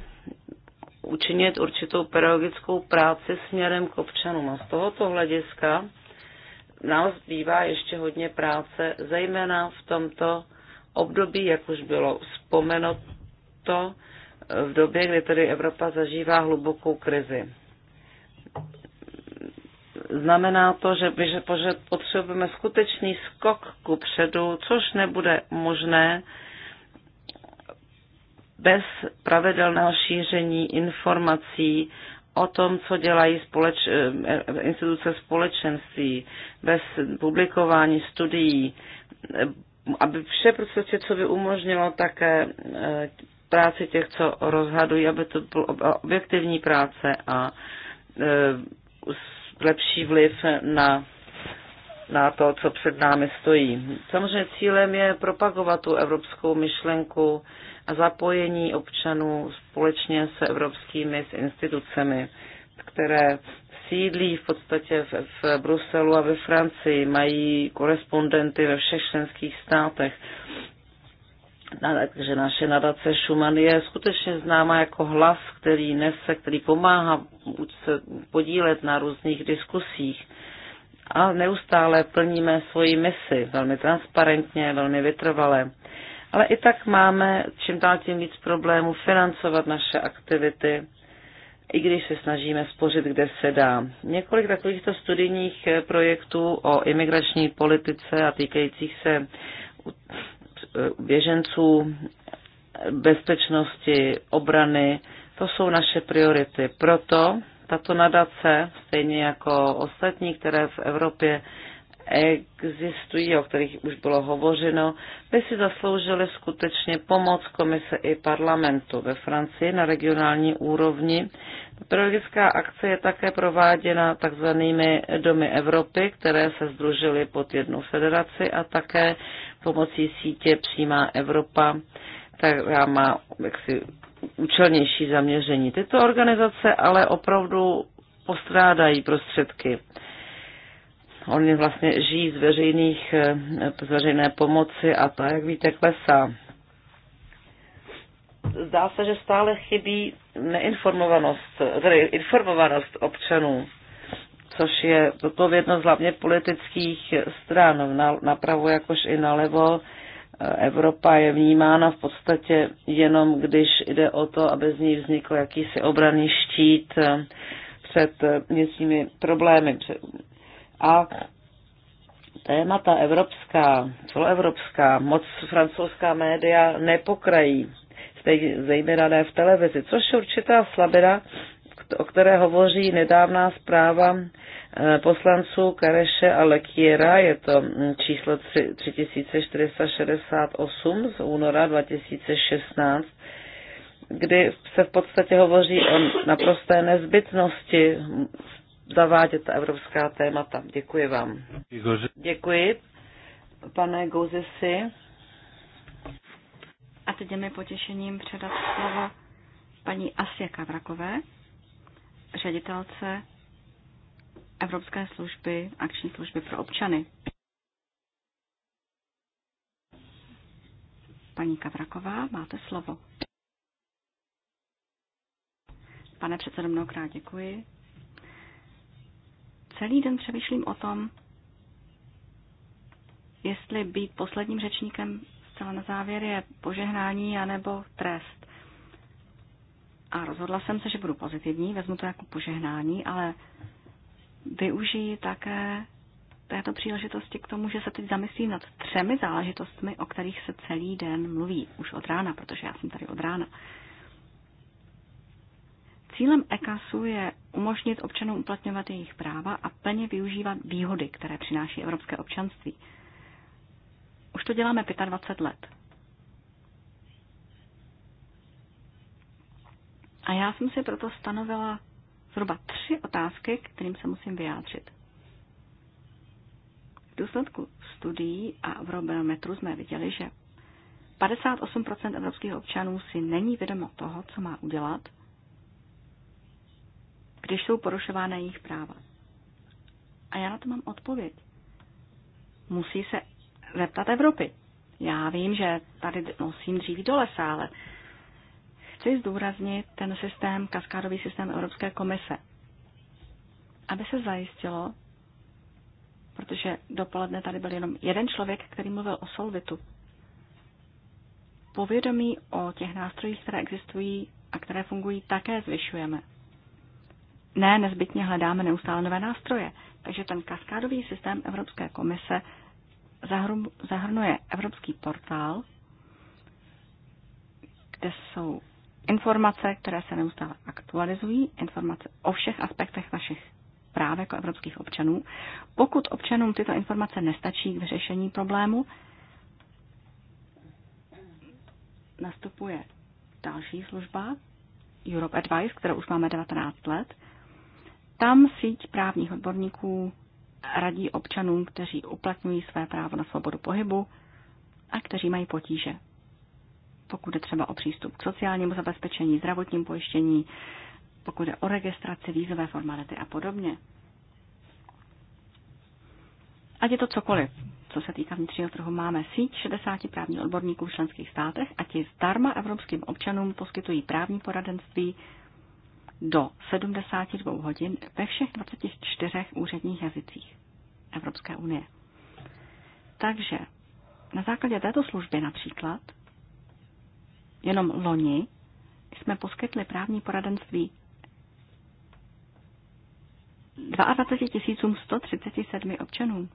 učinit určitou pedagogickou práci směrem k občanům. A z tohoto hlediska nám zbývá ještě hodně práce, zejména v tomto období, jak už bylo vzpomenuto, v době, kdy tedy Evropa zažívá hlubokou krizi. Znamená to, že, by, že potřebujeme skutečný skok ku předu, což nebude možné, bez pravidelného šíření informací o tom, co dělají společ, eh, instituce společenství, bez publikování studií, eh, aby vše prostě, co by umožnilo také eh, práci těch, co rozhadují, aby to byla objektivní práce a lepší vliv na, na to, co před námi stojí. Samozřejmě cílem je propagovat tu evropskou myšlenku, zapojení občanů společně s evropskými s institucemi, které sídlí v podstatě v, v Bruselu a ve Francii, mají korespondenty ve všech členských státech. Takže naše nadace Schumann je skutečně známa jako hlas, který nese, který pomáhá se podílet na různých diskusích. A neustále plníme svoji misi, velmi transparentně, velmi vytrvale ale i tak máme čím dál tím víc problémů financovat naše aktivity, i když se snažíme spořit, kde se dá. Několik takovýchto studijních eh, projektů o imigrační politice a týkajících se eh, běženců, bezpečnosti, obrany, to jsou naše priority. Proto tato nadace, stejně jako ostatní, které v Evropě existují, o kterých už bylo hovořeno, by si zasloužily skutečně pomoc komise i parlamentu ve Francii na regionální úrovni. Pedagogická akce je také prováděna takzvanými domy Evropy, které se združily pod jednu federaci a také pomocí sítě Přímá Evropa, která má jaksi účelnější zaměření. Tyto organizace ale opravdu postrádají prostředky. Oni vlastně žijí z, veřejných, eh, z veřejné pomoci a ta, jak víte, klesá. Zdá se, že stále chybí neinformovanost, tedy informovanost občanů, což je odpovědnost hlavně politických stran, na, jakož i nalevo. Eh, Evropa je vnímána v podstatě jenom, když jde o to, aby z ní vznikl jakýsi obranný štít eh, před vnitřními problémy, a témata evropská, celoevropská, moc francouzská média nepokrají, zejména ne v televizi, což je určitá slabina, o které hovoří nedávná zpráva eh, poslanců Kareše a Lekiera, je to mm, číslo 3468 z února 2016, kdy se v podstatě hovoří o naprosté nezbytnosti zavádět ta evropská témata. Děkuji vám. Děkuji, pane Gouzesi. A teď je mi potěšením předat slovo paní Asia Kavrakové, ředitelce Evropské služby, akční služby pro občany. Paní Kavraková, máte slovo. Pane předsedo, mnohokrát děkuji celý den přemýšlím o tom, jestli být posledním řečníkem zcela na závěr je požehnání anebo trest. A rozhodla jsem se, že budu pozitivní, vezmu to jako požehnání, ale využiji také této příležitosti k tomu, že se teď zamyslím nad třemi záležitostmi, o kterých se celý den mluví, už od rána, protože já jsem tady od rána. Uh, Cílem ECASu je umožnit občanům uplatňovat jejich práva a plně využívat výhody, které přináší evropské občanství. Už to děláme 25 let. A já jsem si proto stanovila zhruba tři otázky, kterým se musím vyjádřit. V důsledku studií a v eurobarometru jsme viděli, že 58% evropských občanů si není vědomo toho, co má udělat, když jsou porušována jejich práva. A já na to mám odpověď. Musí se zeptat Evropy. Já vím, že tady nosím dříví do lesa, ale chci zdůraznit ten systém, kaskádový systém Evropské komise, aby se zajistilo, protože dopoledne tady byl jenom jeden člověk, který mluvil o solvitu. Povědomí o těch nástrojích, které existují a které fungují, také zvyšujeme ne nezbytně hledáme neustále nové nástroje. Takže ten kaskádový systém Evropské komise zahrnuje Evropský portál, kde jsou informace, které se neustále aktualizují, informace o všech aspektech našich práv jako evropských občanů. Pokud občanům tyto informace nestačí k vyřešení problému, nastupuje další služba Europe Advice, kterou už máme 19 let, tam síť právních odborníků radí občanům, kteří uplatňují své právo na svobodu pohybu a kteří mají potíže. Pokud je třeba o přístup k sociálnímu zabezpečení, zdravotním pojištění, pokud je o registraci, vízové formality a podobně. Ať je to cokoliv, co se týká vnitřního trhu, máme síť 60 právních odborníků v členských státech a ti zdarma evropským občanům poskytují právní poradenství do 72 hodin ve všech 24 úředních jazycích Evropské unie. Takže na základě této služby například jenom loni jsme poskytli právní poradenství 22 137 občanům.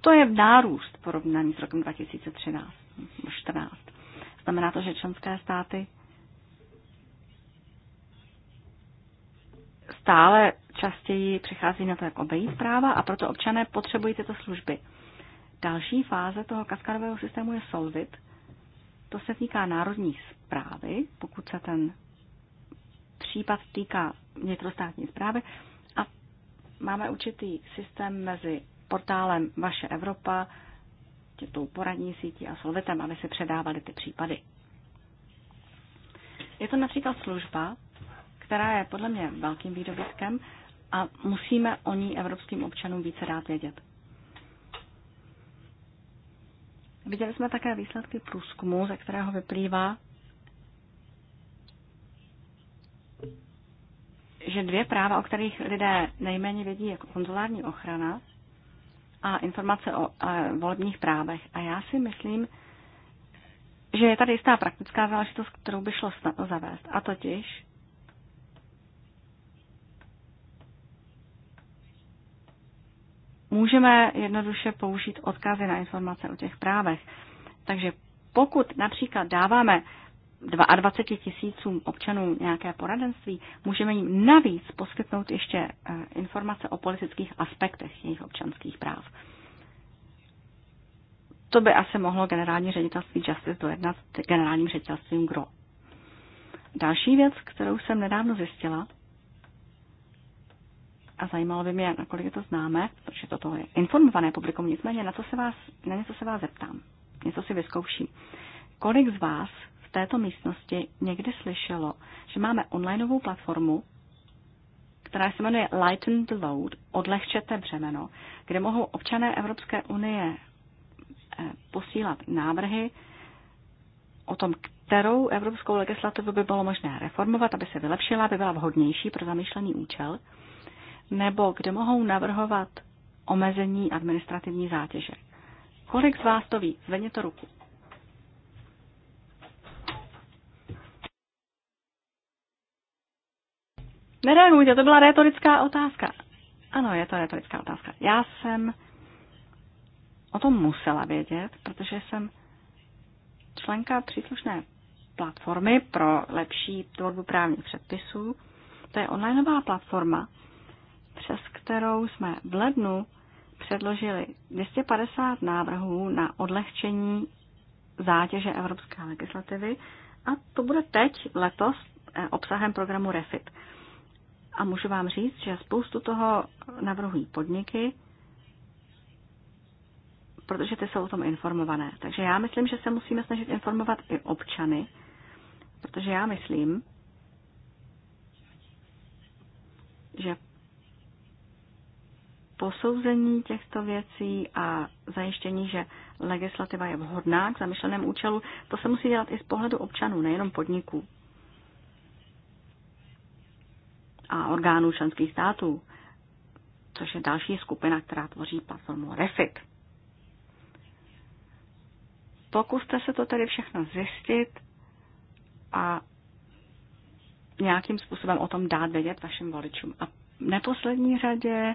To je nárůst porovnaný s rokem 2013, 14. Znamená to, že členské státy stále častěji přichází na to, jak obejít práva a proto občané potřebují tyto služby. Další fáze toho kaskadového systému je solvit. To se týká národní zprávy, pokud se ten případ týká vnitrostátní zprávy. A máme určitý systém mezi portálem Vaše Evropa, tou poradní sítí a solvetem, aby se předávaly ty případy. Je to například služba, která je podle mě velkým výdobytkem a musíme o ní evropským občanům více dát vědět. Viděli jsme také výsledky průzkumu, ze kterého vyplývá, že dvě práva, o kterých lidé nejméně vědí, jako konzulární ochrana a informace o volebních právech. A já si myslím, že je tady jistá praktická záležitost, kterou by šlo snadno zavést. A totiž můžeme jednoduše použít odkazy na informace o těch právech. Takže pokud například dáváme 22 tisícům občanů nějaké poradenství, můžeme jim navíc poskytnout ještě eh, informace o politických aspektech jejich občanských práv. To by asi mohlo generální ředitelství Justice dojednat s generálním ředitelstvím GRO. Další věc, kterou jsem nedávno zjistila, a zajímalo by mě, nakolik je to známe, protože toto je informované publikum, nicméně na, co se vás, na něco se vás zeptám, něco si vyzkouším. Kolik z vás v této místnosti někdy slyšelo, že máme onlineovou platformu, která se jmenuje Lighten the Load, odlehčete břemeno, kde mohou občané Evropské unie eh, posílat návrhy o tom, kterou evropskou legislativu by bylo možné reformovat, aby se vylepšila, aby byla vhodnější pro zamýšlený účel, nebo kde mohou navrhovat omezení administrativní zátěže. Kolik z vás to ví? Zvedněte ruku. Nereagujte, to byla retorická otázka. Ano, je to retorická otázka. Já jsem o tom musela vědět, protože jsem členka příslušné platformy pro lepší tvorbu právních předpisů. To je onlineová platforma, přes kterou jsme v lednu předložili 250 návrhů na odlehčení zátěže evropské legislativy a to bude teď letos eh, obsahem programu REFIT. A můžu vám říct, že spoustu toho navrhují podniky, protože ty jsou o tom informované. Takže já myslím, že se musíme snažit informovat i občany, protože já myslím, že posouzení těchto věcí a zajištění, že legislativa je vhodná k zamýšleném účelu, to se musí dělat i z pohledu občanů, nejenom podniků. a orgánů členských států, což je další skupina, která tvoří platformu REFIT. Pokuste se to tedy všechno zjistit a nějakým způsobem o tom dát vědět vašim voličům. A v neposlední řadě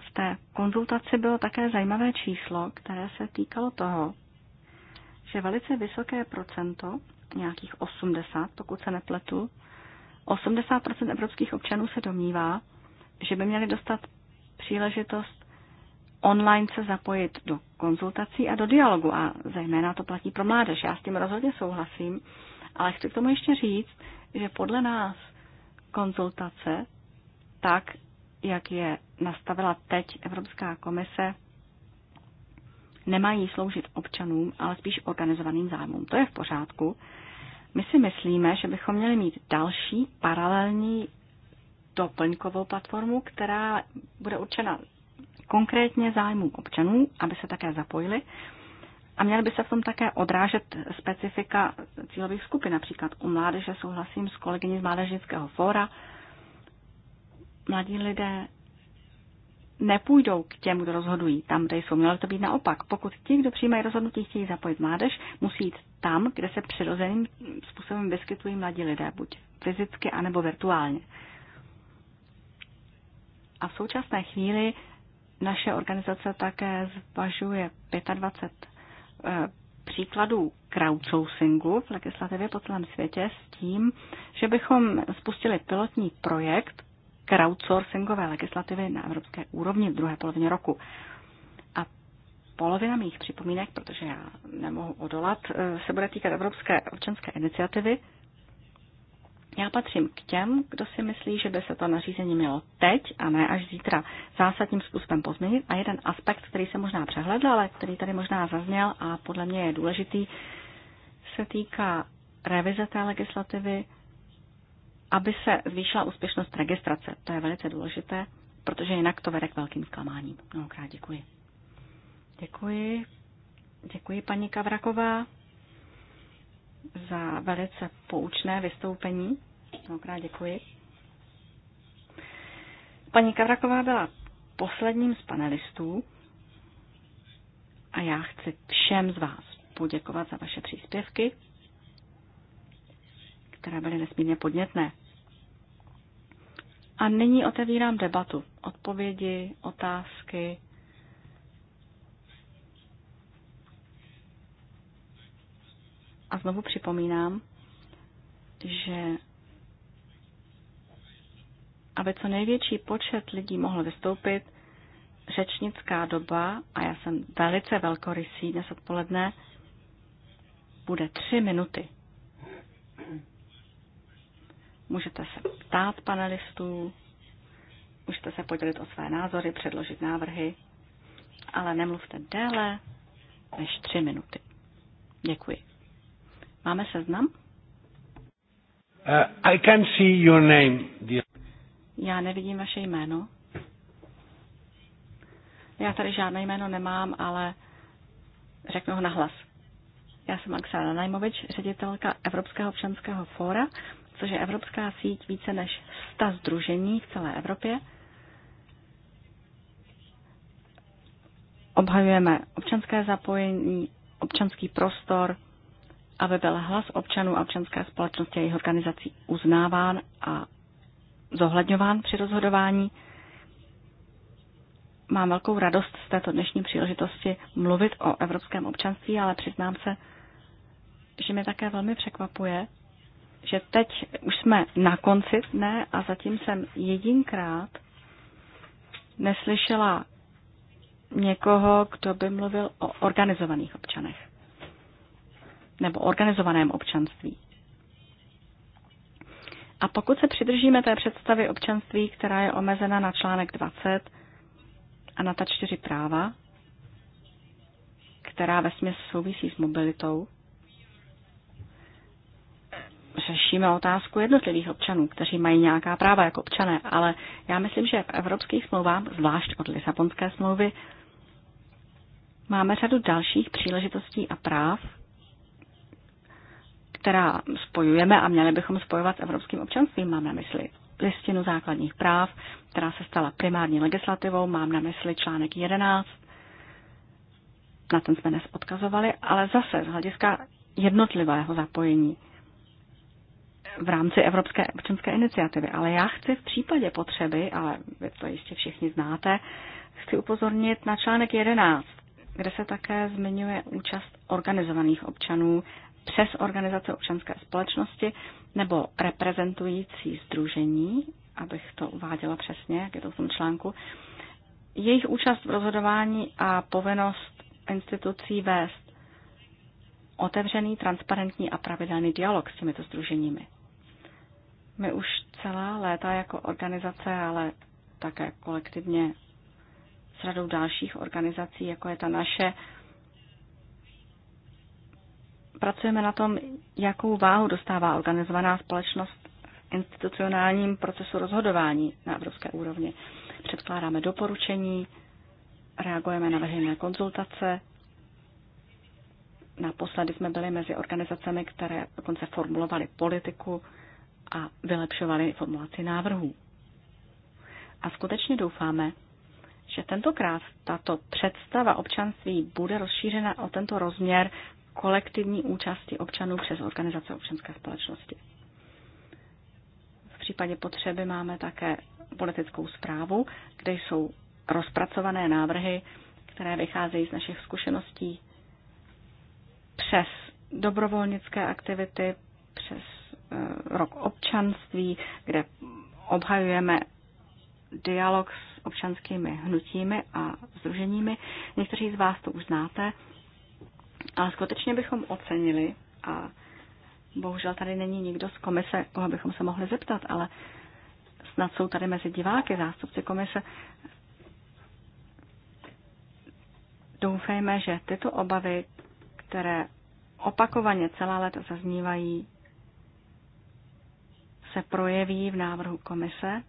v té konzultaci bylo také zajímavé číslo, které se týkalo toho, že velice vysoké procento, nějakých 80, pokud se nepletu, 80% evropských občanů se domnívá, že by měli dostat příležitost online se zapojit do konzultací a do dialogu. A zejména to platí pro mládež. Já s tím rozhodně souhlasím, ale chci k tomu ještě říct, že podle nás konzultace, tak jak je nastavila teď Evropská komise, nemají sloužit občanům, ale spíš organizovaným zájmům. To je v pořádku, my si myslíme, že bychom měli mít další paralelní doplňkovou platformu, která bude určena konkrétně zájmům občanů, aby se také zapojili a měly by se v tom také odrážet specifika cílových skupin. Například u mládeže souhlasím s kolegyní z Mládežnického fóra. Mladí lidé nepůjdou k těm, kdo rozhodují tam, kde jsou. Mělo to být naopak. Pokud ti, kdo přijímají rozhodnutí, chtějí zapojit mládež, musí jít tam, kde se přirozeným způsobem vyskytují mladí lidé, buď fyzicky, anebo virtuálně. A v současné chvíli naše organizace také zvažuje 25 eh, příkladů crowdsourcingu v legislativě po celém světě s tím, že bychom spustili pilotní projekt crowdsourcingové legislativy na evropské úrovni v druhé polovině roku polovina mých připomínek, protože já nemohu odolat, eh, se bude týkat Evropské občanské iniciativy. Já patřím k těm, kdo si myslí, že by se to nařízení mělo teď a ne až zítra zásadním způsobem pozměnit. A jeden aspekt, který se možná přehledl, ale který tady možná zazněl a podle mě je důležitý, se týká revize té legislativy, aby se zvýšila úspěšnost registrace. To je velice důležité, protože jinak to vede k velkým zklamáním. Mnohokrát děkuji. Děkuji. Děkuji paní Kavraková za velice poučné vystoupení. Mnohokrát děkuji. Paní Kavraková byla posledním z panelistů a já chci všem z vás poděkovat za vaše příspěvky, které byly nesmírně podnětné. A nyní otevírám debatu. Odpovědi, otázky, A znovu připomínám, že aby co největší počet lidí mohl vystoupit, řečnická doba, a já jsem velice velkorysý dnes odpoledne, bude tři minuty. Můžete se ptát panelistů, můžete se podělit o své názory, předložit návrhy, ale nemluvte déle než tři minuty. Děkuji. Máme seznam? Uh, I can see your name, dear. Já nevidím vaše jméno. Já tady žádné jméno nemám, ale řeknu ho nahlas. Já jsem Aksana Najmovič, ředitelka Evropského občanského fóra, což je evropská síť více než 100 združení v celé Evropě. Obhajujeme občanské zapojení, občanský prostor, aby byl hlas občanů a občanské společnosti a jejich organizací uznáván a zohledňován při rozhodování. Mám velkou radost z této dnešní příležitosti mluvit o evropském občanství, ale přiznám se, že mě také velmi překvapuje, že teď už jsme na konci dne a zatím jsem jedinkrát neslyšela někoho, kdo by mluvil o organizovaných občanech nebo organizovaném občanství. A pokud se přidržíme té představy občanství, která je omezena na článek 20 a na ta čtyři práva, která ve směs souvisí s mobilitou, řešíme otázku jednotlivých občanů, kteří mají nějaká práva jako občané, ale já myslím, že v evropských smlouvách, zvlášť od Lisabonské smlouvy, máme řadu dalších příležitostí a práv, která spojujeme a měli bychom spojovat s evropským občanstvím, mám na mysli listinu základních práv, která se stala primární legislativou, mám na mysli článek 11, na ten jsme dnes odkazovali, ale zase z hlediska jednotlivého zapojení v rámci Evropské občanské iniciativy. Ale já chci v případě potřeby, ale vy to jistě všichni znáte, chci upozornit na článek 11, kde se také zmiňuje účast organizovaných občanů přes organizace občanské společnosti nebo reprezentující združení, abych to uváděla přesně, jak je to v tom článku, jejich účast v rozhodování a povinnost institucí vést otevřený, transparentní a pravidelný dialog s těmito združeními. My už celá léta jako organizace, ale také kolektivně s radou dalších organizací, jako je ta naše, pracujeme na tom, jakou váhu dostává organizovaná společnost v institucionálním procesu rozhodování na evropské úrovni. Předkládáme doporučení, reagujeme na veřejné konzultace. Naposledy jsme byli mezi organizacemi, které dokonce formulovaly politiku a vylepšovaly formulaci návrhů. A skutečně doufáme, že tentokrát tato představa občanství bude rozšířena o tento rozměr kolektivní účasti občanů přes organizace občanské společnosti. V případě potřeby máme také politickou zprávu, kde jsou rozpracované návrhy, které vycházejí z našich zkušeností přes dobrovolnické aktivity, přes eh, rok občanství, kde obhajujeme dialog s občanskými hnutími a združeními. Někteří z vás to už znáte, a skutečně bychom ocenili, a bohužel tady není nikdo z komise, koho bychom se mohli zeptat, ale snad jsou tady mezi diváky zástupci komise. Doufejme, že tyto obavy, které opakovaně celá léta zaznívají, se projeví v návrhu komise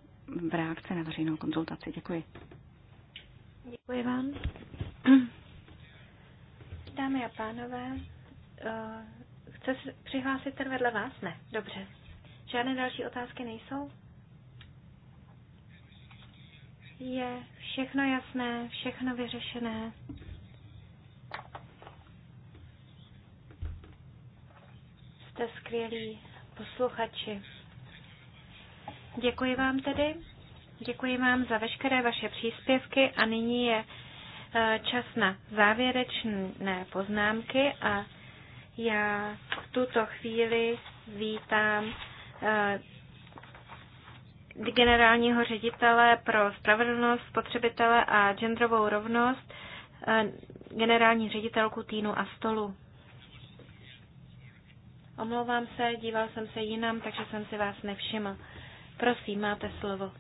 v reakci na veřejnou konzultaci. Děkuji. Děkuji vám. Dámy a pánové, eh, chce se přihlásit ten vedle vás? Ne, dobře. Žádné další otázky nejsou? Je všechno jasné, všechno vyřešené. Jste skvělí posluchači. Děkuji vám tedy. Děkuji vám za veškeré vaše příspěvky a nyní je Eh, čas na závěrečné poznámky a já v tuto chvíli vítám eh, generálního ředitele pro spravedlnost, spotřebitele a genderovou rovnost, eh, generální ředitelku Týnu a stolu. Omlouvám se, díval jsem se jinam, takže jsem si vás nevšiml. Prosím, máte slovo.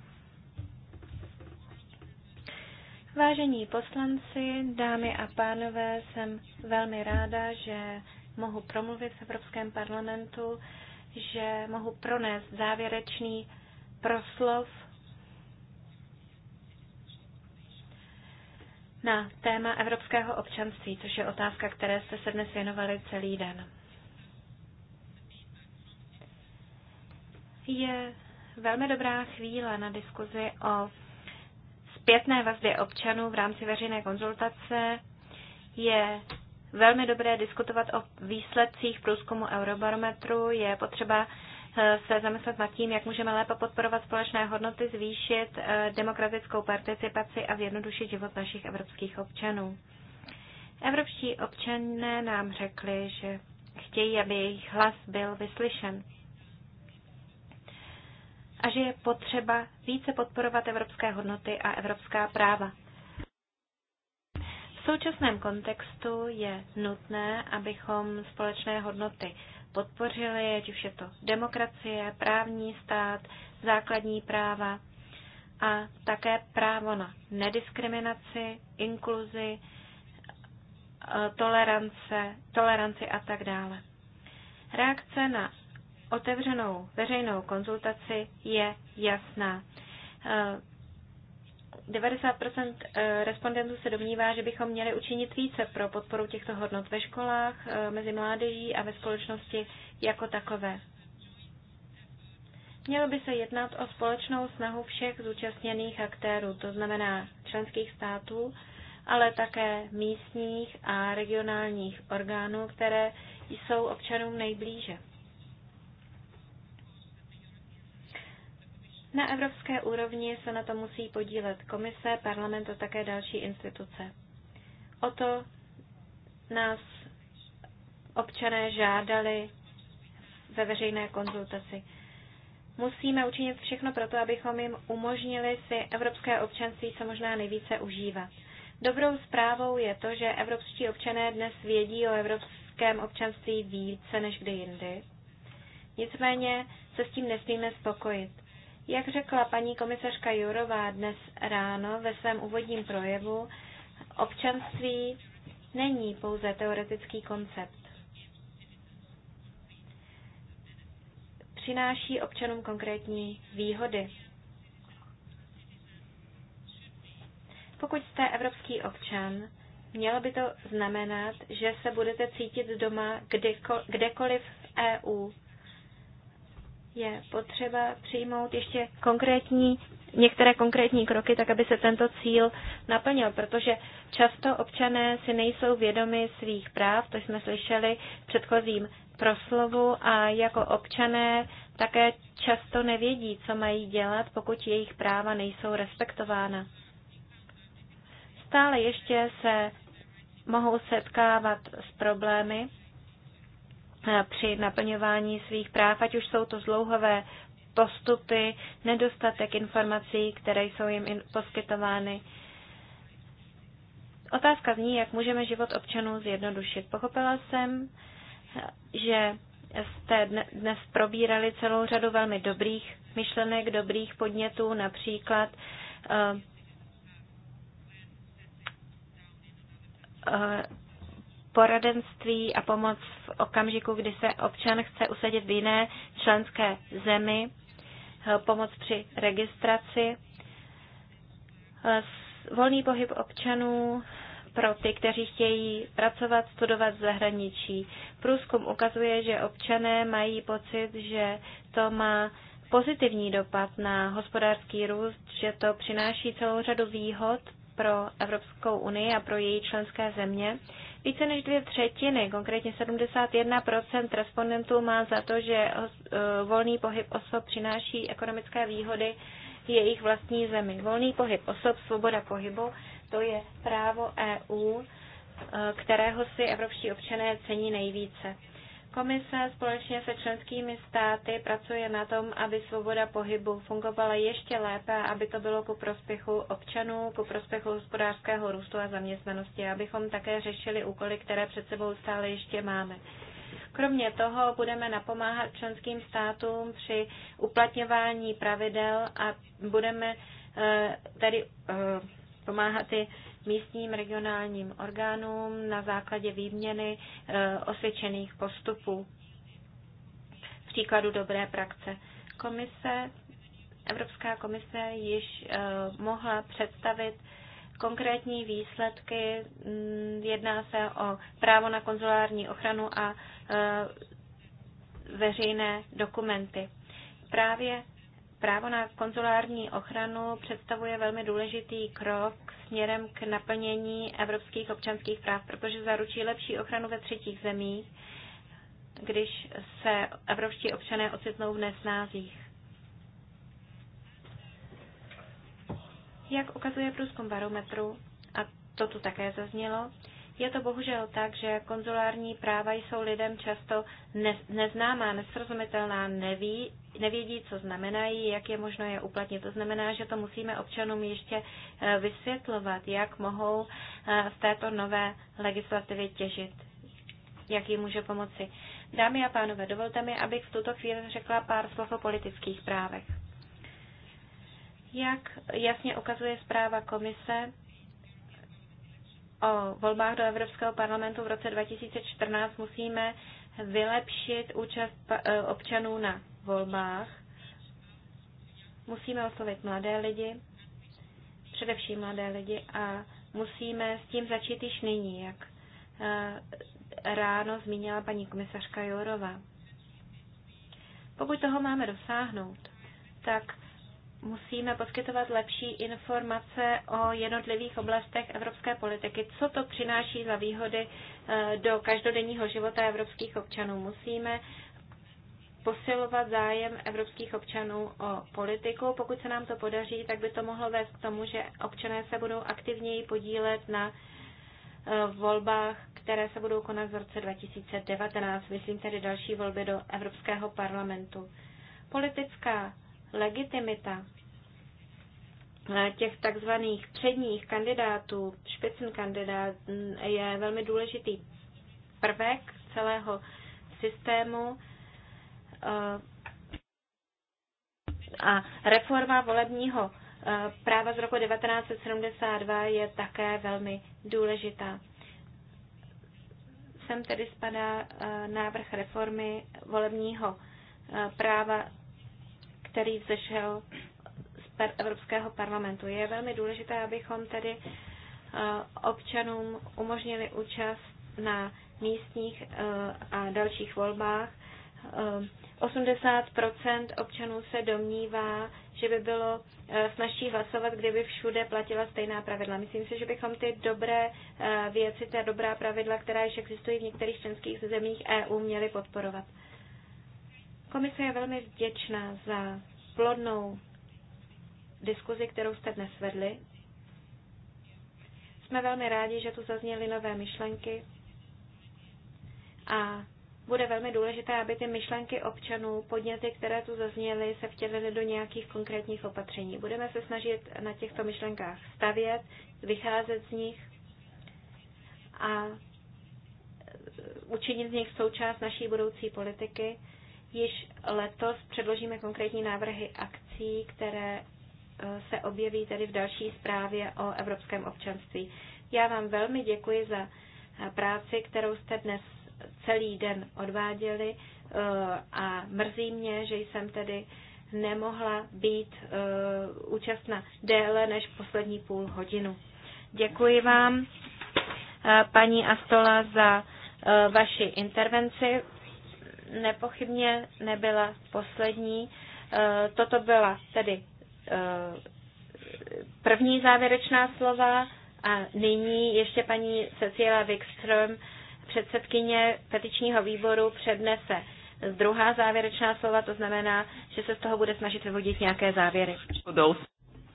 Vážení poslanci, dámy a pánové, jsem velmi ráda, že mohu promluvit v Evropském parlamentu, že mohu pronést závěrečný proslov na téma evropského občanství, což je otázka, které jste se dnes věnovali celý den. Je velmi dobrá chvíle na diskuzi o zpětné vazbě občanů v rámci veřejné konzultace je velmi dobré diskutovat o výsledcích průzkumu Eurobarometru. Je potřeba eh, se zamyslet nad tím, jak můžeme lépe podporovat společné hodnoty, zvýšit eh, demokratickou participaci a zjednodušit život našich evropských občanů. Evropští občané nám řekli, že chtějí, aby jejich hlas byl vyslyšen a že je potřeba více podporovat evropské hodnoty a evropská práva. V současném kontextu je nutné, abychom společné hodnoty podpořili, ať už je to demokracie, právní stát, základní práva a také právo na nediskriminaci, inkluzi, e, tolerance, toleranci a tak dále. Reakce na otevřenou veřejnou konzultaci je jasná. 90 eh, eh, respondentů se domnívá, že bychom měli učinit více pro podporu těchto hodnot ve školách, eh, mezi mládeží a ve společnosti jako takové. Mělo by se jednat o společnou snahu všech zúčastněných aktérů, to znamená členských států, ale také místních a regionálních orgánů, které jsou občanům nejblíže. Na evropské úrovni se na to musí podílet komise, parlament a také další instituce. O to nás občané žádali ve veřejné konzultaci. Musíme učinit všechno proto, abychom jim umožnili si evropské občanství co možná nejvíce užívat. Dobrou zprávou je to, že evropští občané dnes vědí o evropském občanství více než kdy jindy. Nicméně se s tím nesmíme spokojit. Jak řekla paní komisařka Jurová dnes ráno ve svém úvodním projevu, občanství není pouze teoretický koncept. Přináší občanům konkrétní výhody. Pokud jste evropský občan, mělo by to znamenat, že se budete cítit doma kdekoliv v EU, je potřeba přijmout ještě konkrétní, některé konkrétní kroky, tak aby se tento cíl naplnil, protože často občané si nejsou vědomi svých práv, to jsme slyšeli v předchozím proslovu a jako občané také často nevědí, co mají dělat, pokud jejich práva nejsou respektována. Stále ještě se mohou setkávat s problémy, Eh, při naplňování svých práv, ať už jsou to zlouhové postupy, nedostatek informací, které jsou jim poskytovány. Otázka zní, jak můžeme život občanů zjednodušit. Pochopila jsem, eh, že jste dnes probírali celou řadu velmi dobrých myšlenek, dobrých podnětů, například eh, poradenství a pomoc v okamžiku, kdy se občan chce usadit v jiné členské zemi, eh, pomoc při registraci, eh, volný pohyb občanů pro ty, kteří chtějí pracovat, studovat v zahraničí. Průzkum ukazuje, že občané mají pocit, že to má pozitivní dopad na hospodářský růst, že to přináší celou řadu výhod pro Evropskou unii a pro její členské země. Více než dvě třetiny, konkrétně 71% respondentů má za to, že eh, volný pohyb osob přináší ekonomické výhody jejich vlastní zemi. Volný pohyb osob, svoboda pohybu, to je právo EU, eh, kterého si evropští občané cení nejvíce. Komise společně se členskými státy pracuje na tom, aby svoboda pohybu fungovala ještě lépe, aby to bylo ku prospěchu občanů, ku prospěchu hospodářského růstu a zaměstnanosti, abychom také řešili úkoly, které před sebou stále ještě máme. Kromě toho budeme napomáhat členským státům při uplatňování pravidel a budeme eh, tedy eh, pomáhat i místním regionálním orgánům na základě výměny e, osvědčených postupů, příkladu dobré praxe. Komise, Evropská komise již e, mohla představit konkrétní výsledky. Jedná se o právo na konzulární ochranu a e, veřejné dokumenty. Právě Právo na konzulární ochranu představuje velmi důležitý krok směrem k naplnění evropských občanských práv, protože zaručí lepší ochranu ve třetích zemích, když se evropští občané ocitnou v nesnázích. Jak ukazuje průzkum barometru, a to tu také zaznělo, je to bohužel tak, že konzulární práva jsou lidem často ne, neznámá, nesrozumitelná, neví, nevědí, co znamenají, jak je možno je uplatnit. To znamená, že to musíme občanům ještě eh, vysvětlovat, jak mohou v eh, této nové legislativě těžit, jak jim může pomoci. Dámy a pánové, dovolte mi, abych v tuto chvíli řekla pár slov o politických právech. Jak jasně ukazuje zpráva komise, o volbách do Evropského parlamentu v roce 2014 musíme vylepšit účast eh, občanů na volbách. Musíme oslovit mladé lidi, především mladé lidi, a musíme s tím začít již nyní, jak eh, ráno zmínila paní komisařka Jourova. Pokud toho máme dosáhnout, tak musíme poskytovat lepší informace o jednotlivých oblastech evropské politiky, co to přináší za výhody eh, do každodenního života evropských občanů. Musíme posilovat zájem evropských občanů o politiku. Pokud se nám to podaří, tak by to mohlo vést k tomu, že občané se budou aktivněji podílet na eh, volbách, které se budou konat v roce 2019, myslím tedy další volby do Evropského parlamentu. Politická legitimita eh, těch takzvaných předních kandidátů, špicen kandidát, mm, je velmi důležitý prvek celého systému eh, a reforma volebního eh, práva z roku 1972 je také velmi důležitá. Sem tedy spadá návrh reformy volebního práva který vzešel z Evropského parlamentu. Je velmi důležité, abychom tedy eh, občanům umožnili účast na místních eh, a dalších volbách. 80 eh, občanů se domnívá, že by bylo snažší hlasovat, kdyby všude platila stejná pravidla. Myslím si, že bychom ty dobré věci, ta dobrá pravidla, která již existují v některých členských zemích EU, měli podporovat. Komise je velmi vděčná za plodnou diskuzi, kterou jste dnes vedli. Jsme velmi rádi, že tu zazněly nové myšlenky a bude velmi důležité, aby ty myšlenky občanů, podněty, které tu zazněly, se vtělily do nějakých konkrétních opatření. Budeme se snažit na těchto myšlenkách stavět, vycházet z nich a učinit z nich součást naší budoucí politiky. Již letos předložíme konkrétní návrhy akcí, které e, se objeví tedy v další zprávě o evropském občanství. Já vám velmi děkuji za e, práci, kterou jste dnes celý den odváděli e, a mrzí mě, že jsem tedy nemohla být účastna déle než poslední půl hodinu. Děkuji vám, paní Astola, za vaši intervenci nepochybně nebyla poslední. Eh, toto byla tedy eh, první závěrečná slova a nyní ještě paní Cecilia Wikström, předsedkyně petičního výboru, přednese druhá závěrečná slova, to znamená, že se z toho bude snažit vyvodit nějaké závěry.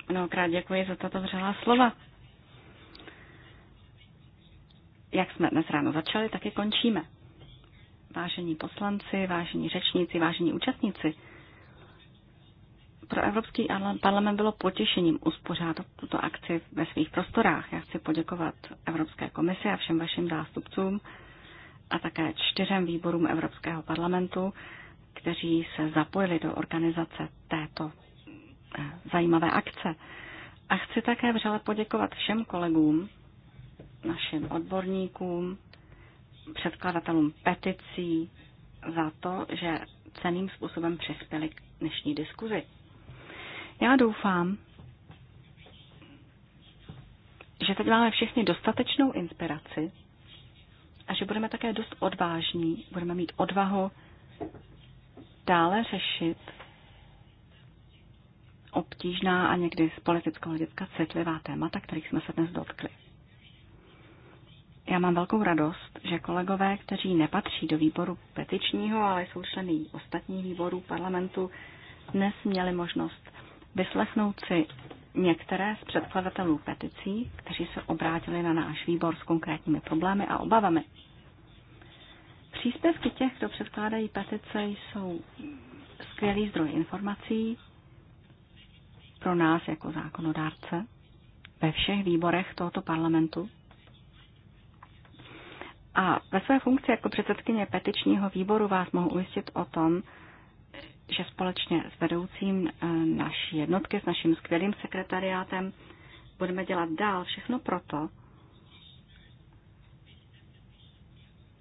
Mnohokrát děkuji za tato vřelá slova. Jak jsme dnes ráno začali, tak i končíme vážení poslanci, vážení řečníci, vážení účastníci, pro Evropský parlament bylo potěšením uspořádat tuto akci ve svých prostorách. Já chci poděkovat Evropské komisi a všem vašim zástupcům a také čtyřem výborům Evropského parlamentu, kteří se zapojili do organizace této eh, zajímavé akce. A chci také vřele poděkovat všem kolegům, našim odborníkům, předkladatelům peticí za to, že ceným způsobem přispěli k dnešní diskuzi. Já doufám, že teď máme všichni dostatečnou inspiraci a že budeme také dost odvážní, budeme mít odvahu dále řešit obtížná a někdy z politického hlediska citlivá témata, kterých jsme se dnes dotkli. Já mám velkou radost, že kolegové, kteří nepatří do výboru petičního, ale jsou členy ostatních výborů parlamentu, dnes měli možnost vyslechnout si některé z předkladatelů peticí, kteří se obrátili na náš výbor s konkrétními problémy a obavami. Příspěvky těch, kdo předkládají petice, jsou skvělý zdroj informací pro nás jako zákonodárce ve všech výborech tohoto parlamentu a ve své funkci jako předsedkyně petičního výboru vás mohu ujistit o tom, že společně s vedoucím eh, naší jednotky, s naším skvělým sekretariátem, budeme dělat dál všechno proto,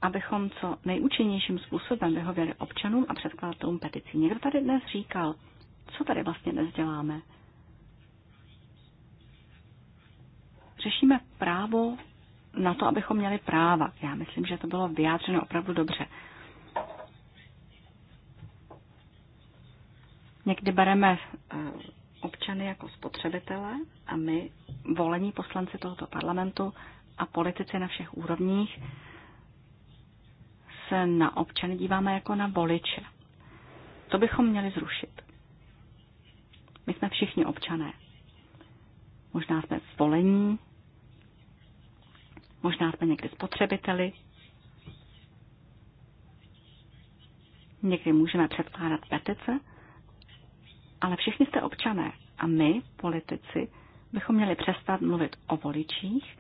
abychom co nejúčinnějším způsobem vyhověli občanům a předkladatelům petici. Někdo tady dnes říkal, co tady vlastně dnes děláme. Řešíme právo na to, abychom měli práva. Já myslím, že to bylo vyjádřeno opravdu dobře. Někdy bereme eh, občany jako spotřebitele a my, volení poslanci tohoto parlamentu a politici na všech úrovních, se na občany díváme jako na voliče. To bychom měli zrušit. My jsme všichni občané. Možná jsme volení, Možná jsme někdy spotřebiteli. Někdy můžeme předkládat petice, ale všichni jste občané a my, politici, bychom měli přestat mluvit o voličích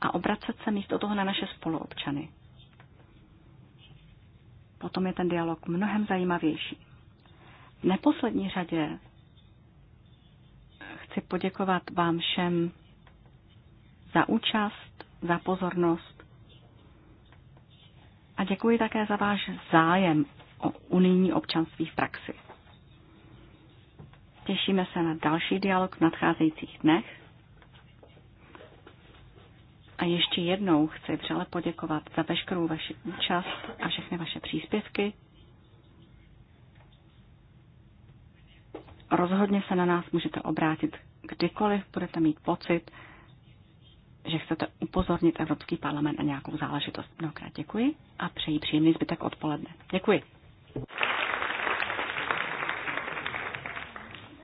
a obracet se místo toho na naše spoluobčany. Potom je ten dialog mnohem zajímavější. V neposlední řadě chci poděkovat vám všem za účast za pozornost a děkuji také za váš zájem o unijní občanství v praxi. Těšíme se na další dialog v nadcházejících dnech. A ještě jednou chci vřele poděkovat za veškerou vaši účast a všechny vaše příspěvky. Rozhodně se na nás můžete obrátit kdykoliv budete mít pocit, že chcete upozornit Evropský parlament na nějakou záležitost. Mnohokrát děkuji a přeji příjemný zbytek odpoledne. Děkuji.